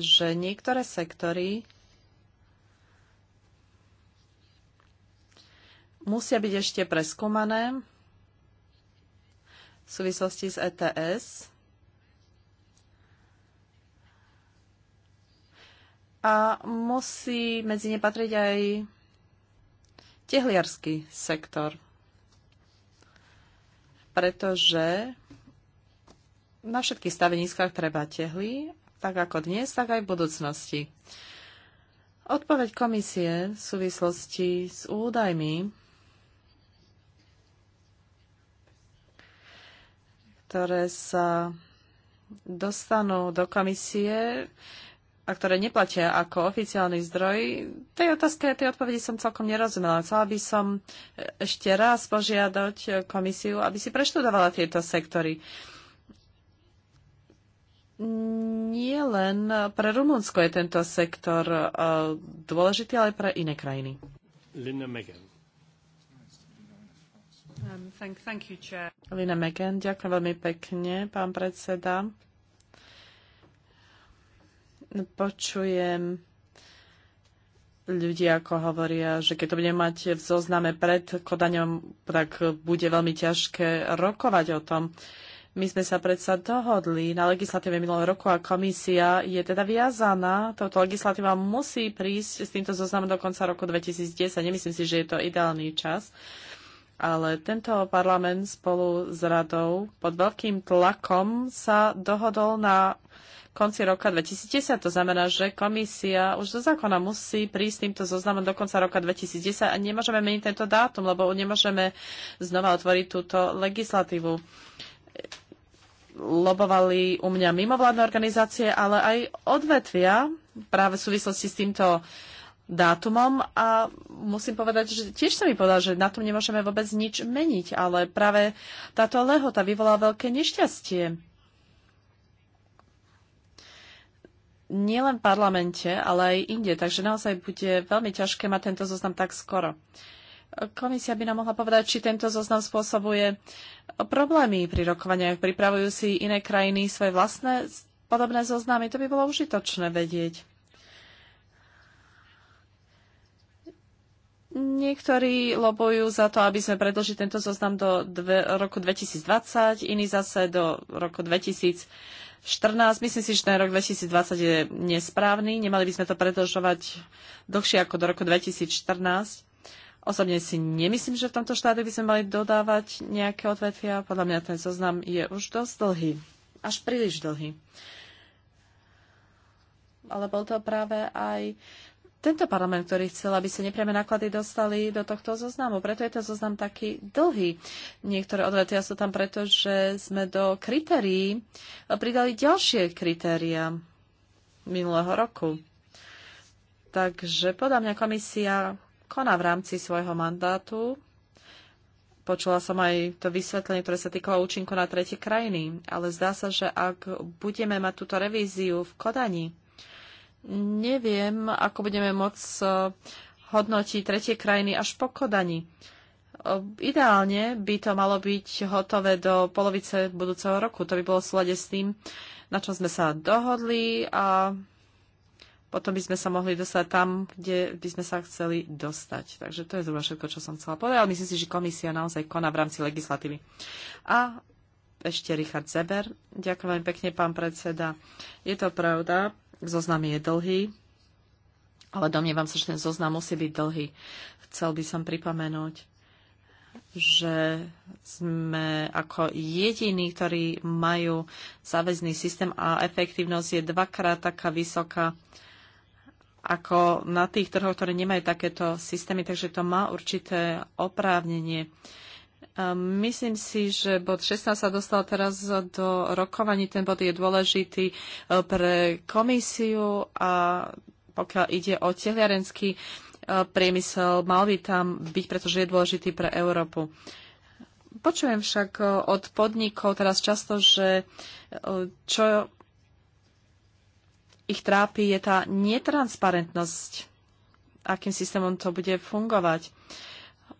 že niektoré sektory musia byť ešte preskúmané v súvislosti s ETS. A musí medzi ne patriť aj tehliarský sektor, pretože na všetkých staveniskách treba tehly, tak ako dnes, tak aj v budúcnosti. Odpoveď komisie v súvislosti s údajmi, ktoré sa dostanú do komisie a ktoré neplatia ako oficiálny zdroj, tej otázke, tej odpovedi som celkom nerozumela. Chcela by som ešte raz požiadať komisiu, aby si preštudovala tieto sektory. Uh, nie len pre Rumunsko je tento sektor eh, dôležitý, ale aj pre iné krajiny. Linda Megan. Um, thank, thank you, Lina Megan, ďakujem veľmi pekne, pán predseda. Počujem ľudia, ako hovoria, že keď to bude mať v zozname pred kodaňom, tak bude veľmi ťažké rokovať o tom. Uh, my sme sa predsa dohodli na legislatíve minulého roku a komisia je teda viazaná. Toto legislatíva musí prísť s týmto zoznamom do konca roku 2010. Nemyslím si, že je to ideálny čas. Ale tento parlament spolu s radou pod veľkým tlakom sa dohodol na konci roka 2010. To znamená, že komisia už do zákona musí prísť týmto zoznamom do konca roka 2010 a nemôžeme meniť tento dátum, lebo nemôžeme znova otvoriť túto legislatívu lobovali u mňa mimovládne organizácie, ale aj odvetvia práve v súvislosti s týmto dátumom a musím povedať, že tiež sa mi povedal, že na tom nemôžeme vôbec nič meniť, ale práve táto lehota vyvolá veľké nešťastie. Nielen v parlamente, ale aj inde, takže naozaj bude veľmi ťažké mať tento zoznam tak skoro. Uh, Komisia by nám mohla povedať, či tento zoznam spôsobuje problémy pri rokovaniach. Pripravujú si iné krajiny svoje vlastné podobné zoznamy. To by bolo užitočné vedieť. Niektorí lobujú za to, aby sme predlžili tento zoznam do dve, roku 2020, iní zase do roku 2014. Myslím si, že ten rok 2020 je nesprávny. Nemali by sme to predlžovať dlhšie ako do roku 2014. Osobne si nemyslím, že v tomto štádiu by sme mali dodávať nejaké odvetvia. Podľa mňa ten zoznam je už dosť dlhý. Až príliš dlhý. Ale bol to práve aj tento parlament, ktorý chcel, aby sa nepriame náklady dostali do tohto zoznamu. Preto je ten zoznam taký dlhý. Niektoré odvetvia sú tam preto, že sme do kritérií pridali ďalšie kritéria minulého roku. Takže podľa mňa komisia koná v rámci svojho mandátu. Počula som aj to vysvetlenie, ktoré sa týkalo účinku na tretie krajiny, ale zdá sa, že ak budeme mať túto revíziu v Kodani, neviem, ako budeme môcť e, hodnotiť tretie krajiny až po Kodani. E, ideálne by to malo byť hotové do polovice budúceho roku. To by bolo v s tým, na čo sme sa dohodli a potom by sme sa mohli dostať tam, kde by sme sa chceli dostať. Takže to je zhruba všetko, čo som chcela povedať, ale myslím si, že komisia naozaj koná v rámci legislatívy. A ešte Richard Zeber. Ďakujem veľmi pekne, pán predseda. Je to pravda, zoznam je dlhý, ale domnievam sa, že ten zoznam musí byť dlhý. Chcel by som pripomenúť, že sme ako jediní, ktorí majú záväzný systém a efektívnosť je dvakrát taká vysoká ako na tých trhoch, ktoré nemajú takéto systémy, takže to má určité oprávnenie. Myslím si, že bod 16 sa dostal teraz do rokovaní. Ten bod je dôležitý e, pre komisiu a pokiaľ ide o tehliarenský e, priemysel, mal by tam byť, pretože je dôležitý pre Európu. Počujem však e, od podnikov teraz často, že čo ich trápi, je tá netransparentnosť, akým systémom to bude fungovať.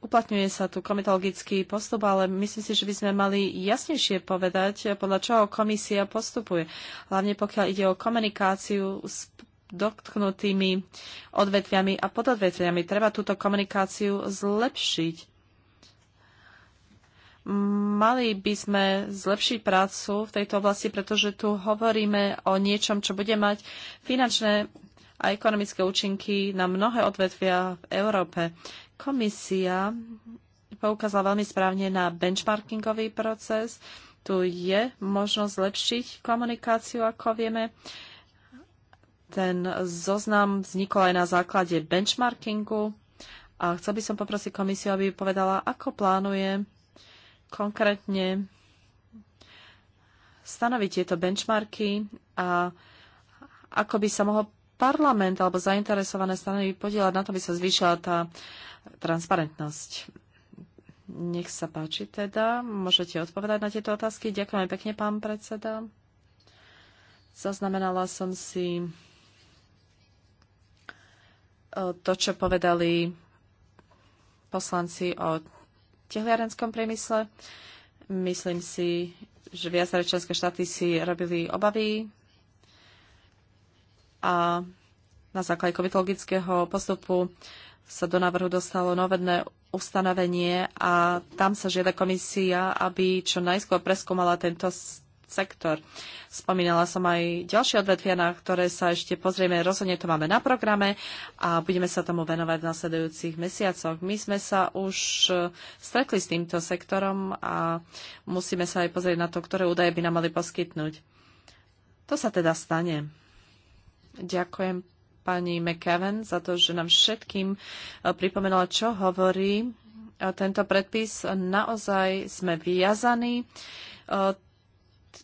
Uplatňuje sa tu komitologický postup, ale myslím si, že by sme mali jasnejšie povedať, podľa čoho komisia postupuje. Hlavne pokiaľ ide o komunikáciu s dotknutými odvetviami a pododvetviami. Treba túto komunikáciu zlepšiť. Mali by sme zlepšiť prácu v tejto oblasti, pretože tu hovoríme o niečom, čo bude mať finančné a ekonomické účinky na mnohé odvetvia v Európe. Komisia poukázala veľmi správne na benchmarkingový proces. Tu je možnosť zlepšiť komunikáciu, ako vieme. Ten zoznam vznikol aj na základe benchmarkingu. A chcel by som poprosiť komisiu, aby povedala, ako plánuje konkrétne stanoviť tieto benchmarky a ako by sa mohol parlament alebo zainteresované strany podielať na to, aby sa zvýšila tá transparentnosť. Nech sa páči teda. Môžete odpovedať na tieto otázky. Ďakujem pekne, pán predseda. Zaznamenala som si eh, to, čo povedali poslanci o tehliarenskom priemysle. Myslím si, že viaceré členské štáty si robili obavy a na základe komitologického postupu sa do návrhu dostalo novedné ustanovenie a tam sa žiada komisia, aby čo najskôr preskúmala tento sektor. Spomínala som aj ďalšie odvetvia, na ktoré sa ešte pozrieme. Rozhodne to máme na programe a budeme sa tomu venovať v nasledujúcich mesiacoch. My sme sa už e, stretli s týmto sektorom a musíme sa aj pozrieť na to, ktoré údaje by nám mali poskytnúť. To sa teda stane. Ďakujem pani McKeven za to, že nám všetkým e, pripomenula, čo hovorí e, tento predpis. Naozaj sme vyjazaní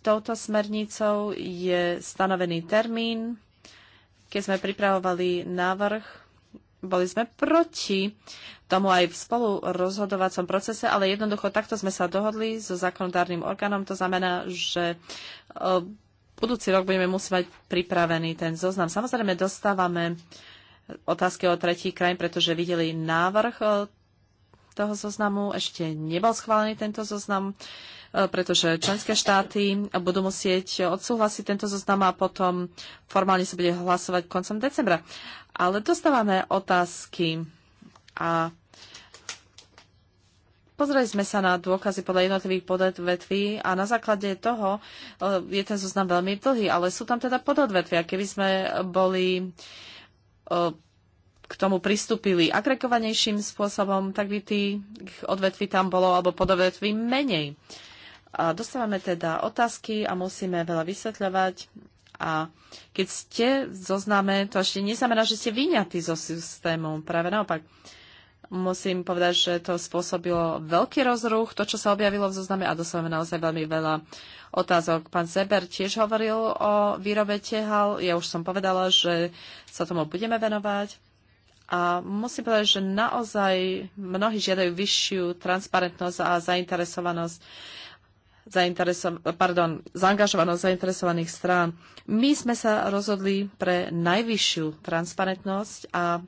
touto smernicou je stanovený termín. Keď sme pripravovali návrh, boli sme proti tomu aj v rozhodovacom procese, ale jednoducho takto sme sa dohodli so zákonodárnym orgánom. To znamená, že e, budúci rok budeme musieť mať pripravený ten zoznam. Samozrejme, dostávame otázky o tretí krajín, pretože videli návrh e, toho zoznamu. Ešte nebol schválený tento zoznam, e, pretože členské štáty budú musieť odsúhlasiť tento zoznam a potom formálne sa bude hlasovať koncom decembra. Ale dostávame otázky a pozreli sme sa na dôkazy podľa jednotlivých podvetví a na základe toho e, je ten zoznam veľmi dlhý, ale sú tam teda pododvetvia. Keby sme boli e, k tomu pristúpili agregovanejším spôsobom, tak by tých odvetví tam bolo alebo pododvetví menej. A dostávame teda otázky a musíme veľa vysvetľovať. A keď ste zoznáme, zozname, to ešte neznamená, že ste vyňatí zo systému. Práve naopak. Musím povedať, že to spôsobilo veľký rozruch, to, čo sa objavilo v zozname a dostávame naozaj veľmi veľa otázok. Pán Zeber tiež hovoril o výrobe tehal. Ja už som povedala, že sa tomu budeme venovať. A musím povedať, že naozaj mnohí žiadajú vyššiu transparentnosť a zainteresovanosť pardon, zaangažovanosť zainteresovaných strán. My sme sa rozhodli pre najvyššiu transparentnosť a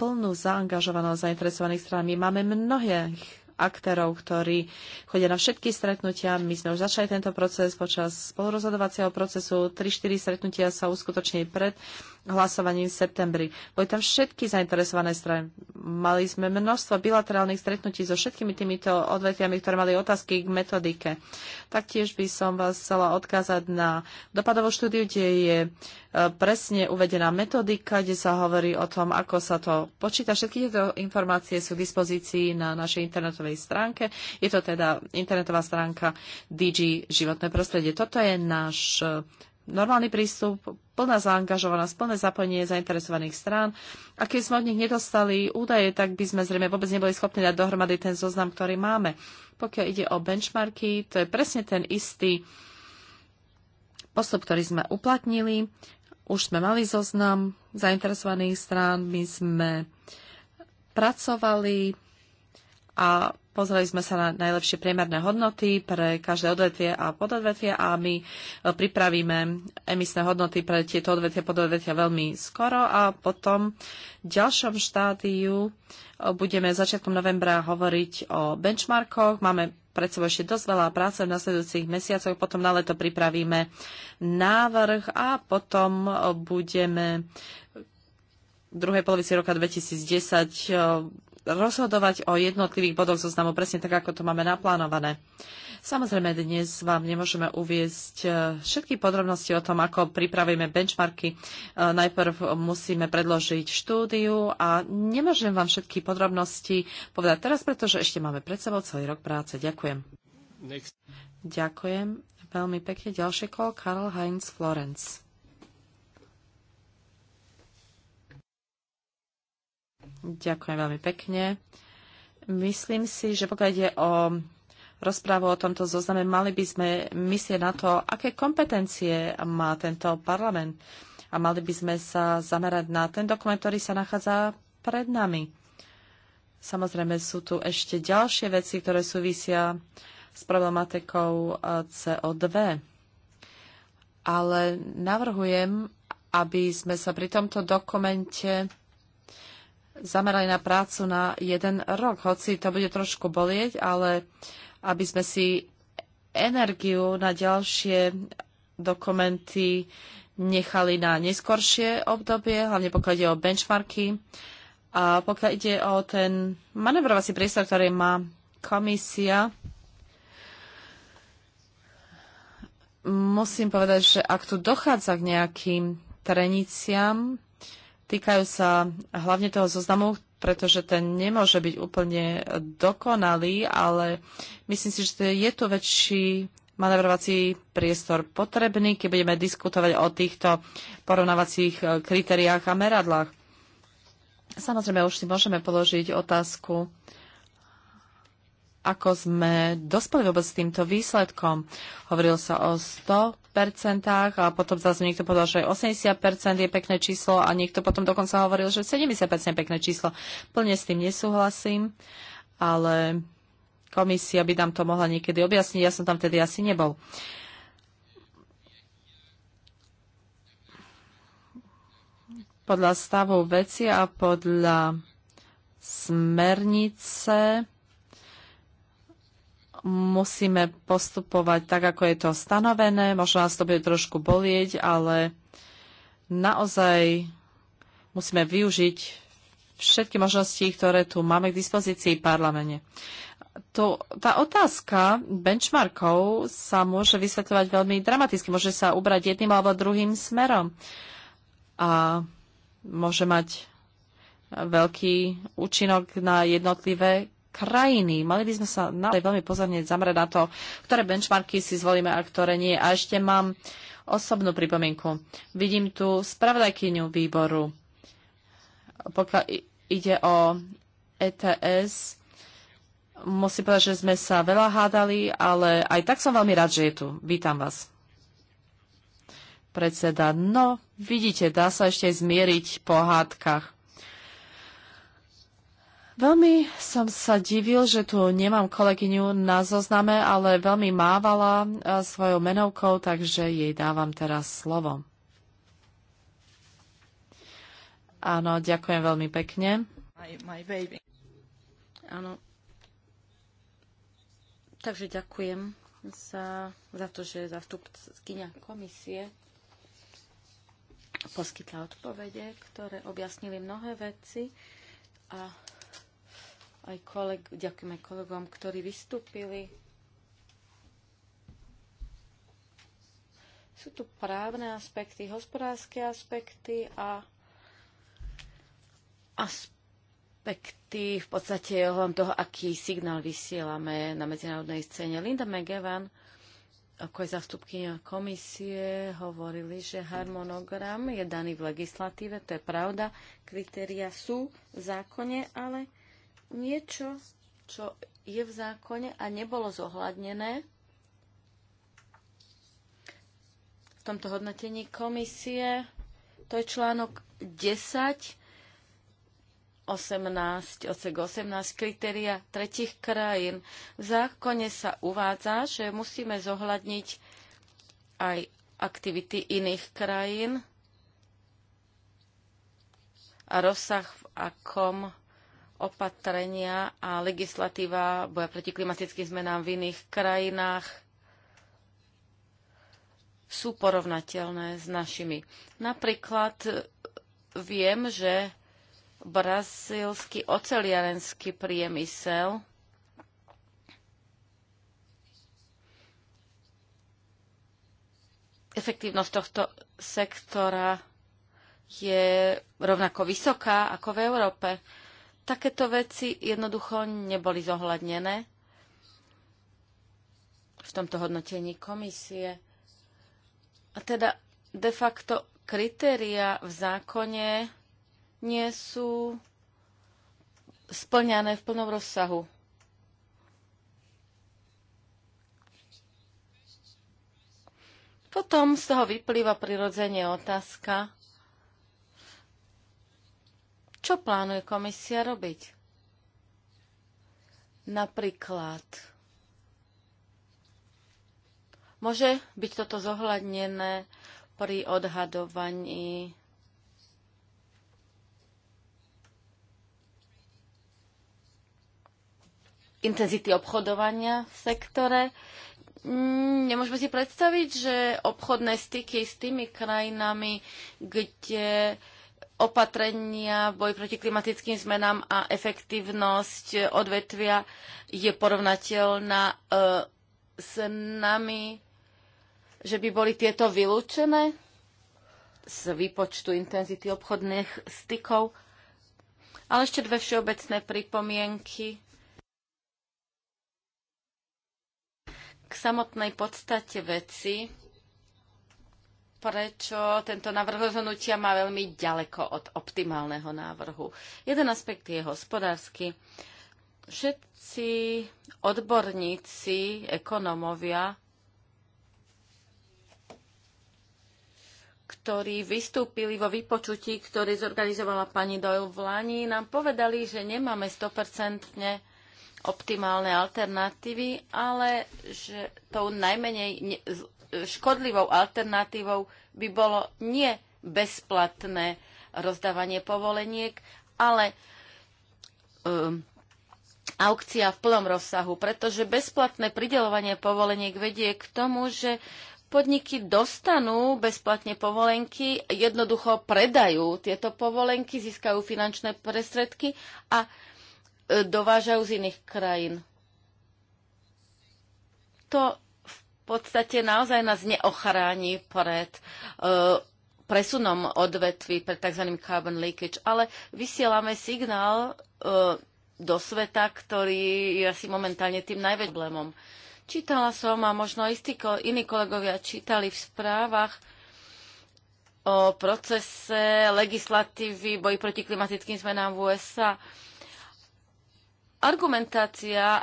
plnú zaangažovanosť zainteresovaných strán. My máme mnohých aktérov, ktorí chodia na všetky stretnutia. My sme už začali tento proces počas spolurozhodovacieho procesu. 3-4 stretnutia sa uskutočnili pred hlasovaním v septembri. Boli tam všetky zainteresované strany. Mali sme množstvo bilaterálnych stretnutí so všetkými týmito odvetiami, ktoré mali otázky k metodike. Taktiež by som vás chcela odkázať na dopadovú štúdiu, kde je e, presne uvedená metodika, kde sa hovorí o tom, ako sa to počíta. Všetky tieto informácie sú k dispozícii na našej internetovej stránke. Je to teda internetová stránka DG Životné prostredie. Toto je náš normálny prístup, plná zaangažovanosť, plné zapojenie zainteresovaných strán. A keď sme od nich nedostali údaje, tak by sme zrejme vôbec neboli schopní dať dohromady ten zoznam, ktorý máme. Pokiaľ ide o benchmarky, to je presne ten istý postup, ktorý sme uplatnili. Už sme mali zoznam zainteresovaných strán, my sme pracovali a pozreli sme sa na najlepšie priemerné hodnoty pre každé odvetvie a pododvetvie a my e, pripravíme emisné hodnoty pre tieto odvetvia a pododvetvia veľmi skoro a potom v ďalšom štádiu e, budeme začiatkom novembra hovoriť o benchmarkoch. Máme pred sebou ešte dosť veľa práce v nasledujúcich mesiacoch, potom na leto pripravíme návrh a potom e, budeme v druhej polovici roka 2010 rozhodovať o jednotlivých bodoch zoznamu presne tak, ako to máme naplánované. Samozrejme, dnes vám nemôžeme uviezť e, všetky podrobnosti o tom, ako pripravíme benchmarky. E, najprv musíme predložiť štúdiu a nemôžem vám všetky podrobnosti povedať teraz, pretože ešte máme pred sebou celý rok práce. Ďakujem. Next. Ďakujem veľmi pekne. Ďalšie kol Karl Heinz Florence. Ďakujem veľmi pekne. Myslím si, že pokiaľ ide o rozprávu o tomto zozname, mali by sme myslieť na to, aké kompetencie má tento parlament. A mali by sme sa zamerať na ten dokument, ktorý sa nachádza pred nami. Samozrejme sú tu ešte ďalšie veci, ktoré súvisia s problematikou e, CO2. Ale navrhujem, aby sme sa pri tomto dokumente zamerali na prácu na jeden rok, hoci to bude trošku bolieť, ale aby sme si energiu na ďalšie dokumenty nechali na neskoršie obdobie, hlavne pokiaľ ide o benchmarky a pokiaľ ide o ten manevrovací priestor, ktorý má komisia, musím povedať, že ak tu dochádza k nejakým treniciam, Týkajú sa hlavne toho zoznamu, pretože ten nemôže byť úplne dokonalý, ale myslím si, že je tu väčší manevrovací priestor potrebný, keď budeme diskutovať o týchto porovnávacích eh, kritériách a meradlách. Samozrejme, už si môžeme položiť otázku, ako sme dospeli vôbec s týmto výsledkom. Hovoril sa o 100 a potom zase niekto povedal, že 80% je pekné číslo a niekto potom dokonca hovoril, že 70% je pekné číslo. Plne s tým nesúhlasím, ale komisia by nám to mohla niekedy objasniť. Ja som tam tedy asi nebol. Podľa stavu veci a podľa smernice musíme postupovať tak, ako je to stanovené. Možno nás to bude trošku bolieť, ale naozaj musíme využiť všetky možnosti, ktoré tu máme k dispozícii v parlamente. To, tá otázka benchmarkov sa môže vysvetľovať veľmi dramaticky. Môže sa ubrať jedným alebo druhým smerom a môže mať veľký účinok na jednotlivé krajiny. Mali by sme sa naozaj veľmi pozorne zamerať na to, ktoré benchmarky si zvolíme a ktoré nie. A ešte mám osobnú pripomienku. Vidím tu spravodajkyňu výboru. Pokiaľ ide o ETS, musím povedať, že sme sa veľa hádali, ale aj tak som veľmi rád, že je tu. Vítam vás. Predseda, no vidíte, dá sa ešte zmieriť po hádkach. Veľmi som sa divil, že tu nemám kolegyňu na zozname, ale veľmi mávala e, svojou menovkou, takže jej dávam teraz slovo. Áno, ďakujem veľmi pekne. My, my Áno. Takže ďakujem za, za to, že zastupkynia komisie poskytla odpovede, ktoré objasnili mnohé veci a aj koleg, ďakujem aj kolegom, ktorí vystúpili. Sú tu právne aspekty, hospodárske aspekty a aspekty v podstate ohľadom toho, aký signál vysielame na medzinárodnej scéne. Linda McEvan, ako je zastupkynia komisie, hovorili, že harmonogram je daný v legislatíve, to je pravda, kritéria sú v zákone, ale niečo, čo je v zákone a nebolo zohľadnené v tomto hodnotení komisie. To je článok 10, 18, 18, kritéria tretich krajín. V zákone sa uvádza, že musíme zohľadniť aj aktivity iných krajín a rozsah, v akom opatrenia a legislatíva boja proti klimatickým zmenám v iných krajinách sú porovnateľné s našimi. Napríklad viem, že brazílsky oceliarenský priemysel efektívnosť tohto sektora je rovnako vysoká ako v Európe takéto veci jednoducho neboli zohľadnené v tomto hodnotení komisie. A teda de facto kritéria v zákone nie sú splňané v plnom rozsahu. Potom z toho vyplýva prirodzenie otázka, čo plánuje komisia robiť? Napríklad, môže byť toto zohľadnené pri odhadovaní intenzity obchodovania v sektore. Mm, nemôžeme si predstaviť, že obchodné styky s tými krajinami, kde opatrenia v boji proti klimatickým zmenám a efektívnosť odvetvia je porovnateľná e, s nami, že by boli tieto vylúčené z výpočtu intenzity obchodných stykov. Ale ešte dve všeobecné pripomienky k samotnej podstate veci prečo tento návrh rozhodnutia má veľmi ďaleko od optimálneho návrhu. Jeden aspekt je hospodársky. Všetci odborníci, ekonomovia, ktorí vystúpili vo vypočutí, ktoré zorganizovala pani Doyle v Lani, nám povedali, že nemáme 100% optimálne alternatívy, ale že tou najmenej škodlivou alternatívou by bolo nie bezplatné rozdávanie povoleniek, ale um, aukcia v plnom rozsahu, pretože bezplatné pridelovanie povoleniek vedie k tomu, že podniky dostanú bezplatne povolenky, jednoducho predajú tieto povolenky, získajú finančné prostriedky a e, dovážajú z iných krajín. To podstate naozaj nás neochráni pred uh, presunom odvetví, pred tzv. carbon leakage, ale vysielame signál uh, do sveta, ktorý je asi momentálne tým najväčším problémom. Čítala som a možno istí iní kolegovia čítali v správach o procese legislatívy boji proti klimatickým zmenám v USA. Argumentácia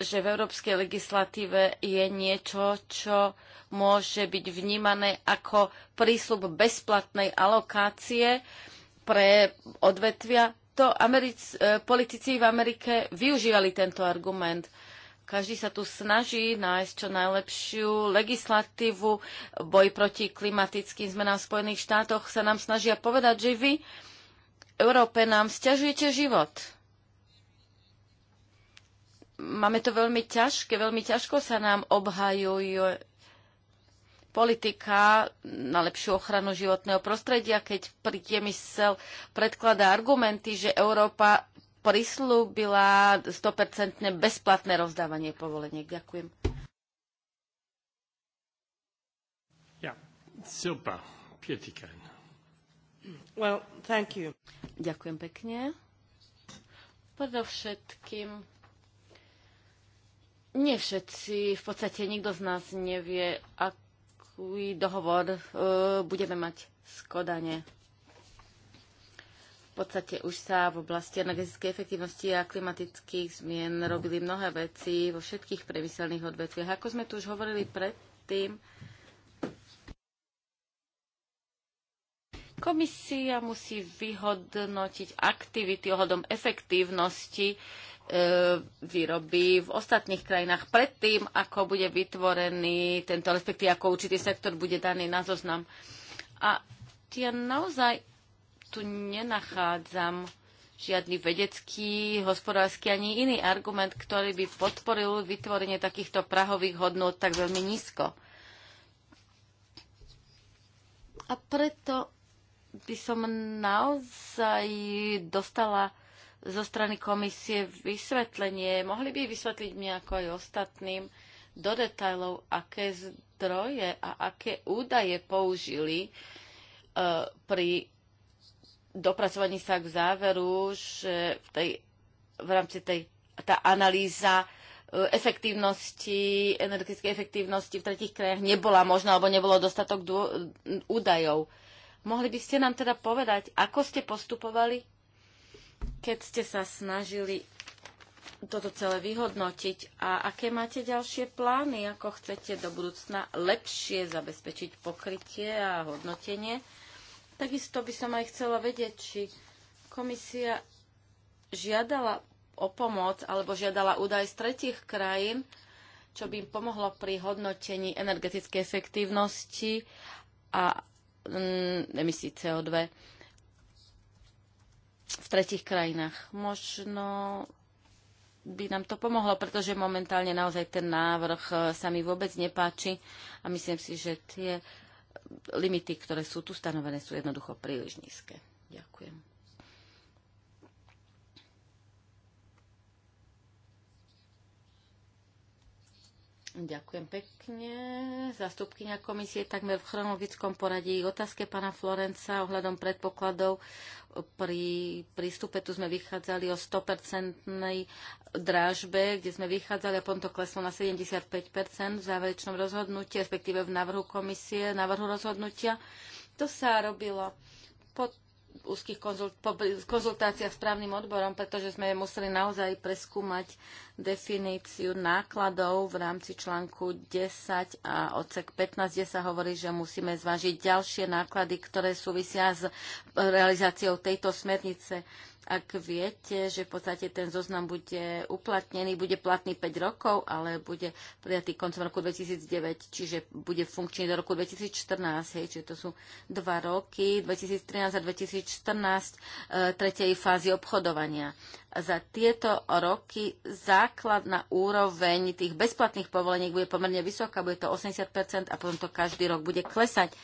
že v európskej legislatíve je niečo, čo môže byť vnímané ako prísľub bezplatnej alokácie pre odvetvia. To Americ- e, politici v Amerike využívali tento argument. Každý sa tu snaží nájsť čo najlepšiu legislatívu. Boj proti klimatickým zmenám v Spojených štátoch sa nám snažia povedať, že vy Európe nám stiažujete život máme to veľmi ťažké, veľmi ťažko sa nám obhajujú politika na lepšiu ochranu životného prostredia, keď priemysel predkladá argumenty, že Európa prislúbila 100% bezplatné rozdávanie povoleniek. Ďakujem. Ja, super, Pietikain. Well, thank you. Ďakujem pekne. Predovšetkým nie všetci, v podstate nikto z nás nevie, aký dohovor uh, budeme mať s Kodane. V podstate už sa v oblasti energetickej efektivnosti a klimatických zmien robili mnohé veci vo všetkých priemyselných odvetviach. Ako sme tu už hovorili predtým, komisia musí vyhodnotiť aktivity ohľadom efektívnosti E, výroby v ostatných krajinách predtým, ako bude vytvorený tento, respektíve ako určitý sektor bude daný na zoznam. A ja naozaj tu nenachádzam žiadny vedecký, hospodársky ani iný argument, ktorý by podporil vytvorenie takýchto prahových hodnot tak veľmi nízko. A preto by som naozaj dostala zo strany komisie vysvetlenie. Mohli by vysvetliť mi ako aj ostatným do detajlov, aké zdroje a aké údaje použili e, pri dopracovaní sa k záveru, že v, tej, v rámci tej tá analýza e, efektívnosti, energetickej efektívnosti v tretich krajach nebola možná, alebo nebolo dostatok dô, údajov. Mohli by ste nám teda povedať, ako ste postupovali keď ste sa snažili toto celé vyhodnotiť a aké máte ďalšie plány, ako chcete do budúcna lepšie zabezpečiť pokrytie a hodnotenie. Takisto by som aj chcela vedieť, či komisia žiadala o pomoc alebo žiadala údaj z tretich krajín, čo by im pomohlo pri hodnotení energetickej efektívnosti a mm, emisí CO2 v tretich krajinách. Možno by nám to pomohlo, pretože momentálne naozaj ten návrh e, sa mi vôbec nepáči a myslím si, že tie limity, ktoré sú tu stanovené, sú jednoducho príliš nízke. Ďakujem. Ďakujem pekne. Zastupkynia komisie takmer v chronologickom poradí otázke pána Florenca ohľadom predpokladov. Pri prístupe tu sme vychádzali o 100% drážbe, kde sme vychádzali a potom to kleslo na 75% v záverečnom rozhodnutí, respektíve v návrhu komisie, návrhu rozhodnutia. To sa robilo po úzkých konzult, po konzultáciách s právnym odborom, pretože sme museli naozaj preskúmať definíciu nákladov v rámci článku 10 a odsek 15, kde sa hovorí, že musíme zvážiť ďalšie náklady, ktoré súvisia s realizáciou tejto smernice. Ak viete, že v podstate ten zoznam bude uplatnený, bude platný 5 rokov, ale bude prijatý koncom roku 2009, čiže bude funkčný do roku 2014, hej, čiže to sú dva roky, 2013 a 2014 e, tretej fázy obchodovania. Za tieto roky, za základná úroveň tých bezplatných povoleniek bude pomerne vysoká, bude to 80% a potom to každý rok bude klesať.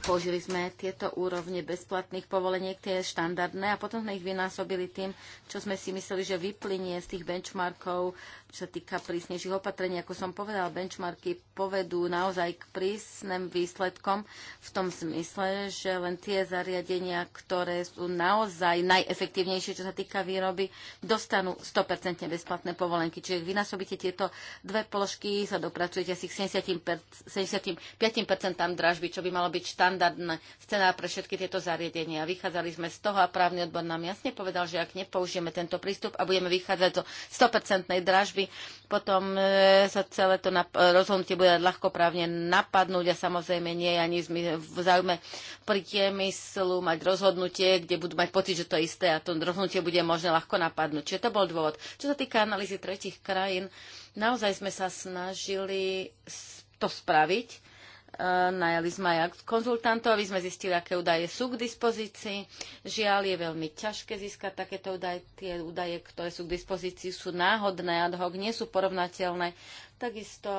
Použili sme tieto úrovne bezplatných povoleniek, tie štandardné, a potom sme ich vynásobili tým, čo sme si mysleli, že vyplynie z tých benchmarkov, čo sa týka prísnejších opatrení. Ako som povedal, benchmarky povedú naozaj k prísnym výsledkom v tom zmysle, že len tie zariadenia, ktoré sú naozaj najefektívnejšie, čo sa týka výroby, dostanú 100% bezplatné povolenky. Čiže vynásobíte tieto dve položky, sa dopracujete asi k 75% dražby, čo by malo byť štandardné štandardné scenár pre všetky tieto zariadenia. Vychádzali sme z toho a právny odbor nám jasne povedal, že ak nepoužijeme tento prístup a budeme vychádzať zo 100% dražby, potom e, sa celé to rozhodnutie bude ľahko právne napadnúť a samozrejme nie je ani v záujme pri priemyslu mať rozhodnutie, kde budú mať pocit, že to je isté a to rozhodnutie bude možné ľahko napadnúť. Čiže to bol dôvod. Čo sa týka analýzy tretich krajín, naozaj sme sa snažili to spraviť Eh, Najali sme aj konzultantov, aby sme zistili, aké údaje sú k dispozícii. Žiaľ, je veľmi ťažké získať takéto údaje. Tie údaje, ktoré sú k dispozícii, sú náhodné, ad hoc, nie sú porovnateľné. Takisto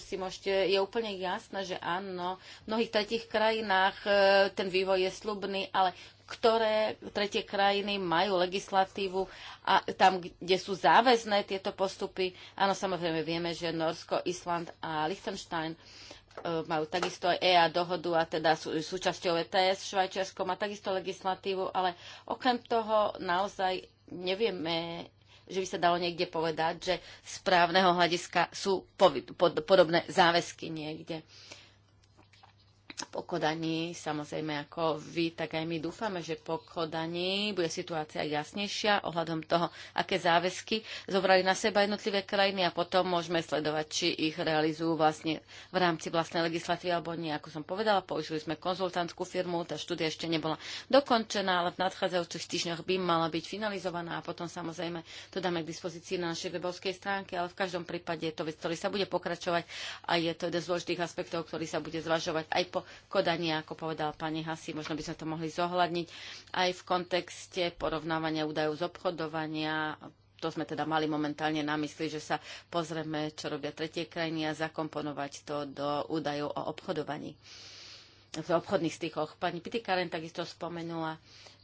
si môžete, je úplne jasné, že áno, v mnohých tretich krajinách eh, ten vývoj je slubný, ale ktoré tretie krajiny majú legislatívu a tam, kde sú záväzné tieto postupy. Áno, samozrejme vieme, že Norsko, Island a Liechtenstein E, majú takisto aj EA dohodu a teda sú súčasťou ETS. v Švajčiarskom má takisto legislatívu, ale okrem toho naozaj nevieme, že by sa dalo niekde povedať, že z právneho hľadiska sú podobné záväzky niekde. Uh, po kodaní, samozrejme ako vy, tak aj my dúfame, že po kodaní bude situácia jasnejšia ohľadom toho, aké záväzky zobrali na seba jednotlivé krajiny a potom môžeme sledovať, či ich realizujú vlastne v rámci vlastnej legislatívy alebo nie. Ako som povedala, použili sme konzultantskú firmu, tá štúdia ešte nebola dokončená, ale v nadchádzajúcich týždňoch by mala byť finalizovaná a potom samozrejme to dáme k dispozícii na našej webovskej stránke, ale v každom prípade je to vec, ktorý sa bude pokračovať a je to jeden z dôležitých aspektov, ktorý sa bude zvažovať aj po Kodania, ako povedal pani Hasi, možno by sme to mohli zohľadniť aj v kontexte porovnávania údajov z obchodovania, to sme teda mali momentálne na mysli, že sa pozrieme, čo robia tretie krajiny a zakomponovať to do údajov o obchodovaní v obchodných stykoch. Pani Pitikaren takisto spomenula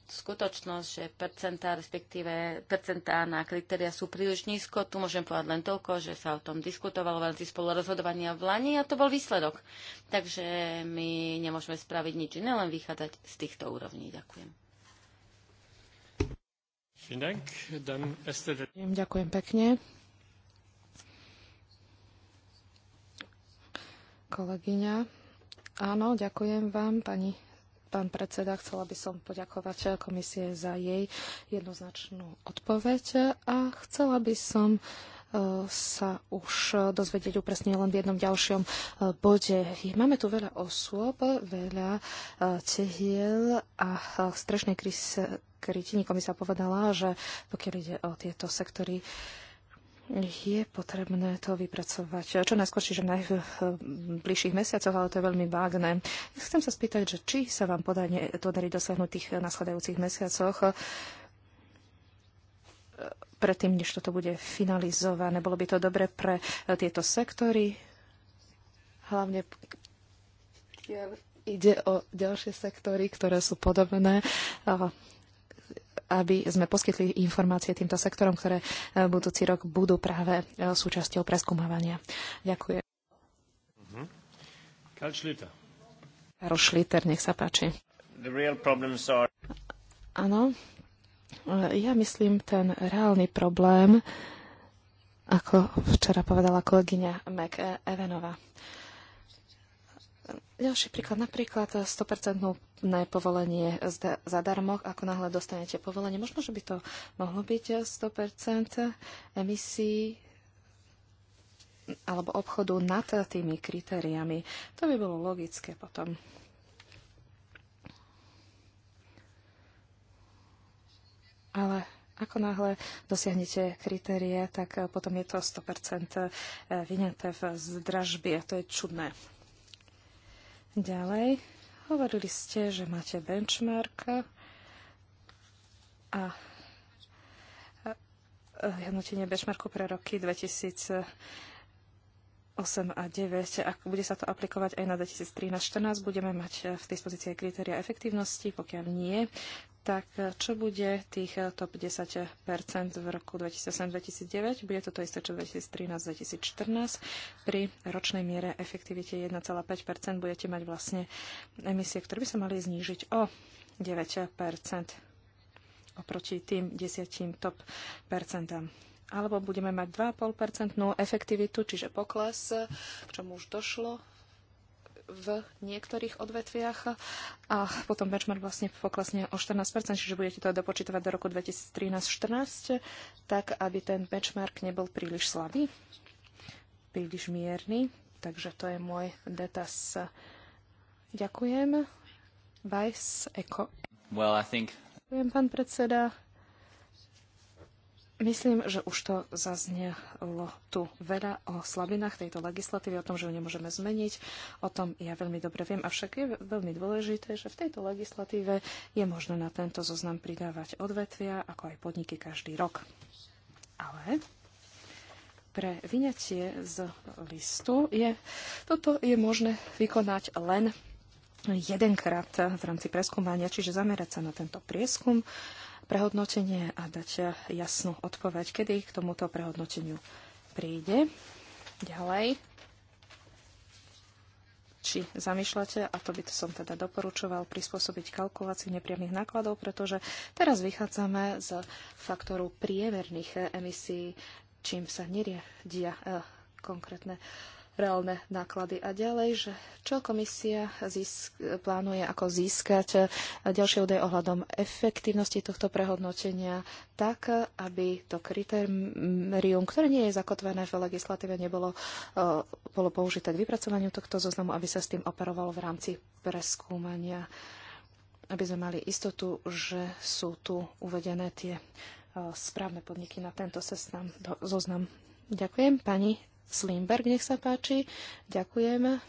skutočnosť, že percentá, respektíve percentá na kritéria sú príliš nízko. Tu môžem povedať len toľko, že sa o tom diskutovalo v rámci spolurozhodovania v Lani a to bol výsledok. Takže my nemôžeme spraviť nič iné, len vychádzať z týchto úrovní. Ďakujem. Ďakujem pekne. Kolegyňa. Áno, ďakujem vám, pani pán predseda, chcela by som poďakovať komisie za jej jednoznačnú odpoveď a chcela by som e, sa už dozvedieť upresne len v jednom ďalšom e, bode. Máme tu veľa osôb, veľa tehiel e, a v strešnej krytini komisia povedala, že pokiaľ ide o tieto sektory, je potrebné to vypracovať čo najskôr, čiže v najbližších mesiacoch, ale to je veľmi vágne. Chcem sa spýtať, že či sa vám podanie, podarí dosiahnuť tých nasledajúcich mesiacoch e, predtým, než toto bude finalizované. Bolo by to dobre pre e, tieto sektory, hlavne ide o ďalšie sektory, ktoré sú podobné aby sme poskytli informácie týmto sektorom, ktoré e, budúci rok budú práve e, súčasťou preskúmavania. Ďakujem. Mhm. Karl Schlitter. Karl nech sa páči. The real problems are... Áno, e, ja myslím, ten reálny problém, ako včera povedala kolegyňa Mac Evenová. Ďalší príklad, napríklad 100% povolenie zadarmo, ako náhle dostanete povolenie. Možno, že by to mohlo byť 100% emisí alebo obchodu nad tými kritériami. To by bolo logické potom. Ale ako náhle dosiahnete kritérie, tak potom je to 100% vyňaté v zdražbie. To je čudné. Ďalej, hovorili ste, že máte benchmark a hodnotenie benchmarku pre roky 2008 a 9. Ak bude sa to aplikovať aj na 2013-2014, budeme mať v dispozícii kritéria efektívnosti. Pokiaľ nie, tak eh, čo bude tých eh, top 10% v roku 2008-2009? Bude to to isté, čo 2013-2014. Pri ročnej miere efektivite 1,5% budete mať vlastne emisie, ktoré by sa mali znížiť o 9% oproti tým 10 top percentám. Alebo budeme mať 2,5% efektivitu, čiže pokles, eh, k čomu už došlo v niektorých odvetviach a potom benchmark vlastne poklesne o 14%, čiže budete to dopočítavať do roku 2013-2014, tak aby ten benchmark nebol príliš slabý, príliš mierny. Takže to je môj detaz. Ďakujem. Vice Eko. Well, I think... Ďakujem, pán predseda. Myslím, že už to zaznelo tu veľa o slabinách tejto legislatívy, o tom, že ju nemôžeme zmeniť. O tom ja veľmi dobre viem, avšak je veľmi dôležité, že v tejto legislatíve je možné na tento zoznam pridávať odvetvia, ako aj podniky každý rok. Ale pre vyňatie z listu je, toto je možné vykonať len jedenkrát v rámci preskúmania, čiže zamerať sa na tento prieskum prehodnotenie a dať jasnú odpoveď, kedy k tomuto prehodnoteniu príde. Ďalej, či zamýšľate, a to by to som teda doporučoval, prispôsobiť kalkuláciu nepriamých nákladov, pretože teraz vychádzame z faktoru priemerných emisí, čím sa neriedia eh, konkrétne reálne náklady. A ďalej, že čo komisia získ- plánuje ako získať e, ďalšie údaje ohľadom efektívnosti tohto prehodnotenia tak, aby to kritérium, ktoré nie je zakotvené v legislatíve, nebolo e, bolo použité k vypracovaniu tohto zoznamu, aby sa s tým operovalo v rámci preskúmania aby sme mali istotu, že sú tu uvedené tie e, správne podniky na tento seznam, zoznam. Ďakujem. Pani Slimberg, nech sa páči. Ďakujem.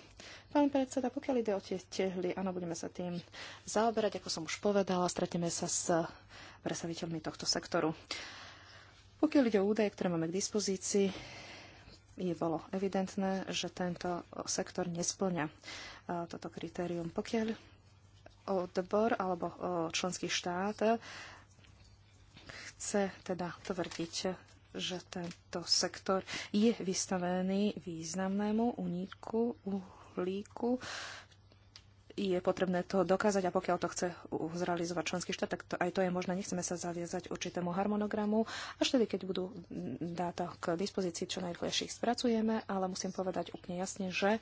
Pán predseda, pokiaľ ide o tie tehly, áno, budeme sa tým zaoberať, ako som už povedala, stretneme sa s predstaviteľmi tohto sektoru. Pokiaľ ide o údaje, ktoré máme k dispozícii, je bolo evidentné, že tento sektor nesplňa toto kritérium. Pokiaľ odbor alebo členský štát chce teda tvrdiť, že tento sektor je vystavený významnému úniku uhlíku. Je potrebné to dokázať a pokiaľ to chce zrealizovať členský štát, tak to, aj to je možné. Nechceme sa zaviazať určitému harmonogramu. Až tedy, keď budú dáta k dispozícii, čo ich spracujeme, ale musím povedať úplne jasne, že eh,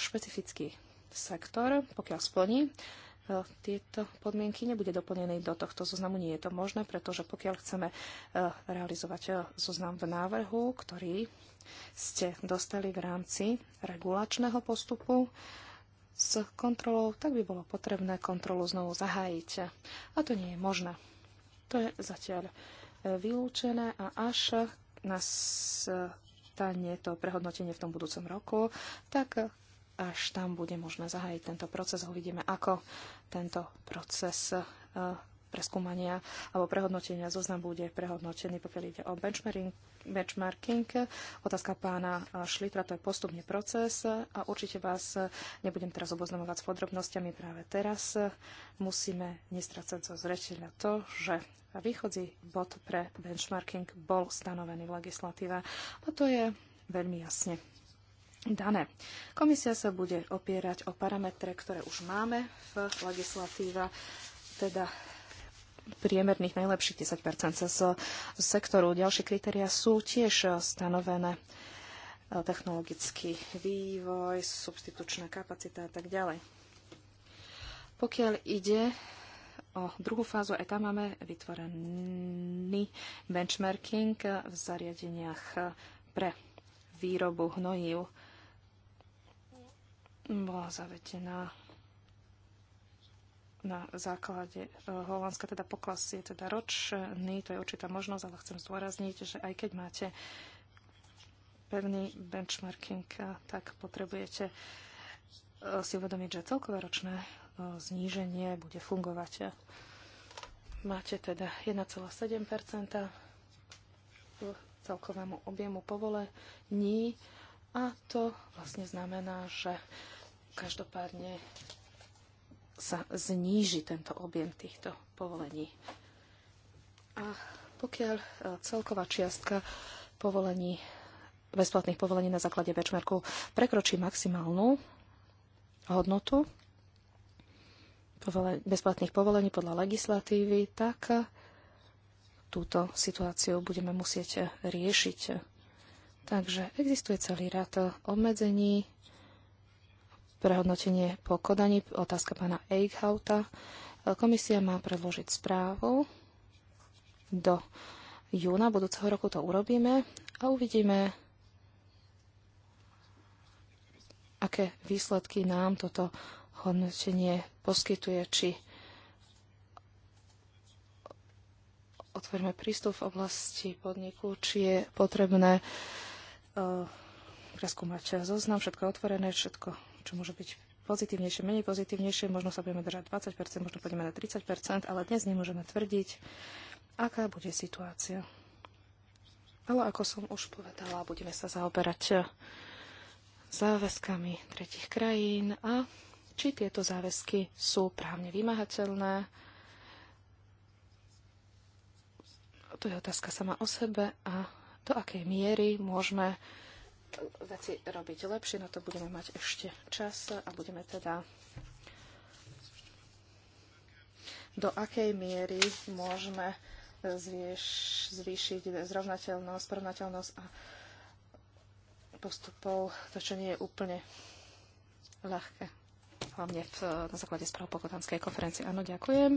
špecifický sektor, pokiaľ splní E, tieto podmienky nebude doplnený do tohto zoznamu. Nie je to možné, pretože pokiaľ chceme e, realizovať e, zoznam v návrhu, ktorý ste dostali v rámci regulačného postupu s kontrolou, tak by bolo potrebné kontrolu znovu zahájiť. A to nie je možné. To je zatiaľ vylúčené a až nás stane to prehodnotenie v tom budúcom roku, tak až tam bude možné zahájiť tento proces. Uvidíme, ako tento proces e, preskúmania alebo prehodnotenia zoznam bude prehodnotený, pokiaľ ide o benchmarking. Otázka pána e, Šlitra, to je postupný proces a určite vás nebudem teraz oboznamovať s podrobnosťami práve teraz. Musíme nestracať zo zreteľa to, že východzí bod pre benchmarking bol stanovený v legislatíve a to je veľmi jasne dané. Komisia sa bude opierať o parametre, ktoré už máme v legislatíva, teda priemerných najlepších 10 z sektoru. Ďalšie kritéria sú tiež stanovené technologický vývoj, substitučná kapacita a tak ďalej. Pokiaľ ide o druhú fázu, aj tam máme vytvorený benchmarking v zariadeniach pre výrobu hnojív bola zavetená na základe eh, Holandska, teda poklas je teda ročný, to je určitá možnosť, ale chcem zdôrazniť, že aj keď máte pevný benchmarking, eh, tak potrebujete eh, si uvedomiť, že celkové ročné zníženie bude fungovať. Máte teda 1,7 v celkovému objemu povolení a to vlastne znamená, že každopádne sa zníži tento objem týchto povolení. A pokiaľ e, celková čiastka povolení, bezplatných povolení na základe benchmarku prekročí maximálnu hodnotu bezplatných povolení podľa legislatívy, tak e, túto situáciu budeme musieť riešiť Takže existuje celý rad obmedzení, prehodnotenie po kodaní, otázka pána Eichhauta. Komisia má predložiť správu do júna budúceho roku to urobíme a uvidíme, aké výsledky nám toto hodnotenie poskytuje, či otvoríme prístup v oblasti podniku, či je potrebné preskúmať e, zoznam, všetko otvorené, všetko, čo môže byť pozitívnejšie, menej pozitívnejšie, možno sa budeme držať 20%, možno pôjdeme na 30%, ale dnes nemôžeme tvrdiť, aká bude situácia. Ale ako som už povedala, budeme sa zaoberať záväzkami tretich krajín a či tieto záväzky sú právne vymahateľné. To je otázka sama o sebe a do akej miery môžeme veci robiť lepšie. Na to budeme mať ešte čas a budeme teda do akej miery môžeme zvieš, zvýšiť zrovnateľnosť, porovnateľnosť a postupov, to, čo nie je úplne ľahké. Hlavne v, na základe správ po konferencie. Áno, ďakujem.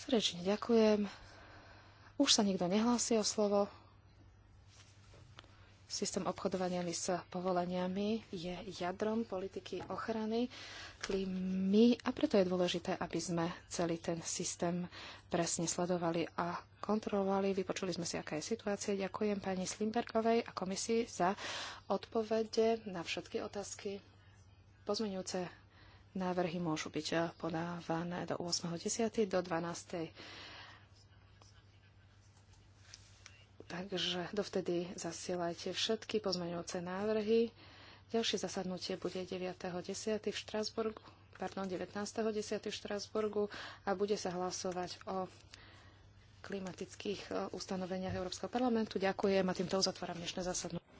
Srdečne ďakujem. Už sa nikto nehlási o slovo. Systém obchodovania s povoleniami je jadrom politiky ochrany klímy a preto je dôležité, aby sme celý ten systém presne sledovali a kontrolovali. Vypočuli sme si, aká je situácia. Ďakujem pani Slimbergovej a komisii za odpovede na všetky otázky. Pozmeňujúce návrhy môžu byť podávané do 8.10. do 12. Takže dovtedy zasielajte všetky pozmeňujúce návrhy. Ďalšie zasadnutie bude 9.10. v Štrásburgu, pardon, 19.10. v Štrásburgu a bude sa hlasovať o klimatických e, ustanoveniach Európskeho parlamentu. Ďakujem a týmto uzatváram dnešné zasadnutie.